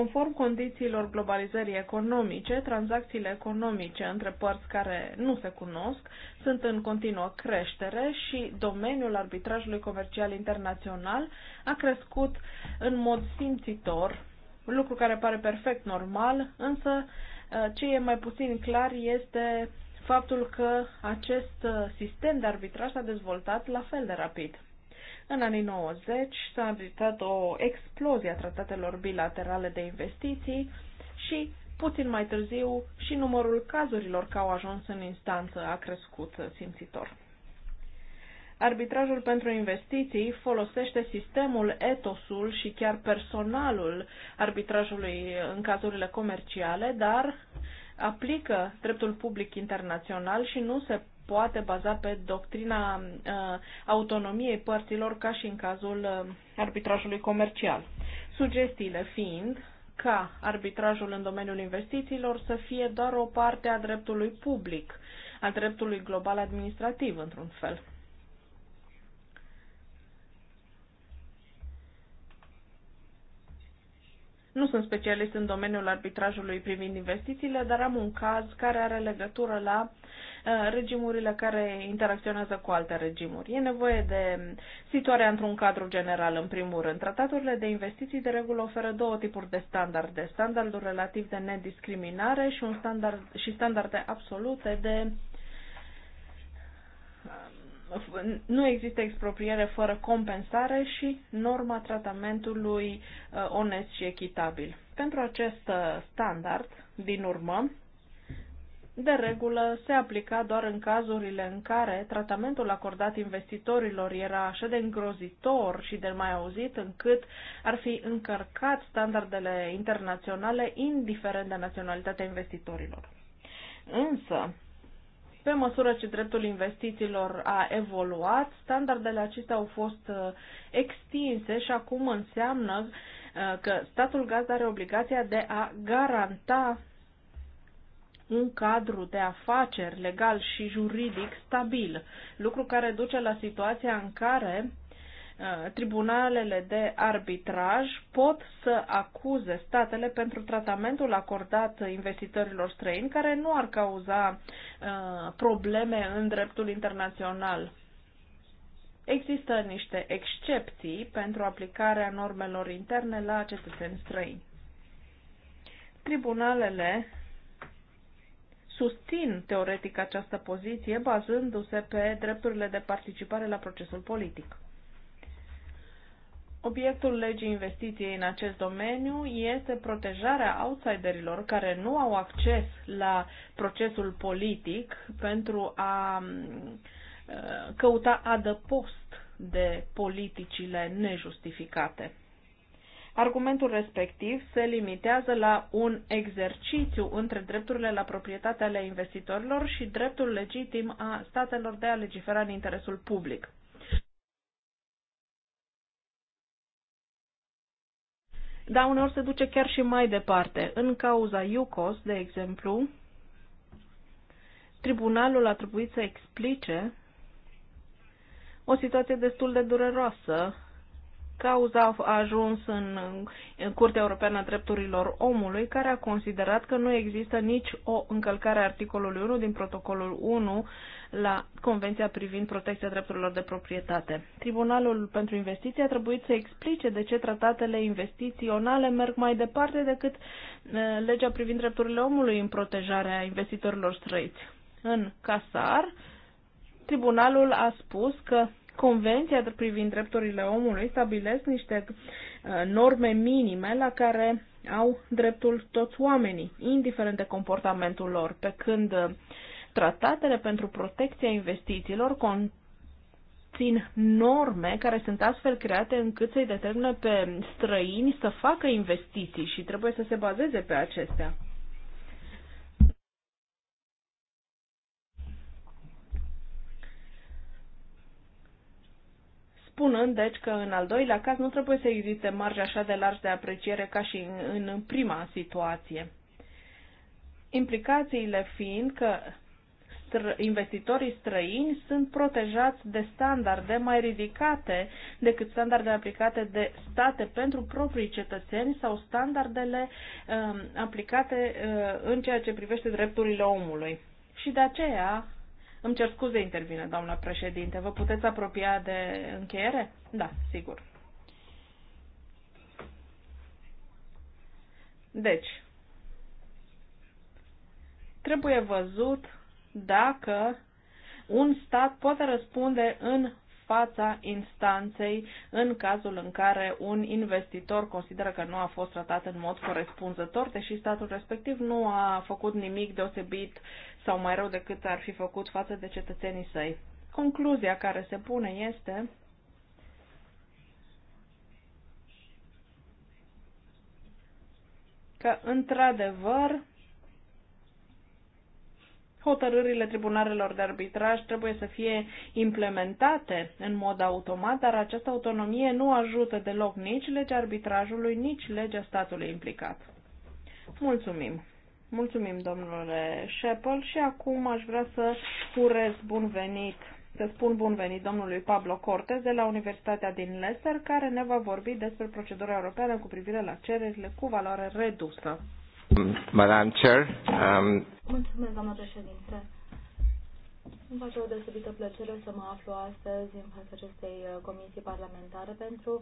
Conform condițiilor globalizării economice, tranzacțiile economice între părți care nu se cunosc sunt în continuă creștere și domeniul arbitrajului comercial internațional a crescut în mod simțitor, lucru care pare perfect normal, însă uh, ce e mai puțin clar este faptul că acest uh, sistem de arbitraj s-a dezvoltat la fel de rapid. În anii 90 s-a înregistrat o explozie a tratatelor bilaterale de investiții și puțin mai târziu și numărul cazurilor care au ajuns în instanță a crescut simțitor. Arbitrajul pentru investiții folosește sistemul, etosul și chiar personalul arbitrajului în cazurile comerciale, dar aplică dreptul public internațional și nu se poate baza pe doctrina uh, autonomiei părților, ca și în cazul uh, arbitrajului comercial. Sugestiile fiind ca arbitrajul în domeniul investițiilor să fie doar o parte a dreptului public, a dreptului global administrativ, într-un fel. Nu sunt specialist în domeniul arbitrajului privind investițiile, dar am un caz care are legătură la uh, regimurile care interacționează cu alte regimuri. E nevoie de situarea într-un cadru general, în primul rând. Trataturile de investiții de regulă oferă două tipuri de standarde. Standardul relativ de nediscriminare și, un standard, și standarde absolute de nu există expropriere fără compensare și norma tratamentului uh, onest și echitabil. Pentru acest uh, standard, din urmă, de regulă se aplica doar în cazurile în care tratamentul acordat investitorilor era așa de îngrozitor și de mai auzit încât ar fi încărcat standardele internaționale indiferent de naționalitatea investitorilor. Însă, pe măsură ce dreptul investițiilor a evoluat, standardele acestea au fost uh, extinse și acum înseamnă uh, că statul gazdă are obligația de a garanta un cadru de afaceri legal și juridic stabil, lucru care duce la situația în care Uh, tribunalele de arbitraj pot să acuze statele pentru tratamentul acordat investitorilor străini care nu ar cauza uh, probleme în dreptul internațional. Există niște excepții pentru aplicarea normelor interne la cetățeni străini. Tribunalele susțin teoretic această poziție bazându-se pe drepturile de participare la procesul politic. Obiectul legii investiției în acest domeniu este protejarea outsiderilor care nu au acces la procesul politic pentru a mm, uh, căuta adăpost de politicile nejustificate. Argumentul respectiv se limitează la un exercițiu între drepturile la proprietate ale investitorilor și dreptul legitim a statelor de a legifera în interesul public. dar uneori se duce chiar și mai departe. În cauza UCOS, de exemplu, tribunalul a trebuit să explice o situație destul de dureroasă. Cauza a ajuns în Curtea Europeană a Drepturilor Omului, care a considerat că nu există nici o încălcare a articolului 1 din protocolul 1 la Convenția privind protecția drepturilor de proprietate. Tribunalul pentru investiții a trebuit să explice de ce tratatele investiționale merg mai departe decât uh, legea privind drepturile omului în protejarea investitorilor străiți. În Casar, tribunalul a spus că Convenția privind drepturile omului stabilesc niște uh, norme minime la care au dreptul toți oamenii, indiferent de comportamentul lor, pe când uh, Tratatele pentru protecția investițiilor conțin norme care sunt astfel create încât să-i determine pe străini să facă investiții și trebuie să se bazeze pe acestea. spunând deci că în al doilea caz nu trebuie să existe marge așa de largi de apreciere ca și în, în prima situație. Implicațiile fiind că str- investitorii străini sunt protejați de standarde mai ridicate decât standardele aplicate de state pentru proprii cetățeni sau standardele uh, aplicate uh, în ceea ce privește drepturile omului. Și de aceea, îmi cer scuze, intervine doamna președinte, vă puteți apropia de încheiere? Da, sigur. Deci, trebuie văzut dacă un stat poate răspunde în fața instanței în cazul în care un investitor consideră că nu a fost tratat în mod corespunzător, deși statul respectiv nu a făcut nimic deosebit sau mai rău decât ar fi făcut față de cetățenii săi. Concluzia care se pune este că, într-adevăr, hotărârile tribunalelor de arbitraj trebuie să fie implementate în mod automat, dar această autonomie nu ajută deloc nici legea arbitrajului, nici legea statului implicat. Mulțumim! Mulțumim, domnule Șepel, și acum aș vrea să urez bun venit, să spun bun venit domnului Pablo Cortez de la Universitatea din Leicester, care ne va vorbi despre procedura europeană cu privire la cererile cu valoare redusă. Madam Chair. Um... Mulțumesc, doamnă președinte. Îmi face o deosebită plăcere să mă aflu astăzi în fața acestei uh, comisii parlamentare pentru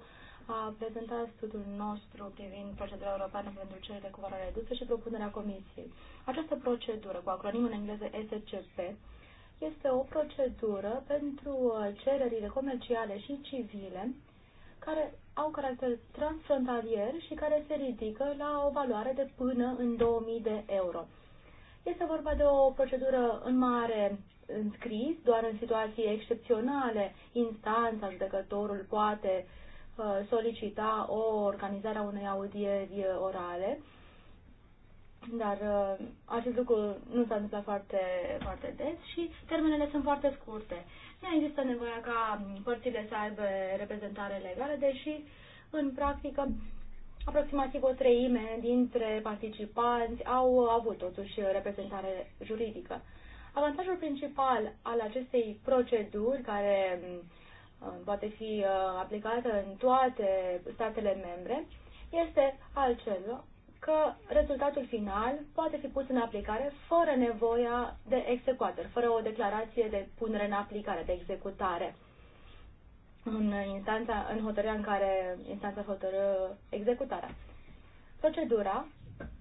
a prezenta studiul nostru privind procedura europeană pentru cele de valoare redusă și propunerea comisiei. Această procedură, cu acronimul în engleză SCP, este o procedură pentru uh, cererile comerciale și civile care au caracter transfrontalier și care se ridică la o valoare de până în 2000 de euro. Este vorba de o procedură în mare înscris, doar în situații excepționale, instanța, judecătorul poate uh, solicita o organizare a unei audieri orale, dar uh, acest lucru nu s-a întâmplat foarte, foarte des și termenele sunt foarte scurte. Nu există nevoia ca părțile să aibă reprezentare legală, deși, în practică, aproximativ o treime dintre participanți au avut totuși reprezentare juridică. Avantajul principal al acestei proceduri, care uh, poate fi uh, aplicată în toate statele membre, este celor că rezultatul final poate fi pus în aplicare fără nevoia de execuator, fără o declarație de punere în aplicare, de executare. În, instanța, în hotărârea în care instanța hotără executarea. Procedura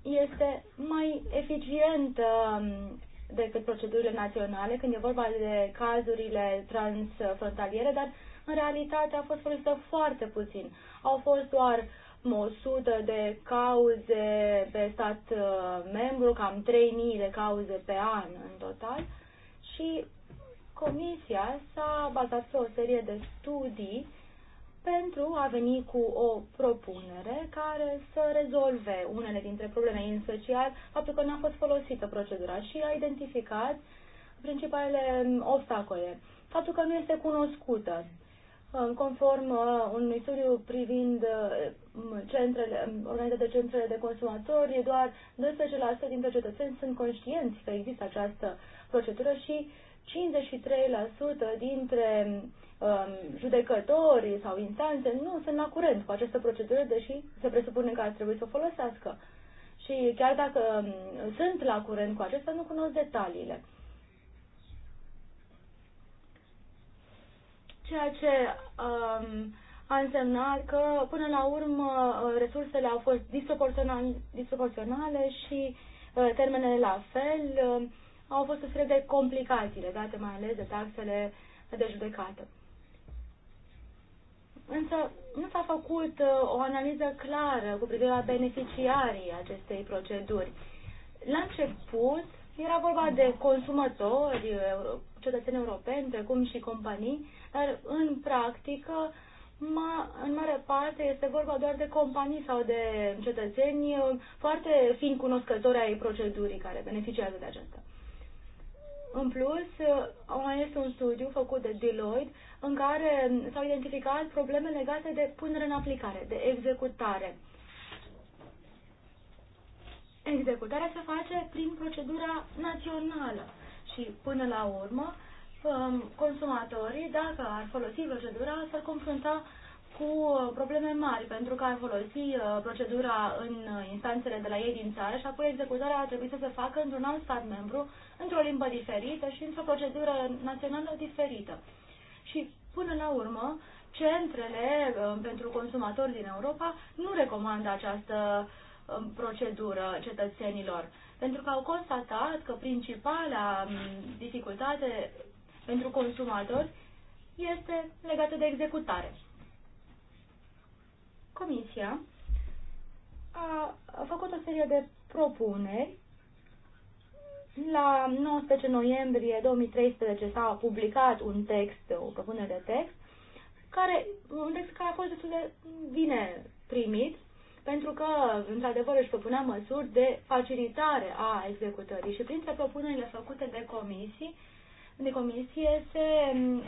este mai eficientă um, decât procedurile naționale când e vorba de cazurile transfrontaliere, dar în realitate a fost folosită foarte puțin. Au fost doar uh, 100 de cauze pe stat uh, membru, cam 3000 de cauze pe an în total și comisia s-a bazat pe o serie de studii pentru a veni cu o propunere care să rezolve unele dintre probleme, în special faptul că nu a fost folosită procedura și a identificat principalele obstacole, faptul că nu este cunoscută conform uh, unui studiu privind uh, centrele, organizate um, de centrele de consumatori, doar 12% dintre cetățeni sunt conștienți că există această procedură și 53% dintre um, judecători sau instanțe nu sunt la curent cu această procedură, deși se presupune că ar trebui să o folosească. Și chiar dacă um, sunt la curent cu acesta, nu cunosc detaliile. ceea ce um, a însemnat că, până la urmă, uh, resursele au fost disproporționale și uh, termenele la fel. Uh, au fost o serie de complicații legate mai ales de taxele de judecată. Însă nu s-a făcut uh, o analiză clară cu privire la beneficiarii acestei proceduri. La început era vorba de consumatori, uh, cetățeni europeni, precum și companii, dar în practică, ma, în mare parte, este vorba doar de companii sau de cetățeni uh, foarte fin cunoscători ai procedurii care beneficiază de aceasta. În plus, uh, mai este un studiu făcut de Deloitte în care s-au identificat probleme legate de punere în aplicare, de executare. Executarea se face prin procedura națională și, până la urmă, Um, consumatorii, dacă ar folosi procedura, s-ar confrunta cu uh, probleme mari, pentru că ar folosi uh, procedura în instanțele de la ei din țară și apoi executarea ar trebui să se facă într-un alt stat membru, într-o limbă diferită și într-o procedură națională diferită. Și până la urmă, centrele um, pentru consumatori din Europa nu recomandă această um, procedură cetățenilor, pentru că au constatat că principala dificultate pentru consumator este legată de executare. Comisia a, a făcut o serie de propuneri. La 19 noiembrie 2013 s-a publicat un text, o propunere de text, care, un text care a fost destul de bine primit, pentru că, într-adevăr, își propunea măsuri de facilitare a executării și printre propunerile făcute de comisii de comisie este,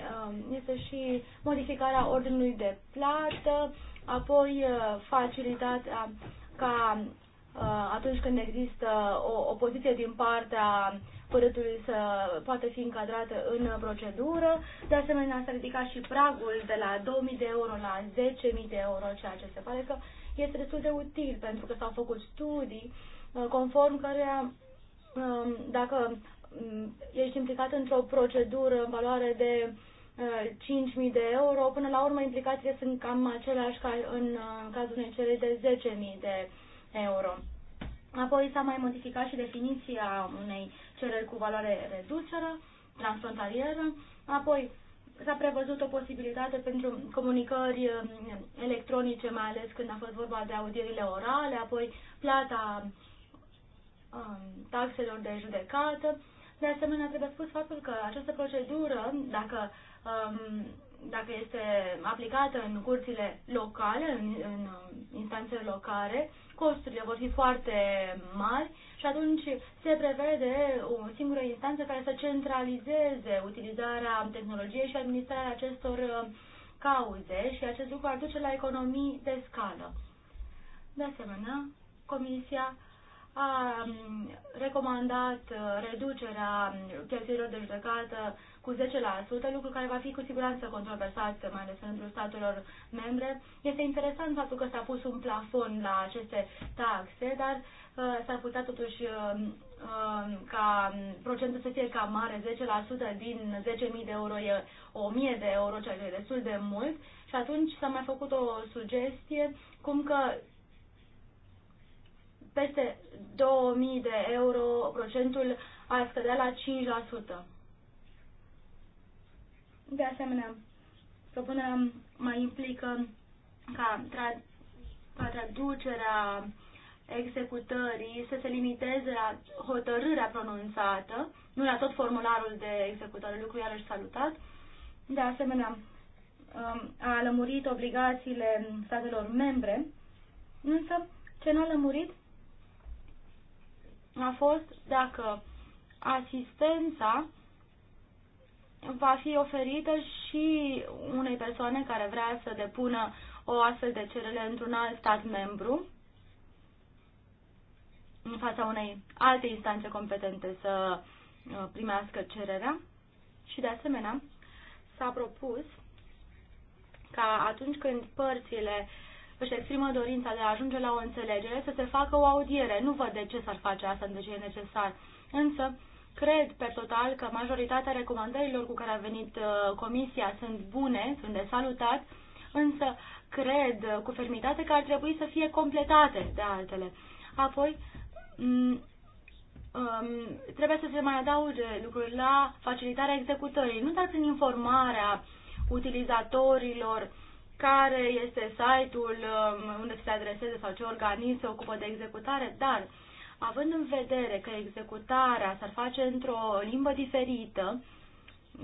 um, este și modificarea ordinului de plată, apoi uh, facilitatea ca uh, atunci când există o opoziție din partea părâtului să poată fi încadrată în procedură. De asemenea, s-a ridicat și pragul de la 2.000 de euro la 10.000 de euro, ceea ce se pare că este destul de util, pentru că s-au făcut studii uh, conform care, um, dacă Mm, ești implicat într-o procedură în valoare de 5.000 uh, de euro, până la urmă implicațiile sunt cam aceleași ca în uh, cazul unei cereri de 10.000 de euro. Apoi s-a mai modificat și definiția unei cereri cu valoare reducere, transfrontalieră, apoi s-a prevăzut o posibilitate pentru comunicări uh, electronice, mai ales când a fost vorba de audierile orale, apoi plata um, taxelor de judecată, de asemenea, trebuie spus faptul că această procedură, dacă, um, dacă este aplicată în curțile locale, în, în um, instanțele locale, costurile vor fi foarte mari și atunci se prevede o singură instanță care să centralizeze utilizarea tehnologiei și administrarea acestor um, cauze și acest lucru ar duce la economii de scală. De asemenea, Comisia a um, recomandat uh, reducerea cheltuielor de judecată cu 10%, lucru care va fi cu siguranță controversat, mai ales în rândul statelor membre. Este interesant faptul că s-a pus un plafon la aceste taxe, dar uh, s-ar putea totuși uh, ca procentul să fie cam mare, 10% din 10.000 de euro e 1.000 de euro, ceea ce e destul de mult. Și atunci s-a mai făcut o sugestie, cum că peste 2000 de euro, procentul a scădea la 5%. De asemenea, propunerea mai implică ca, tra- ca traducerea executării să se limiteze la hotărârea pronunțată, nu la tot formularul de executare, lucru iarăși salutat. De asemenea, um, a lămurit obligațiile statelor membre, însă ce n-a lămurit a fost dacă asistența va fi oferită și unei persoane care vrea să depună o astfel de cerere într-un alt stat membru în fața unei alte instanțe competente să uh, primească cererea și de asemenea s-a propus ca atunci când părțile uh, își exprimă dorința de a ajunge la o înțelegere, să se facă o audiere. Nu văd de ce s-ar face asta, de ce e necesar. Însă, cred pe total că majoritatea recomandărilor cu care a venit uh, comisia sunt bune, sunt de salutat, însă cred cu fermitate că ar trebui să fie completate de altele. Apoi, um, trebuie să se mai adauge lucruri la facilitarea executării, nu dați în informarea utilizatorilor care este site-ul um, unde se adreseze sau ce organism se ocupă de executare, dar având în vedere că executarea s-ar face într-o limbă diferită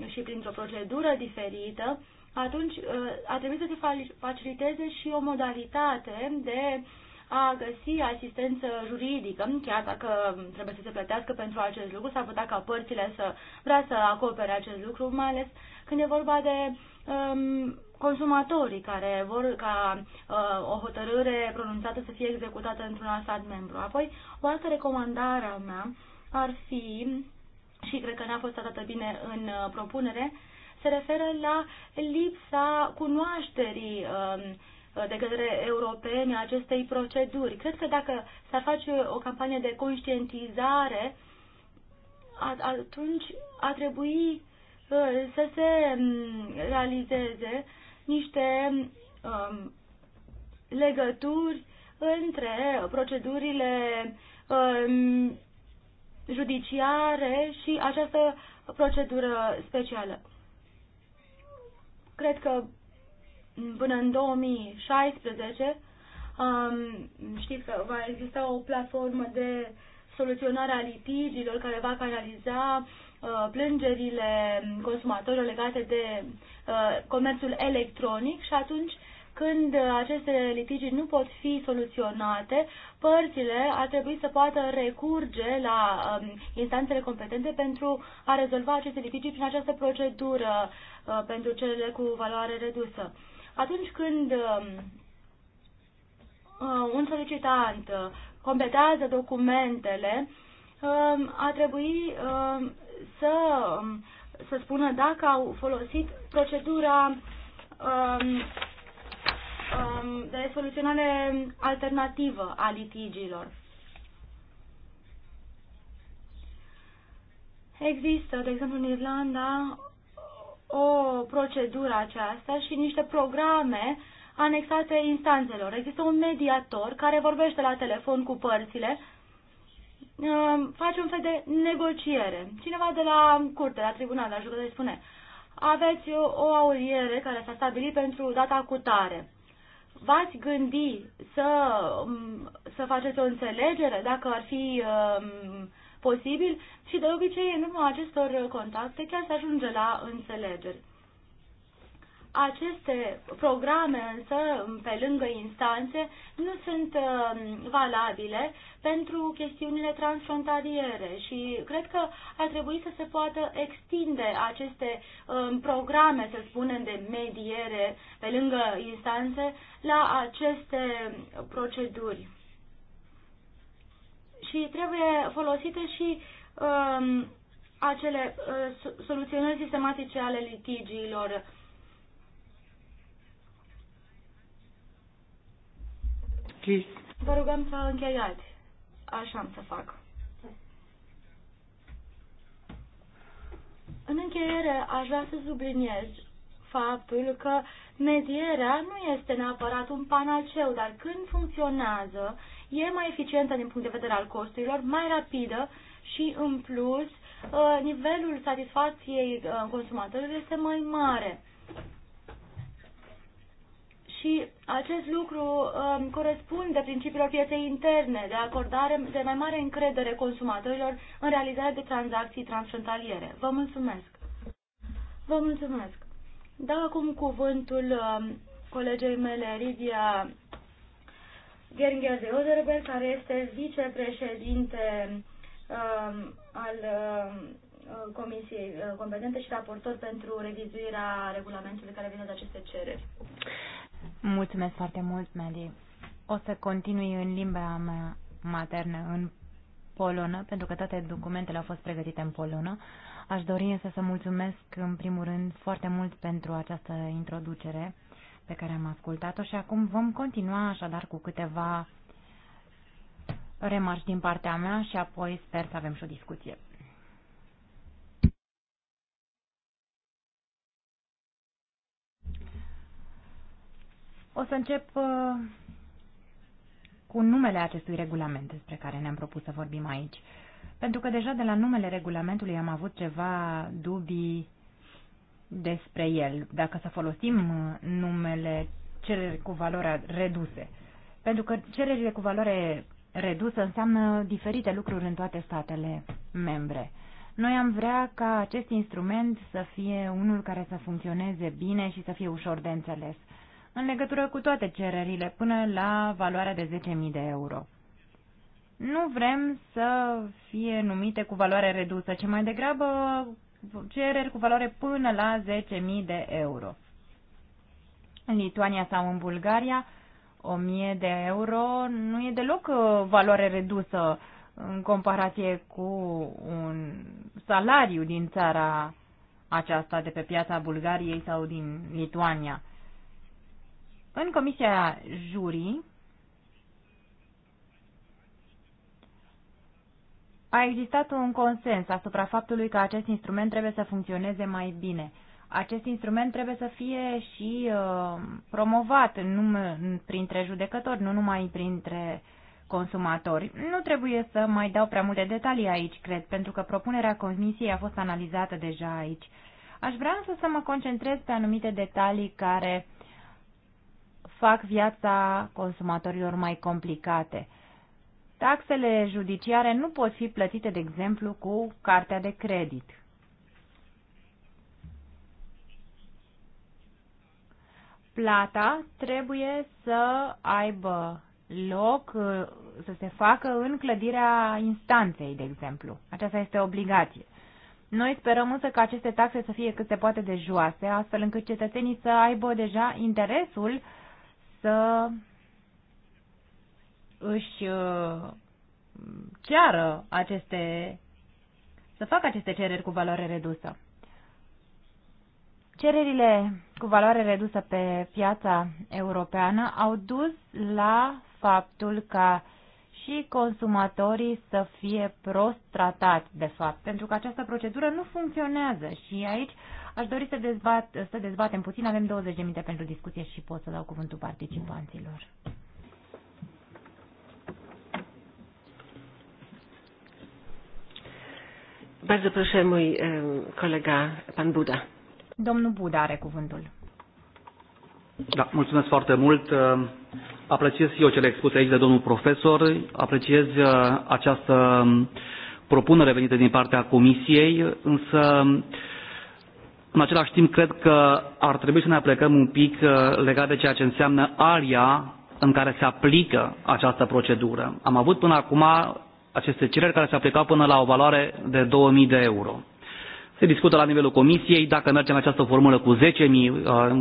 și printr-o procedură diferită, atunci uh, a trebuit să se faciliteze și o modalitate de a găsi asistență juridică, chiar dacă trebuie să se plătească pentru acest lucru, s-ar putea ca părțile să vrea să acopere acest lucru, mai ales când e vorba de um, consumatorii care vor ca uh, o hotărâre pronunțată să fie executată într-un alt stat membru. Apoi, o altă recomandare a mea ar fi, și cred că n a fost atată bine în uh, propunere, se referă la lipsa cunoașterii uh, de către europeni acestei proceduri. Cred că dacă s-ar face o campanie de conștientizare, atunci ar trebui uh, să se mm, realizeze niște um, legături între procedurile um, judiciare și această procedură specială. Cred că până în 2016 um, știți că va exista o platformă de soluționare a litigiilor care va canaliza uh, plângerile consumatorilor legate de Uh, comerțul electronic și atunci când aceste litigi nu pot fi soluționate, părțile ar trebui să poată recurge la um, instanțele competente pentru a rezolva aceste litigi prin această procedură uh, pentru cele cu valoare redusă. Atunci când um, uh, un solicitant uh, completează documentele, uh, um, ar trebui uh, um, să uh, să spună dacă au folosit procedura um, um, de soluționare alternativă a litigiilor. Există, de exemplu, în Irlanda o procedură aceasta și niște programe anexate instanțelor. Există un mediator care vorbește la telefon cu părțile Ehm, face un fel de negociere. Cineva de la curte, la tribunal, la judecător spune aveți o auriere care s-a stabilit pentru data acutare. V-ați gândi să, mm, să faceți o înțelegere dacă ar fi um, posibil și de obicei în urma acestor contacte chiar se ajunge la înțelegeri. Aceste programe însă, pe lângă instanțe, nu sunt um, valabile pentru chestiunile transfrontaliere și cred că ar trebui să se poată extinde aceste um, programe, să spunem, de mediere pe lângă instanțe la aceste proceduri. Și trebuie folosite și um, acele uh, soluționări sistematice ale litigiilor please. Vă rugăm să încheiați. Așa am să fac. În încheiere, aș vrea să subliniez faptul că medierea nu este neapărat un panaceu, dar când funcționează, e mai eficientă din punct de vedere al costurilor, mai rapidă și, în plus, uh, nivelul satisfacției uh, consumatorilor este mai mare. Și acest lucru um, corespunde principiilor pieței interne de acordare de mai mare încredere consumatorilor în realizarea de tranzacții transfrontaliere. Vă mulțumesc! Vă mulțumesc! Dau acum cuvântul um, colegei mele, Lidia Geringer de Oderberg, care este vicepreședinte um, al um, Comisiei uh, competente și raportor pentru revizuirea regulamentului care vine de aceste cereri. Mulțumesc foarte mult, Meli. O să continui în limba mea maternă, în polonă, pentru că toate documentele au fost pregătite în polonă. Aș dori însă să mulțumesc, în primul rând, foarte mult pentru această introducere pe care am ascultat-o și acum vom continua așadar cu câteva remarci din partea mea și apoi sper să avem și o discuție. O să încep uh, cu numele acestui regulament despre care ne-am propus să vorbim aici. Pentru că deja de la numele regulamentului am avut ceva dubii despre el, dacă să folosim uh, numele cereri cu valoare reduse. Pentru că cererile cu valoare redusă înseamnă diferite lucruri în toate statele membre. Noi am vrea ca acest instrument să fie unul care să funcționeze bine și să fie ușor de înțeles în legătură cu toate cererile, până la valoarea de 10.000 de euro. Nu vrem să fie numite cu valoare redusă, ci mai degrabă cereri cu valoare până la 10.000 de euro. În Lituania sau în Bulgaria, 1.000 de euro nu e deloc uh, valoare redusă în comparație cu un salariu din țara aceasta de pe piața Bulgariei sau din Lituania. În comisia jurii a existat un consens asupra faptului că acest instrument trebuie să funcționeze mai bine. Acest instrument trebuie să fie și uh, promovat nu, printre judecători, nu numai printre consumatori. Nu trebuie să mai dau prea multe detalii aici, cred, pentru că propunerea comisiei a fost analizată deja aici. Aș vrea însă să mă concentrez pe anumite detalii care uh, fac viața consumatorilor mai complicate. Taxele judiciare nu pot fi plătite, de exemplu, cu cartea de credit. Plata trebuie să aibă loc, să se facă în clădirea instanței, de exemplu. Aceasta este obligație. Noi sperăm însă ca aceste taxe să fie cât se poate de joase, astfel încât cetățenii să aibă deja interesul să își uh, ceară aceste, să facă aceste cereri cu valoare redusă. Cererile cu valoare redusă pe piața europeană au dus la faptul ca și consumatorii să fie prost tratați, de fapt, pentru că această procedură nu funcționează și aici Aș dori să, dezbat, să dezbatem puțin, avem 20 de minute pentru discuție și pot să dau cuvântul participanților. Bardzo proszę, mój kolega, pan Buda. Domnul Buda are cuvântul. Da, mulțumesc foarte mult. Apreciez eu cele expuse aici de domnul profesor. Apreciez această propunere venită din partea Comisiei, însă în același timp, cred că ar trebui să ne aplecăm un pic uh, legat de ceea ce înseamnă aria în care se aplică această procedură. Am avut până acum aceste cereri care se aplicau până la o valoare de 2000 de euro se discută la nivelul comisiei dacă mergem în această formulă cu 10.000 uh,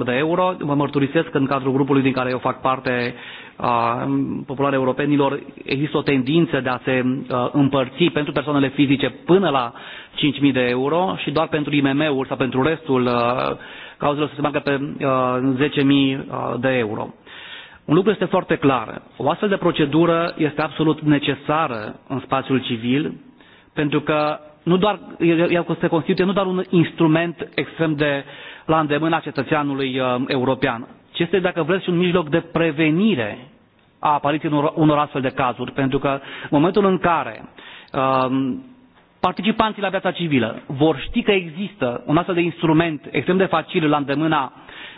de euro. Mă mărturisesc că în cadrul grupului din care eu fac parte, uh, populare europenilor, există o tendință de a se uh, împărți pentru persoanele fizice până la 5.000 de euro și doar pentru IMM-uri sau pentru restul cauzelor să se meargă pe 10.000 de euro. Un lucru este foarte clar. O astfel de procedură este absolut necesară în spațiul civil, pentru că nu doar, el se constituie nu doar un instrument extrem de la îndemâna cetățeanului uh, european, ci este, dacă vreți, și un mijloc de prevenire a apariției unor, unor astfel de cazuri. Pentru că în momentul în care um, participanții la viața civilă vor ști că există un astfel de instrument extrem de facil la îndemâna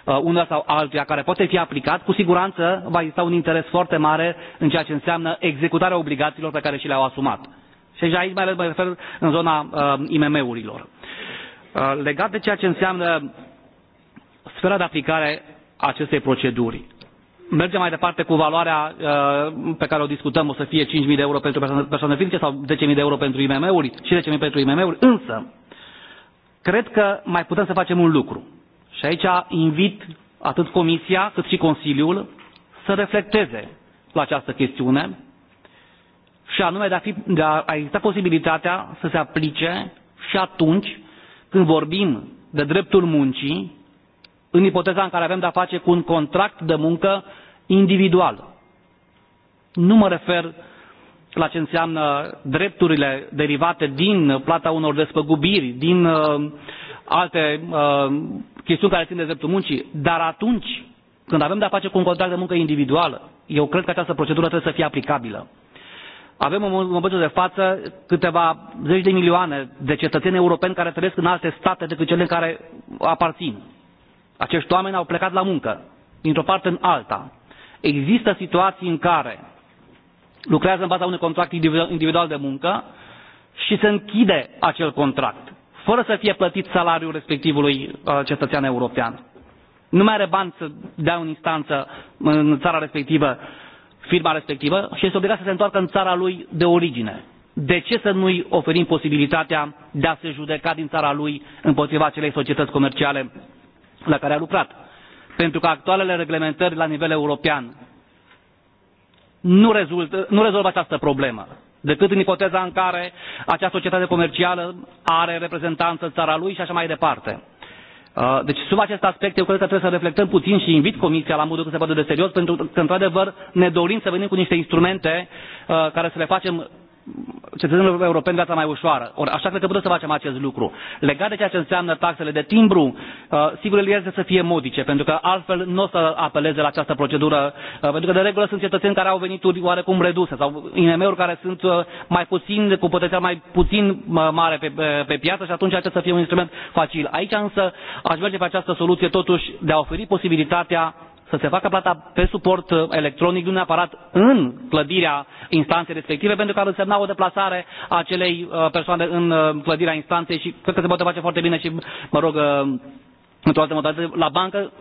uh, unul sau altuia care poate fi aplicat, cu siguranță va exista un interes foarte mare în ceea ce înseamnă executarea obligațiilor pe care și le-au asumat și aici mai ales mă refer în zona uh, IMM-urilor. Uh, legat de ceea ce înseamnă sfera de aplicare a acestei proceduri, mergem mai departe cu valoarea uh, pe care o discutăm, o să fie 5.000 de euro pentru persoane, persoane fizice sau 10.000 de euro pentru IMM-uri și 10.000 pentru IMM-uri, însă cred că mai putem să facem un lucru. Și aici invit atât Comisia cât și Consiliul să reflecteze la această chestiune și anume de a, fi, de a exista posibilitatea să se aplice și atunci când vorbim de dreptul muncii, în ipoteza în care avem de-a face cu un contract de muncă individual. Nu mă refer la ce înseamnă drepturile derivate din plata unor despăgubiri, din uh, alte uh, chestiuni care țin de dreptul muncii, dar atunci când avem de-a face cu un contract de muncă individual, eu cred că această procedură trebuie să fie aplicabilă. Avem în momentul de față câteva zeci de milioane de cetățeni europeni care trăiesc în alte state decât cele în care aparțin. Acești oameni au plecat la muncă, dintr-o parte în alta. Există situații în care lucrează în baza unui contract individual de muncă și se închide acel contract, fără să fie plătit salariul respectivului uh, cetățean european. Nu mai are bani să dea în instanță în țara respectivă firma respectivă și este obligat să se întoarcă în țara lui de origine. De ce să nu-i oferim posibilitatea de a se judeca din țara lui împotriva acelei societăți comerciale la care a lucrat? Pentru că actualele reglementări la nivel european nu, rezultă, nu rezolvă această problemă decât în ipoteza în care această societate comercială are reprezentanță în țara lui și așa mai departe. Uh, deci sub acest aspect eu cred că trebuie să reflectăm puțin și invit Comisia la modul că se poate de serios pentru că într-adevăr ne dorim să venim cu niște instrumente uh, care să le facem cetățenilor europeni viața mai ușoară. Or, așa cred că putem să facem acest lucru. Legat de ceea ce înseamnă taxele de timbru, uh, sigur ele este să fie modice, pentru că altfel nu o să apeleze la această procedură, uh, pentru că de regulă sunt cetățeni care au venituri oarecum reduse sau IMM-uri care sunt uh, mai puțin, cu potențial mai puțin mare pe, pe, pe piață și atunci acesta să fie un instrument facil. Aici însă aș merge pe această soluție totuși de a oferi posibilitatea să se facă plata pe suport uh, electronic, nu neapărat în clădirea instanței respective, pentru că ar însemna o deplasare a acelei uh, persoane în uh, clădirea instanței și cred că se poate face foarte bine și, mă rog, într-o altă modalitate, la bancă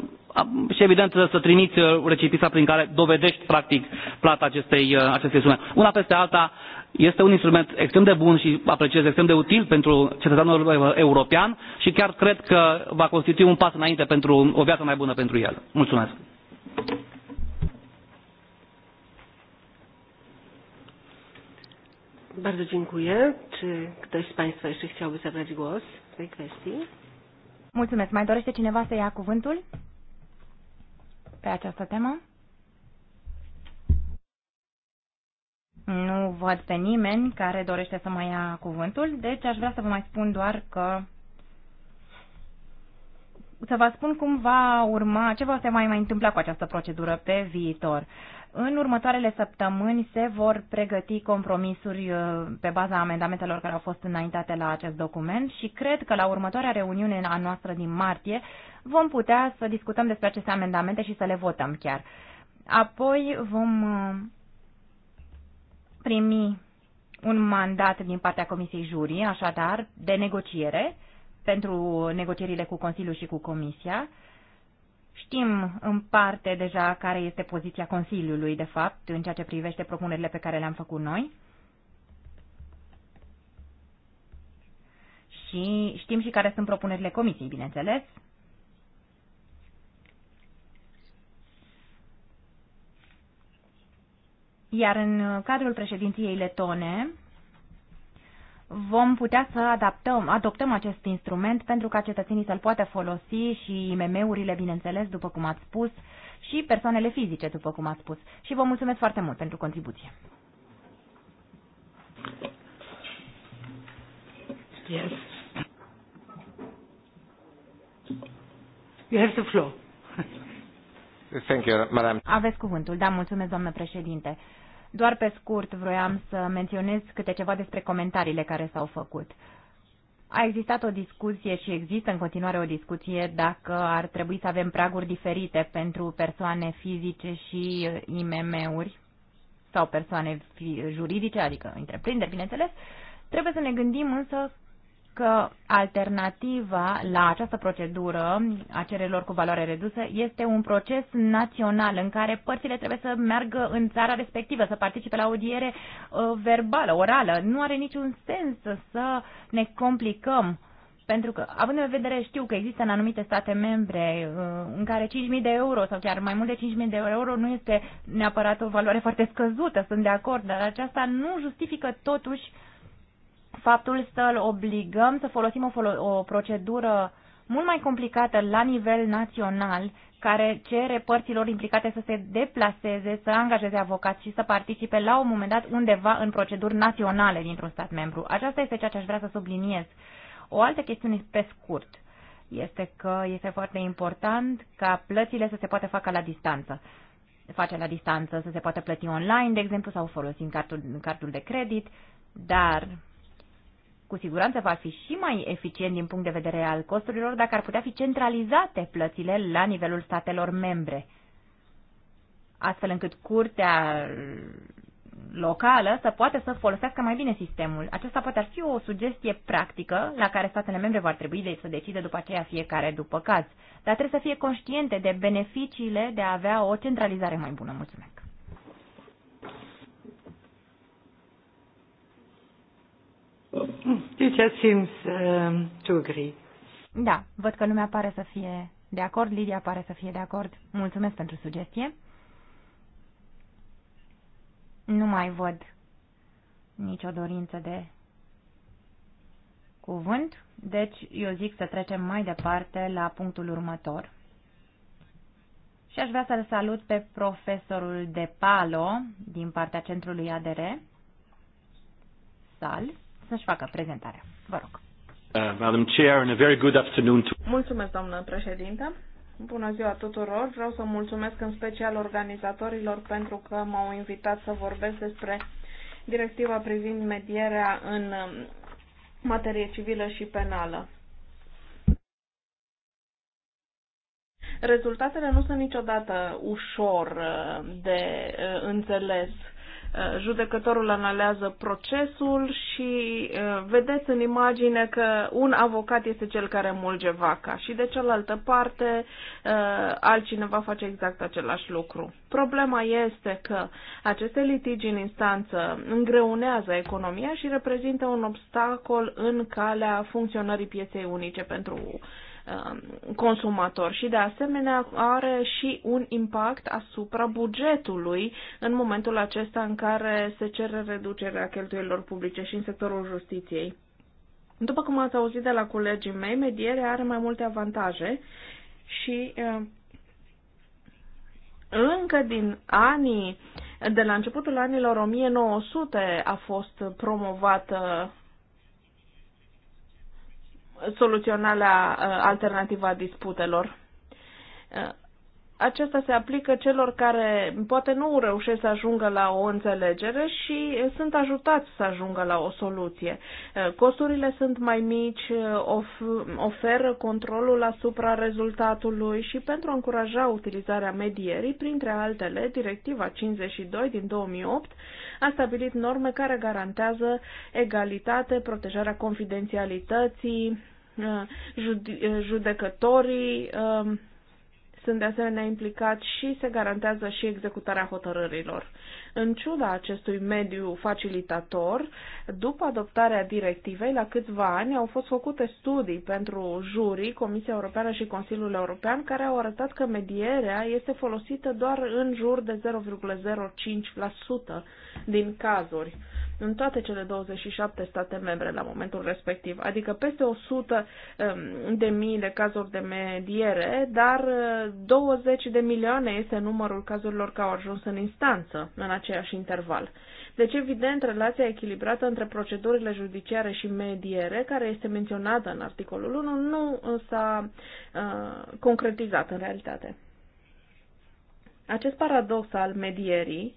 și evident să trimiți recipisa prin care dovedești practic plata acestei, acestei sume. Una peste alta este un instrument extrem de bun și apreciez extrem de util pentru cetățeanul european și chiar cred că va constitui un pas înainte pentru o viață mai bună pentru el. Mulțumesc! Bardzo dziękuję. Czy ktoś z Państwa jeszcze chciałby zabrać głos w tej kwestii? Mulțumesc. Mai dorește cineva să ia cuvântul pe această temă? Nu văd pe nimeni care dorește să mai ia cuvântul, deci aș vrea să vă mai spun doar că să vă spun cum va urma, ce va se mai, mai întâmpla cu această procedură pe viitor. În următoarele săptămâni se vor pregăti compromisuri uh, pe baza amendamentelor care au fost înaintate la acest document și cred că la următoarea reuniune a noastră din martie vom putea să discutăm despre aceste amendamente și să le votăm chiar. Apoi vom uh, primi un mandat din partea Comisiei Jurii, așadar, de negociere pentru negocierile cu Consiliul și cu Comisia. Știm în parte deja care este poziția Consiliului, de fapt, în ceea ce privește propunerile pe care le-am făcut noi. Și știm și care sunt propunerile Comisiei, bineînțeles. Iar în cadrul președinției letone, vom putea să adaptăm, adoptăm acest instrument pentru ca cetățenii să-l poată folosi și IMM-urile, bineînțeles, după cum ați spus, și persoanele fizice, după cum ați spus. Și vă mulțumesc foarte mult pentru contribuție. Yes. You have the floor. Thank you, madam. Aveți cuvântul. Da, mulțumesc, doamnă președinte. Uh, doar pe scurt vroiam să menționez câte ceva despre comentariile care s-au făcut. A existat o discuție și există în continuare o discuție dacă ar trebui să avem praguri diferite pentru persoane fizice și IMM-uri sau persoane juridice, adică întreprinderi, bineînțeles. Trebuie să ne gândim însă că alternativa la această procedură a cererilor cu valoare redusă este un proces național în care părțile trebuie să meargă în țara respectivă, să participe la audiere uh, verbală, orală. Nu are niciun sens să ne complicăm pentru că, având în vedere, știu că există în anumite state membre uh, în care 5.000 de euro sau chiar mai mult de 5.000 de euro nu este neapărat o valoare foarte scăzută, sunt de acord, dar aceasta nu justifică totuși uh, faptul să îl obligăm să folosim o, folo- o procedură mult mai complicată la nivel național, care cere părților implicate să se deplaseze, să angajeze avocați și să participe la un moment dat undeva în proceduri naționale dintr-un stat membru. Aceasta este ceea ce aș vrea să subliniez. O altă chestiune pe scurt este că este foarte important ca plățile să se poată facă la distanță. Face la distanță, să se poată plăti online, de exemplu, sau folosind cartul, cartul de credit, dar cu siguranță va fi și mai eficient din punct de vedere al costurilor dacă ar putea fi centralizate plățile la nivelul statelor membre, astfel încât curtea locală să poată să folosească mai bine sistemul. Aceasta poate ar fi o sugestie practică la care statele membre vor trebui de să decide după aceea fiecare după caz, dar trebuie să fie conștiente de beneficiile de a avea o centralizare mai bună. Mulțumesc! Deci, it seems um, to agree. Da, văd că lumea pare să fie de acord, Lidia pare să fie de acord. Mulțumesc pentru sugestie. Nu mai văd nicio dorință de cuvânt, deci eu zic să trecem mai departe la punctul următor. Și aș vrea să-l salut pe profesorul De Palo din partea centrului ADR, SAL, să-și facă prezentarea. Vă rog. Uh, mulțumesc, doamnă președintă. Bună ziua tuturor! Vreau să mulțumesc în special organizatorilor pentru că m-au invitat să vorbesc despre directiva privind medierea în um, materie civilă și penală. Rezultatele nu sunt niciodată ușor uh, de uh, înțeles Eh, judecătorul analează procesul și eh, vedeți în imagine că un avocat este cel care mulge vaca și de cealaltă parte eh, altcineva face exact același lucru. Problema este că aceste litigi în instanță îngreunează economia și reprezintă un obstacol în calea funcționării pieței unice pentru Um, consumator și de asemenea are și un impact asupra bugetului în momentul acesta în care se cere reducerea cheltuielor publice și în sectorul justiției. După cum ați auzit de la colegii mei, medierea are mai multe avantaje și uh, încă din anii, de la începutul anilor 1900 a fost promovată soluționarea uh, alternativă a disputelor. Uh, Acesta se aplică celor care poate nu reușesc să ajungă la o înțelegere și sunt ajutați să ajungă la o soluție. Uh, costurile sunt mai mici, oferă controlul asupra rezultatului și pentru a încuraja utilizarea medierii, printre altele, Directiva 52 din 2008 a stabilit norme care garantează egalitate, protejarea confidențialității, uh, uh, judecătorii um, sunt de asemenea implicați și se garantează și executarea hotărârilor. În ciuda acestui mediu facilitator, după adoptarea directivei, la câțiva ani au fost făcute studii pentru jurii, Comisia Europeană și Consiliul European, care au arătat că medierea este folosită doar în jur de 0,05% din cazuri în toate cele 27 state membre la momentul respectiv, adică peste 100 um, de mii de cazuri de mediere, dar 20 uh, de milioane este numărul cazurilor care au ajuns în instanță în aceeași interval. Deci, evident, relația echilibrată între procedurile judiciare și mediere, care este menționată în articolul 1, nu s-a uh, concretizat în realitate. Acest paradox al medierii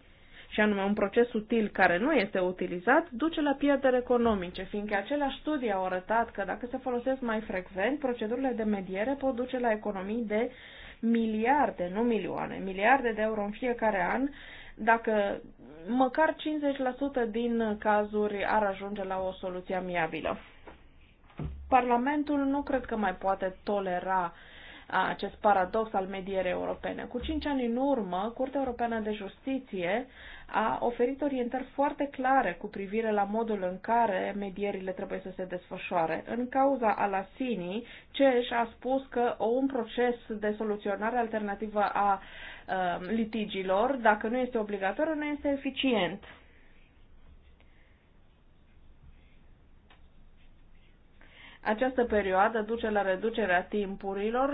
și anume un proces util care nu este utilizat, duce la pierderi economice, fiindcă aceleași studii au arătat că dacă se folosesc mai frecvent, procedurile de mediere pot duce la economii de miliarde, nu milioane, miliarde de euro în fiecare an, dacă măcar 50% din cazuri ar ajunge la o soluție amiabilă. Parlamentul nu cred că mai poate tolera acest paradox al medierei europene. Cu cinci ani în urmă, Curtea Europeană de Justiție a oferit orientări foarte clare cu privire la modul în care medierile trebuie să se desfășoare. În cauza Alasinii, CEJ a spus că un proces de soluționare alternativă a um, litigilor, dacă nu este obligatoriu, nu este eficient Această perioadă duce la reducerea timpurilor,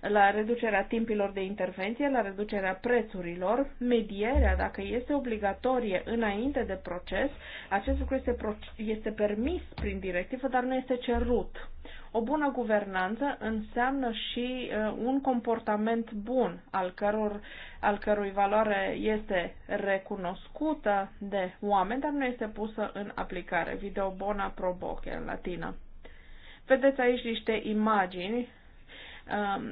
la reducerea timpilor de intervenție, la reducerea prețurilor. Medierea, dacă este obligatorie înainte de proces, acest lucru este, este permis prin directivă, dar nu este cerut. O bună guvernanță înseamnă și uh, un comportament bun, al, căror, al cărui valoare este recunoscută de oameni, dar nu este pusă în aplicare. Video bona pro boche în latină. Vedeți aici niște imagini, um,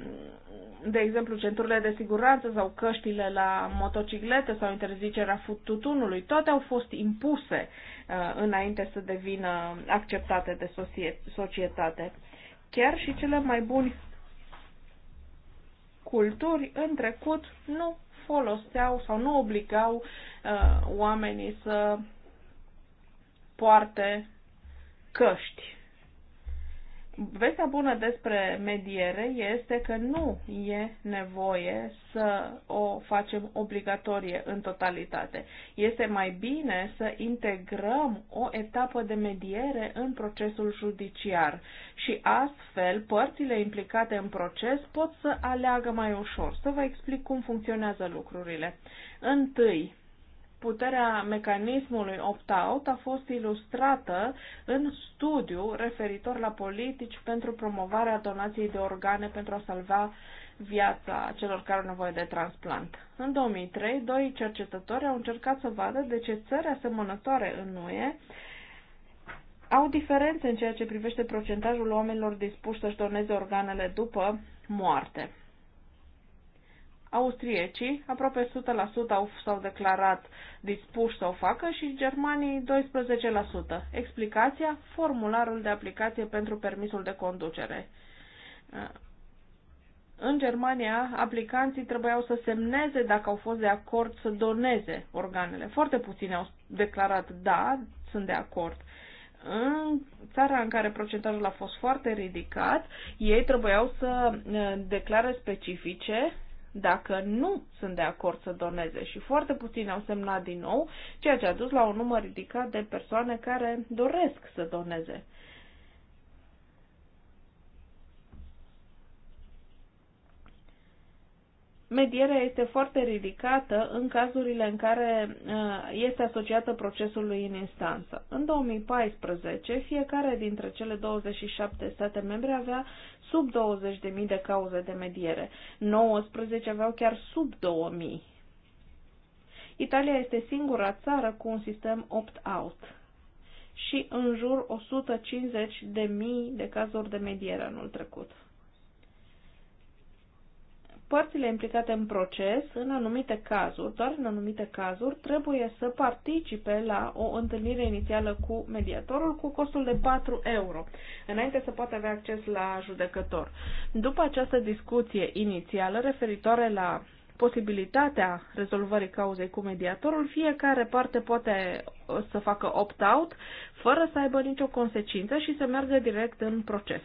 de exemplu centurile de siguranță sau căștile la motociclete sau interzicerea tutunului, toate au fost impuse uh, înainte să devină acceptate de societate. Chiar și cele mai buni culturi în trecut nu foloseau sau nu obligau uh, oamenii să poarte căști. Vestea bună despre mediere este că nu e nevoie să o facem obligatorie în totalitate. Este mai bine să integrăm o etapă de mediere în procesul judiciar și astfel părțile implicate în proces pot să aleagă mai ușor. Să vă explic cum funcționează lucrurile. Întâi, puterea mecanismului opt-out a fost ilustrată în studiu referitor la politici pentru promovarea donației de organe pentru a salva viața celor care au nevoie de transplant. În 2003, doi cercetători au încercat să vadă de ce țări asemănătoare în UE au diferențe în ceea ce privește procentajul oamenilor dispuși să-și doneze organele după moarte. Austriecii, aproape 100% au, s-au declarat dispuși să o facă și germanii 12%. Explicația? Formularul de aplicație pentru permisul de conducere. În Germania, aplicanții trebuiau să semneze dacă au fost de acord să doneze organele. Foarte puțini au declarat da, sunt de acord. În țara în care procentajul a fost foarte ridicat, ei trebuiau să eh, declare specifice dacă nu sunt de acord să doneze și foarte puțini au semnat din nou, ceea ce a dus la un număr ridicat de persoane care doresc să doneze. Medierea este foarte ridicată în cazurile în care uh, este asociată procesului în instanță. În 2014, fiecare dintre cele 27 state membre avea sub 20.000 de cauze de mediere. 19 aveau chiar sub 2.000. Italia este singura țară cu un sistem opt-out și în jur 150.000 de cazuri de mediere anul trecut părțile implicate în proces, în anumite cazuri, doar în anumite cazuri, trebuie să participe la o întâlnire inițială cu mediatorul cu costul de 4 euro, înainte să poată avea acces la judecător. După această discuție inițială referitoare la posibilitatea rezolvării cauzei cu mediatorul, fiecare parte poate uh, să facă opt-out fără să aibă nicio consecință și să meargă direct în proces.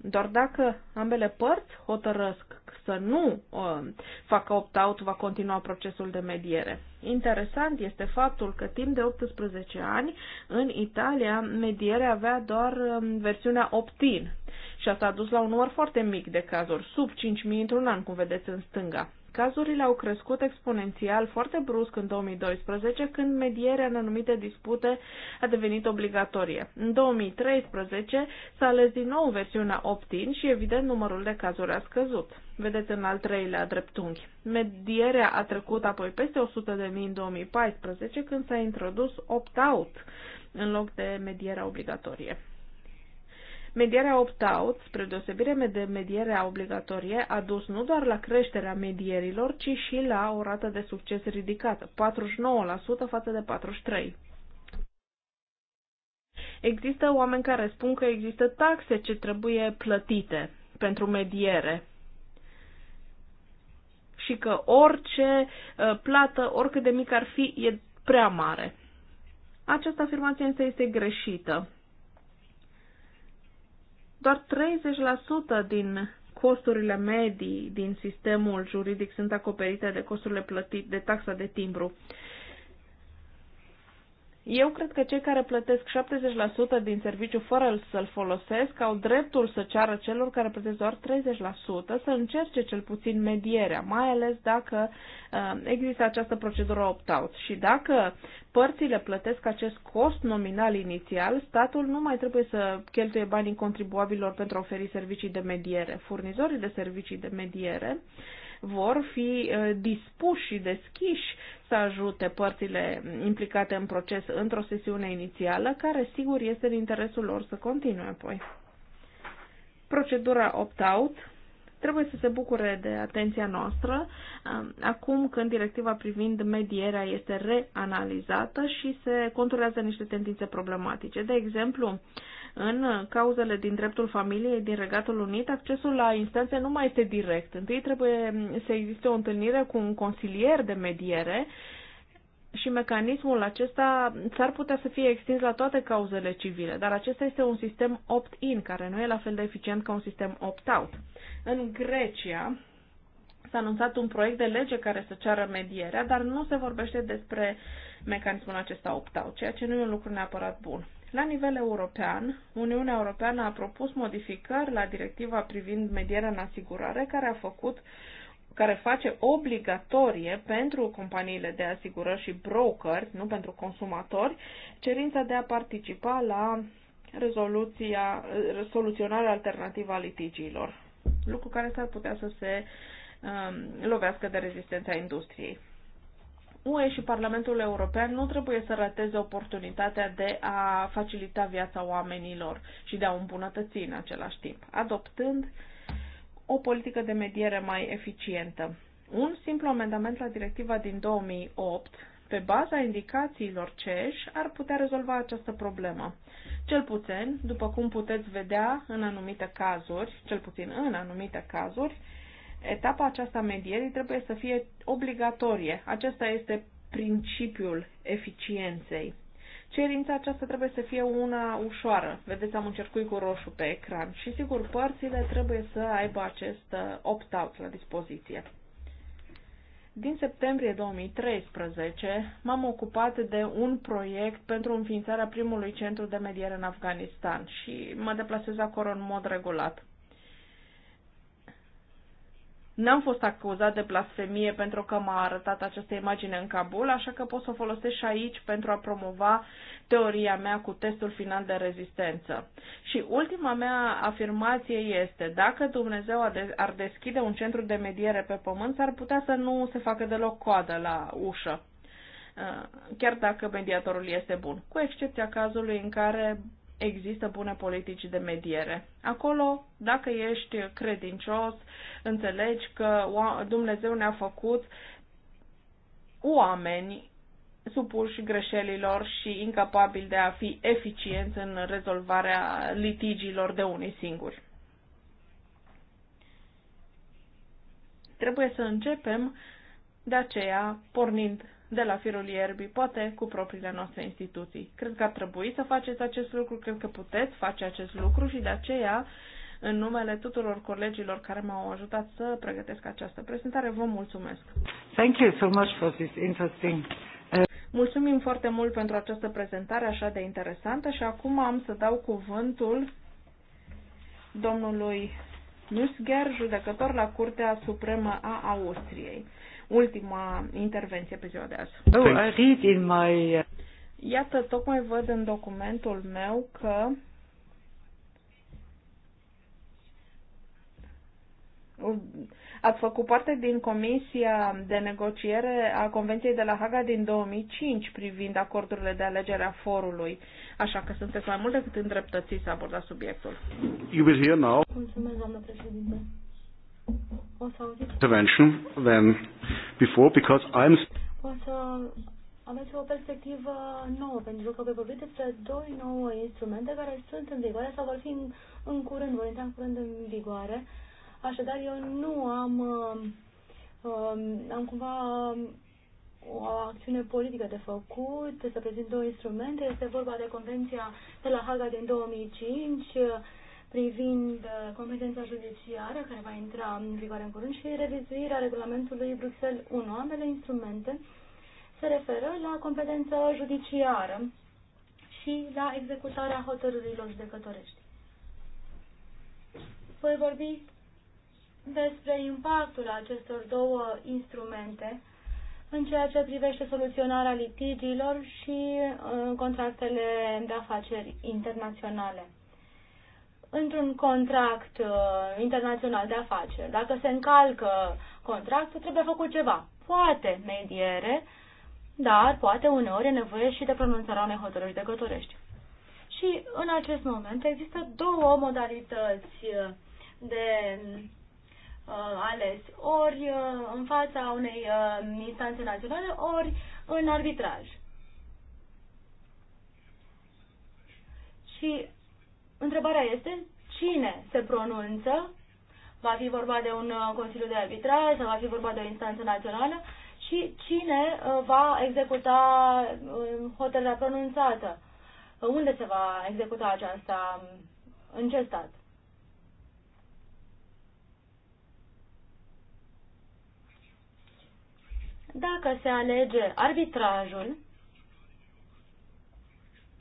Doar dacă ambele părți hotărăsc să nu uh, facă opt-out, va continua procesul de mediere. Interesant este faptul că timp de 18 ani, în Italia, medierea avea doar uh, versiunea opt-in și asta a dus la un număr foarte mic de cazuri, sub 5.000 într-un an, cum vedeți în stânga. Cazurile au crescut exponențial foarte brusc în 2012, când medierea în anumite dispute a devenit obligatorie. În 2013 s-a ales din nou versiunea opt-in și, evident, numărul de cazuri a scăzut. Vedeți în al treilea dreptunghi. Medierea a trecut apoi peste 100.000 în 2014, când s-a introdus opt-out în loc de medierea obligatorie. Medierea opt-out, spre deosebire de medierea obligatorie, a dus nu doar la creșterea medierilor, ci și la o rată de succes ridicată, 49% față de 43%. Există oameni care spun că există taxe ce trebuie plătite pentru mediere și că orice uh, plată, oricât de mic ar fi, e prea mare. Această afirmație însă este greșită. Doar 30% din costurile medii din sistemul juridic sunt acoperite de costurile plătite de taxa de timbru. Eu cred că cei care plătesc 70% din serviciu fără să-l folosesc au dreptul să ceară celor care plătesc doar 30% să încerce cel puțin medierea, mai ales dacă uh, există această procedură opt-out. Și dacă părțile plătesc acest cost nominal inițial, statul nu mai trebuie să cheltuie banii contribuabilor pentru a oferi servicii de mediere. Furnizorii de servicii de mediere vor fi uh, dispuși și deschiși să ajute părțile implicate în proces într-o sesiune inițială, care sigur este în interesul lor să continue apoi. Procedura opt-out trebuie să se bucure de atenția noastră um, acum când directiva privind medierea este reanalizată și se conturează niște tendințe problematice. De exemplu, în cauzele din dreptul familiei din Regatul Unit, accesul la instanțe nu mai este direct. Întâi trebuie să existe o întâlnire cu un consilier de mediere și mecanismul acesta s-ar putea să fie extins la toate cauzele civile, dar acesta este un sistem opt-in, care nu e la fel de eficient ca un sistem opt-out. În Grecia, S-a anunțat un proiect de lege care să ceară medierea, dar nu se vorbește despre mecanismul acesta opt-out, ceea ce nu e un lucru neapărat bun. La nivel european, Uniunea Europeană a propus modificări la directiva privind medierea în asigurare, care a făcut care face obligatorie pentru companiile de asigurări și brokeri, nu pentru consumatori, cerința de a participa la rezoluția, soluționarea alternativă a litigiilor, lucru care s-ar putea să se um, lovească de rezistența industriei. UE și Parlamentul European nu trebuie să rateze oportunitatea de a facilita viața oamenilor și de a îmbunătăți în același timp, adoptând o politică de mediere mai eficientă. Un simplu amendament la directiva din 2008 pe baza indicațiilor CEJ ar putea rezolva această problemă. Cel puțin, după cum puteți vedea în anumite cazuri, cel puțin în anumite cazuri, etapa aceasta medierii trebuie să fie obligatorie. Acesta este principiul eficienței. Cerința aceasta trebuie să fie una ușoară. Vedeți, am un cercui cu roșu pe ecran și, sigur, părțile trebuie să aibă acest uh, opt-out la dispoziție. Din septembrie 2013 m-am ocupat de un proiect pentru înființarea primului centru de mediere în Afganistan și mă deplasez acolo în mod regulat. N-am fost acuzat de blasfemie pentru că m-a arătat această imagine în Kabul, așa că pot să o folosesc și aici pentru a promova teoria mea cu testul final de rezistență. Și ultima mea afirmație este, dacă Dumnezeu ar deschide un centru de mediere pe pământ, s-ar putea să nu se facă deloc coadă la ușă uh, chiar dacă mediatorul este bun, cu excepția cazului în care există bune politici de mediere. Acolo, dacă ești credincios, înțelegi că Dumnezeu ne-a făcut oameni supuși greșelilor și incapabili de a fi eficienți în rezolvarea litigiilor de unii singuri. Trebuie să începem de aceea pornind de la firul ierbii, poate cu propriile noastre instituții. Cred că ar trebui să faceți acest lucru, cred că puteți face acest lucru și de aceea, în numele tuturor colegilor care m-au ajutat să pregătesc această prezentare, vă mulțumesc. Thank you so much for this interesting uh, Mulțumim foarte mult pentru această prezentare așa de interesantă și acum am să dau cuvântul domnului Nusger, judecător la Curtea Supremă a Austriei ultima intervenție pe ziua de azi. Oh, I read in my... Uh, Iată, tocmai văd în documentul meu că Ați făcut parte din Comisia de Negociere a Convenției de la Haga din 2005 privind acordurile de alegere a forului, așa că sunteți mai mult decât îndreptățiți să abordați subiectul. You will hear now. Mulțumesc, doamnă președinte. Intervention than before because I'm... O aveți o perspectivă nouă, pentru că voi vorbi despre doi nouă instrumente care sunt în vigoare sau vor fi în, în curând, vor intra în curând în vigoare. Așadar, eu nu am, um, um am cumva um, o acțiune politică de făcut, să prezint două instrumente. Este vorba de Convenția de la Haga din 2005 privind uh, competența judiciară, care va intra în vigoare în curând, și revizuirea regulamentului Bruxelles 1. Ambele instrumente se referă la competența judiciară și la executarea hotărârilor judecătorești. Voi vorbi despre impactul acestor două instrumente în ceea ce privește soluționarea litigiilor și uh, contractele de afaceri internaționale într-un contract uh, internațional de afaceri. Dacă se încalcă contractul, trebuie făcut ceva. Poate mediere, dar poate uneori e nevoie și de pronunțarea unei hotărâri de gătorești. Și în acest moment există două modalități uh, de uh, ales, ori uh, în fața unei uh, instanțe naționale, ori în arbitraj. Și Întrebarea este cine se pronunță, va fi vorba de un uh, Consiliu de Arbitraj sau va fi vorba de o instanță națională și cine uh, va executa uh, hotărârea pronunțată. Unde se va executa aceasta? În ce stat? Dacă se alege arbitrajul,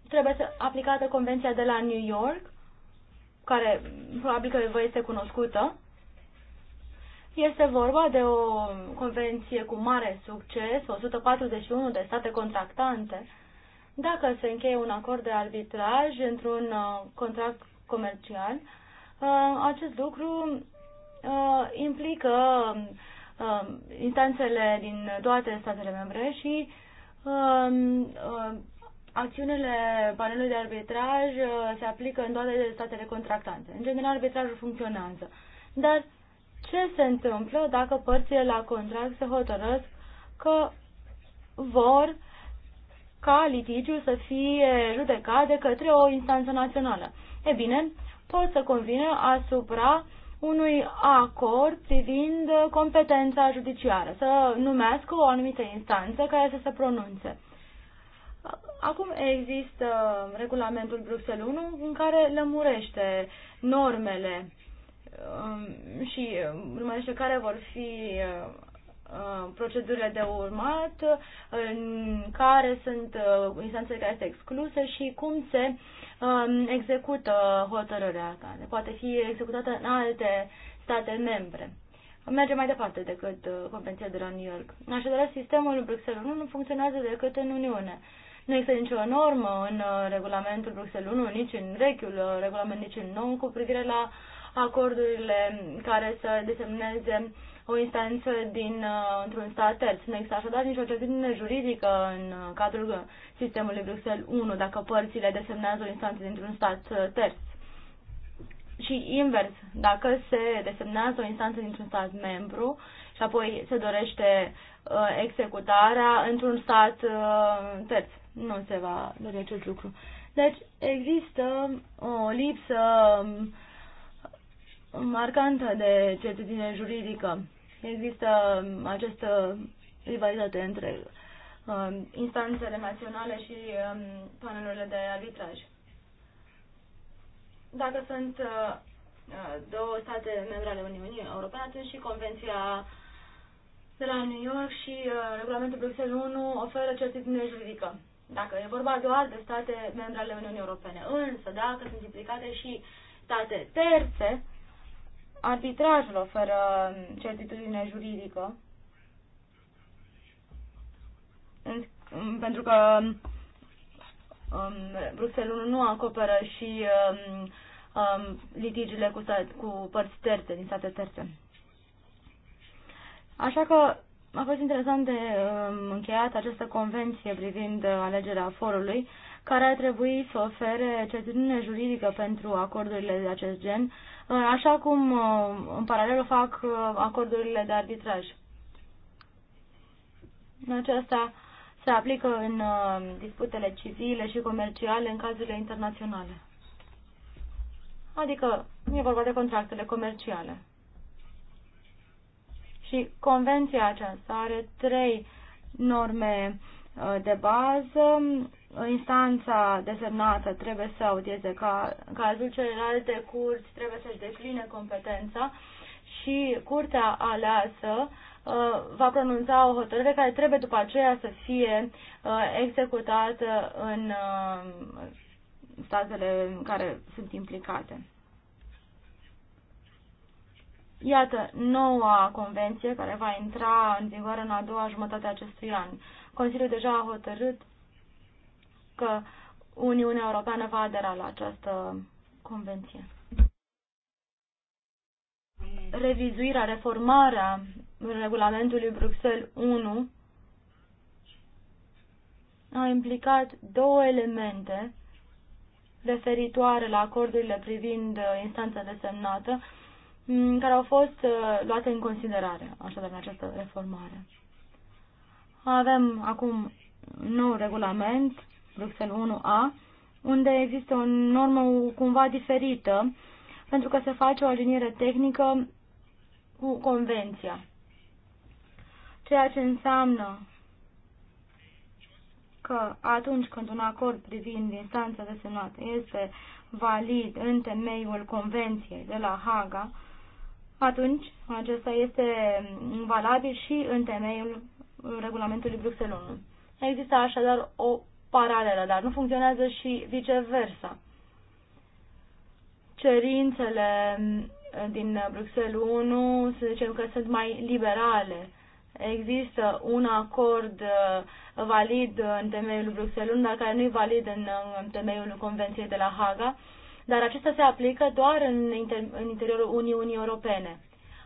trebuie să aplicată convenția de la New York, care probabil că vă este cunoscută. Este vorba de o convenție cu mare succes, 141 de state contractante. Dacă se încheie un acord de arbitraj într-un uh, contract comercial, uh, acest lucru uh, implică instanțele din toate statele membre și Acțiunile panelului de arbitraj uh, se aplică în toate statele contractante. În general, arbitrajul funcționează. Dar ce se întâmplă dacă părțile la contract se hotărăsc că vor ca litigiul să fie judecat de către o instanță națională? E bine, pot să convină asupra unui acord privind competența judiciară, să numească o anumită instanță care să se pronunțe. Acum există regulamentul Bruxelles 1 în care lămurește normele um, și urmărește care vor fi uh, uh, procedurile de urmat, în care sunt uh, instanțele care sunt excluse și cum se um, execută hotărârea care poate fi executată în alte state membre. Merge mai departe decât Convenția de la New York. Așadar, sistemul Bruxelles 1 nu funcționează decât în Uniune. Nu există nicio normă în uh, regulamentul Bruxelles 1, nici în vechiul uh, regulament, nici în nou, cu privire la acordurile care să desemneze o instanță din, uh, într-un stat terț. Nu există așadar nicio certitudine juridică în cadrul sistemului Bruxelles 1 dacă părțile desemnează o instanță dintr-un stat terț. Și invers, dacă se desemnează o instanță dintr-un stat membru și apoi se dorește executarea într-un stat terț nu se va dori acest lucru. Deci există o lipsă marcantă de certitudine juridică. Există această rivalitate între uh, instanțele naționale și um, panelurile de arbitraj. Dacă sunt uh, două state membre ale Uniunii Europene, atunci și Convenția de la New York și uh, Regulamentul Bruxelles 1 oferă certitudine juridică dacă e vorba doar de state membre ale Uniunii Europene. Însă, dacă sunt implicate și state terțe, arbitrajul oferă certitudine juridică, pentru că um, Bruxelles nu acoperă și um, um, litigiile cu, stat, cu părți terțe, din state terțe. Așa că a fost interesant de um, încheiat această convenție privind uh, alegerea forului, care ar trebui să ofere certitudine juridică pentru acordurile de acest gen, uh, așa cum uh, în paralel o fac acordurile de arbitraj. Aceasta se aplică în disputele civile și comerciale în cazurile internaționale. Adică nu e vorba de contractele comerciale. Și convenția aceasta are trei norme uh, de bază. Instanța desemnată trebuie să audieze ca, cazul, celelalte curți trebuie să-și decline competența și curtea aleasă uh, va pronunța o hotărâre care trebuie după aceea să fie uh, executată în statele care sunt implicate. Iată, noua convenție care va intra în vigoare în a doua jumătate a acestui an. Consiliul deja a hotărât că Uniunea Europeană va adera la această convenție. Revizuirea, reformarea regulamentului Bruxelles 1 a implicat două elemente referitoare la acordurile privind uh, instanța desemnată, Mm, care au fost uh, luate în considerare, așadar, în această reformare. Avem acum nou regulament, Bruxelles 1A, unde există o normă cumva diferită, pentru că se face o aliniere tehnică cu convenția. Ceea ce înseamnă că atunci când un acord privind instanța desemnată este valid în temeiul convenției de la Haga, atunci acesta este valabil și în temeiul regulamentului Bruxelles 1. Există așadar o paralelă, dar nu funcționează și viceversa. Cerințele din Bruxelles 1, să zicem că sunt mai liberale. Există un acord uh, valid în temeiul Bruxelles 1, dar care nu e valid în uh, temeiul Convenției de la Haga dar acesta se aplică doar în, inter- în interiorul Uniunii Europene.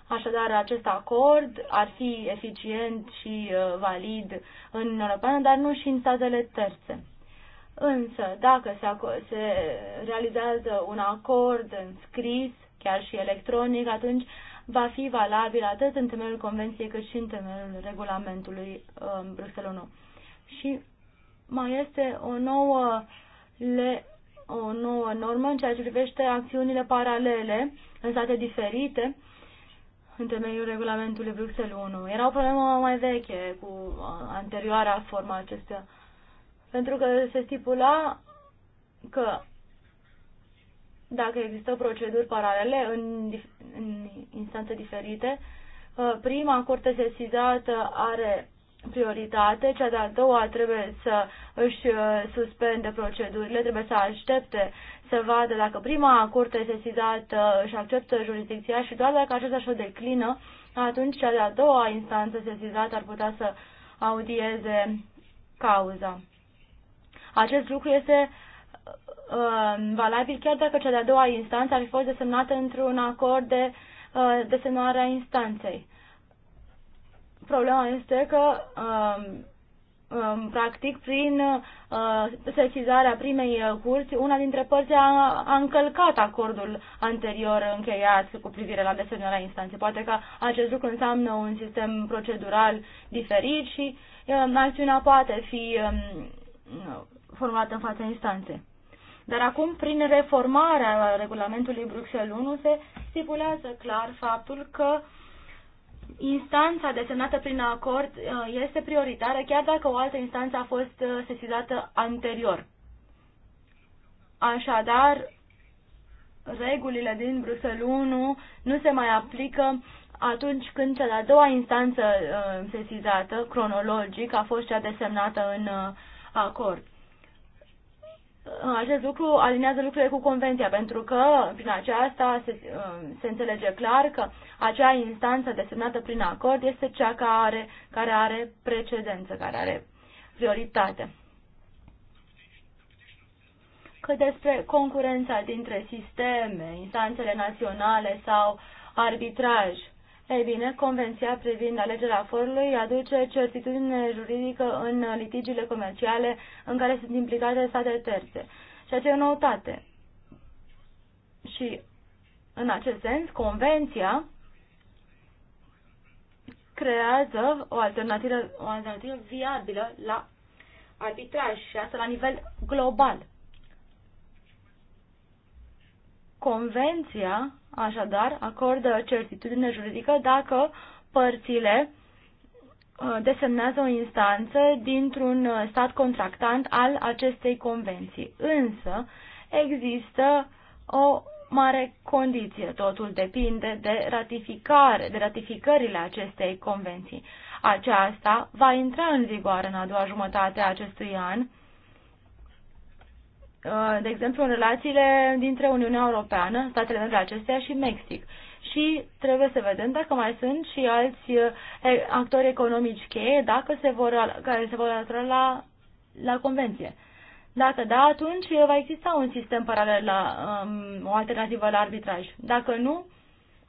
Așadar, acest acord ar fi eficient și uh, valid în Uniunea Europeană, dar nu și în statele terțe. Însă, dacă se, se realizează un acord scris, chiar și electronic, atunci va fi valabil atât în temelul Convenției cât și în temelul regulamentului uh, Bruxelles 1. Și mai este o nouă le, o nouă normă în ceea ce privește acțiunile paralele în state diferite în temeiul regulamentului Bruxelles 1. Era o problemă mai veche cu anterioara forma acestea, pentru că se stipula că dacă există proceduri paralele în, în instanțe diferite, prima curte sesizată are prioritate, cea de-a doua trebuie să își uh, suspende procedurile, trebuie să aștepte să vadă dacă prima curte sesizată își acceptă jurisdicția și doar dacă acesta și-o declină, atunci cea de-a doua instanță sesizată ar putea să audieze cauza. Acest lucru este uh, valabil chiar dacă cea de-a doua instanță ar fi fost desemnată într-un acord de uh, desemnare a instanței problema este că um, um, practic prin uh, sesizarea primei curți, una dintre părți a, a încălcat acordul anterior încheiat cu privire la desemnarea instanței. Poate că acest lucru înseamnă un sistem procedural diferit și um, acțiunea poate fi formată în fața instanței. Dar acum, prin reformarea regulamentului Bruxelles 1, se stipulează clar faptul că uh, instanța desemnată prin acord uh, este prioritară, chiar dacă o altă instanță a fost uh, sesizată anterior. Așadar, regulile din Bruxelles 1 nu se mai aplică atunci când cea de-a doua instanță uh, sesizată, cronologic, a fost cea desemnată în acord acest lucru alinează lucrurile cu convenția, pentru că prin aceasta se, um, se înțelege clar că acea instanță desemnată prin acord este cea care, care are precedență, care are prioritate. Că despre concurența dintre sisteme, instanțele naționale sau arbitraj, ei bine, Convenția privind alegerea forului aduce certitudine juridică în litigiile comerciale în care sunt implicate state terțe, Și aceea e o noutate. Și, în acest sens, Convenția creează o alternativă, o alternativă viabilă la arbitraj și asta la nivel global. Convenția, așadar, acordă certitudine juridică dacă părțile uh, desemnează o instanță dintr-un uh, stat contractant al acestei convenții. Însă, există o mare condiție. Totul depinde de ratificare, de ratificările acestei convenții. Aceasta va intra în vigoare în a doua jumătate a acestui an Uh, de exemplu, în relațiile dintre Uniunea Europeană, statele membre acestea și Mexic. Și trebuie să vedem dacă mai sunt și alți uh, actori economici cheie, dacă se vor, care se vor alătura la, la convenție. Dacă da, atunci uh, va exista un sistem paralel la um, o alternativă la arbitraj. Dacă nu,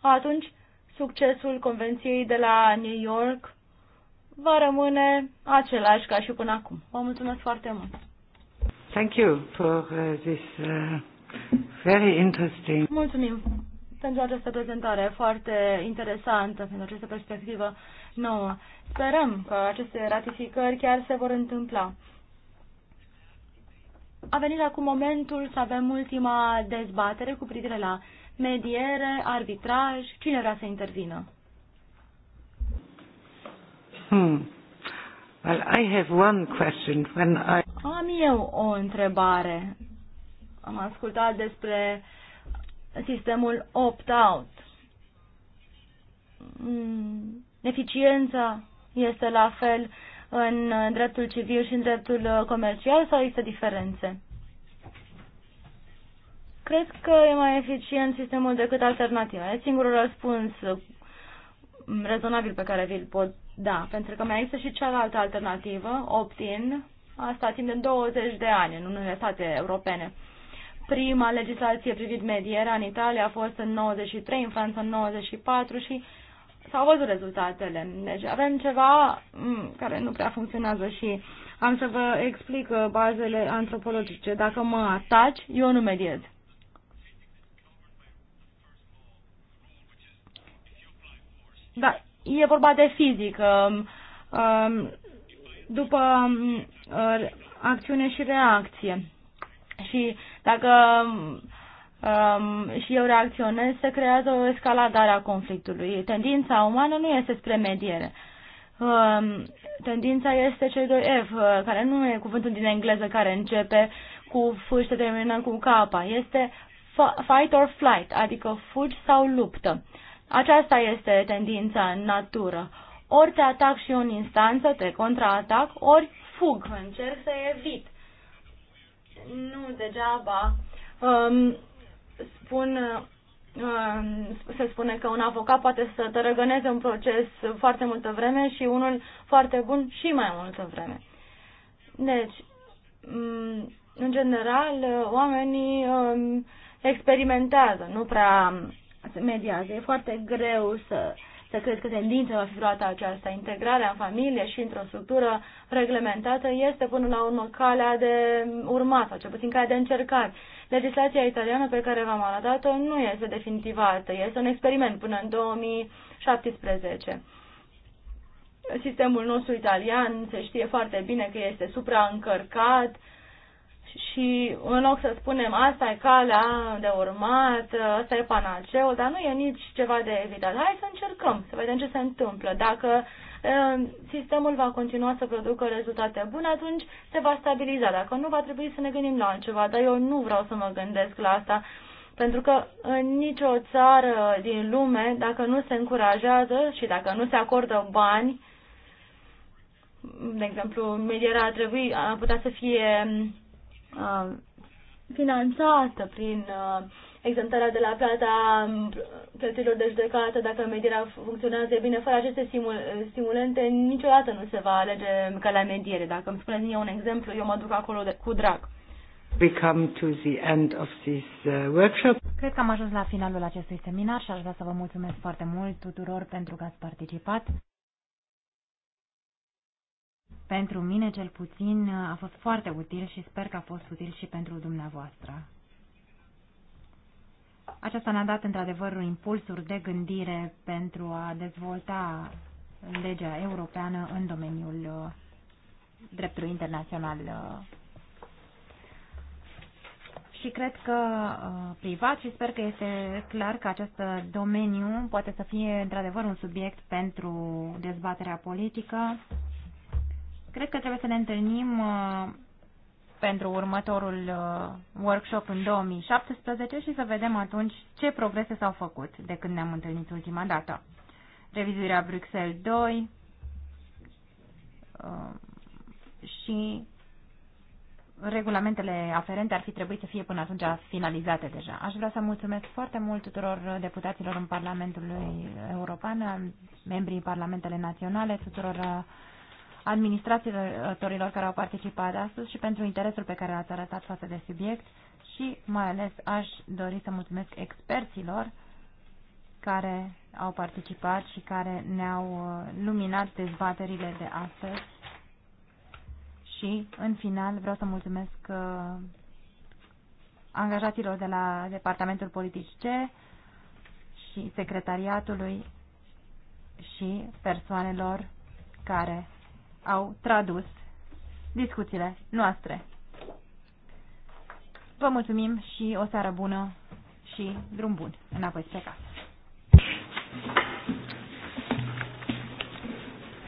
atunci succesul convenției de la New York va rămâne același ca și până acum. Vă mulțumesc foarte mult! Thank you for uh, this uh, very interesting. Mulțumim pentru această prezentare foarte interesantă, pentru această perspectivă nouă. Sperăm că aceste ratificări chiar se vor întâmpla. A venit acum momentul să avem ultima dezbatere cu privire la mediere, arbitraj, cine vrea să intervină. Hmm. Well, I have one question when I... Am eu o întrebare. Am ascultat despre sistemul opt-out. Mm, eficiența este la fel în dreptul civil și în dreptul comercial sau există diferențe? Cred că e mai eficient sistemul decât alternativa. E singurul răspuns rezonabil pe care vi-l pot da, pentru că mai există și cealaltă alternativă, opt-in, asta timp de 20 de ani în unele state europene. Prima legislație privind mediera în Italia a fost în 93, în Franța în 94 și s-au văzut rezultatele. Deci avem ceva mm, care nu prea funcționează și am să vă explic uh, bazele antropologice. Dacă mă ataci, eu nu mediez. Da, e vorba de fizic, um, um, după um, uh, acțiune și reacție. Și dacă și eu reacționez, se creează o escaladare a conflictului. Tendința umană nu este spre mediere. Tendința este cei doi F, uh, care nu e cuvântul din engleză care începe cu F și se termină cu K. Este fight or flight, adică fugi sau luptă. Uh, aceasta este tendința în natură. Ori te atac și eu în instanță, te contraatac, ori fug, încerc să evit. Nu degeaba um, spun, um, se spune că un avocat poate să tărăgăneze un proces foarte multă vreme și unul foarte bun și mai multă vreme. Deci, um, în general, oamenii um, experimentează, nu prea mediază. E foarte greu să, să crezi că tendința va fi vreodată aceasta. Integrarea în familie și într-o structură reglementată este până la urmă calea de urmat, sau cel puțin calea de încercat. Legislația italiană pe care v-am arătat-o nu este definitivată, este un experiment până în 2017. Sistemul nostru italian se știe foarte bine că este supraîncărcat, și în loc să spunem asta e calea de urmat, asta e panaceul, dar nu e nici ceva de evitat. Hai să încercăm, să vedem ce se întâmplă. Dacă sistemul va continua să producă rezultate bune, atunci se va stabiliza. Dacă nu, va trebui să ne gândim la altceva, dar eu nu vreau să mă gândesc la asta, pentru că în nicio țară din lume, dacă nu se încurajează și dacă nu se acordă bani, de exemplu, medierea ar trebui, ar putea să fie Uh, finanțată prin uh, exemptarea de la plata um, plăților de judecată, dacă medierea funcționează bine, fără aceste stimulente, niciodată nu se va alege calea mediere. Dacă îmi spuneți mie un exemplu, eu mă duc acolo de, cu drag. We come to the end of this uh, workshop. Cred că am ajuns la finalul acestui seminar și aș vrea să vă mulțumesc foarte mult tuturor pentru că ați participat. Pentru mine, cel puțin, a fost foarte util și sper că a fost util și pentru dumneavoastră. Aceasta ne-a dat într-adevăr impulsuri de gândire pentru a dezvolta legea europeană în domeniul uh, dreptului internațional. Uh. Și cred că uh, privat și sper că este clar că acest domeniu poate să fie într-adevăr un subiect pentru dezbaterea politică Cred că trebuie să ne întâlnim uh, pentru următorul uh, workshop în 2017 și să vedem atunci ce progrese s-au făcut de când ne-am întâlnit ultima dată. Revizuirea Bruxelles 2 uh, și regulamentele aferente ar fi trebuit să fie până atunci finalizate deja. Aș vrea să mulțumesc foarte mult tuturor deputaților în Parlamentul European, membrii Parlamentele Naționale, tuturor administratorilor care au participat astăzi și pentru interesul pe care l-ați arătat față de subiect și mai ales aș dori să mulțumesc experților care au participat și care ne-au uh, luminat dezbaterile de astăzi. Și, în final, vreau să mulțumesc uh, angajaților de la Departamentul Politice și secretariatului și persoanelor care au tradus discuțiile noastre. Vă mulțumim și o seară bună și drum bun înapoi spre casă.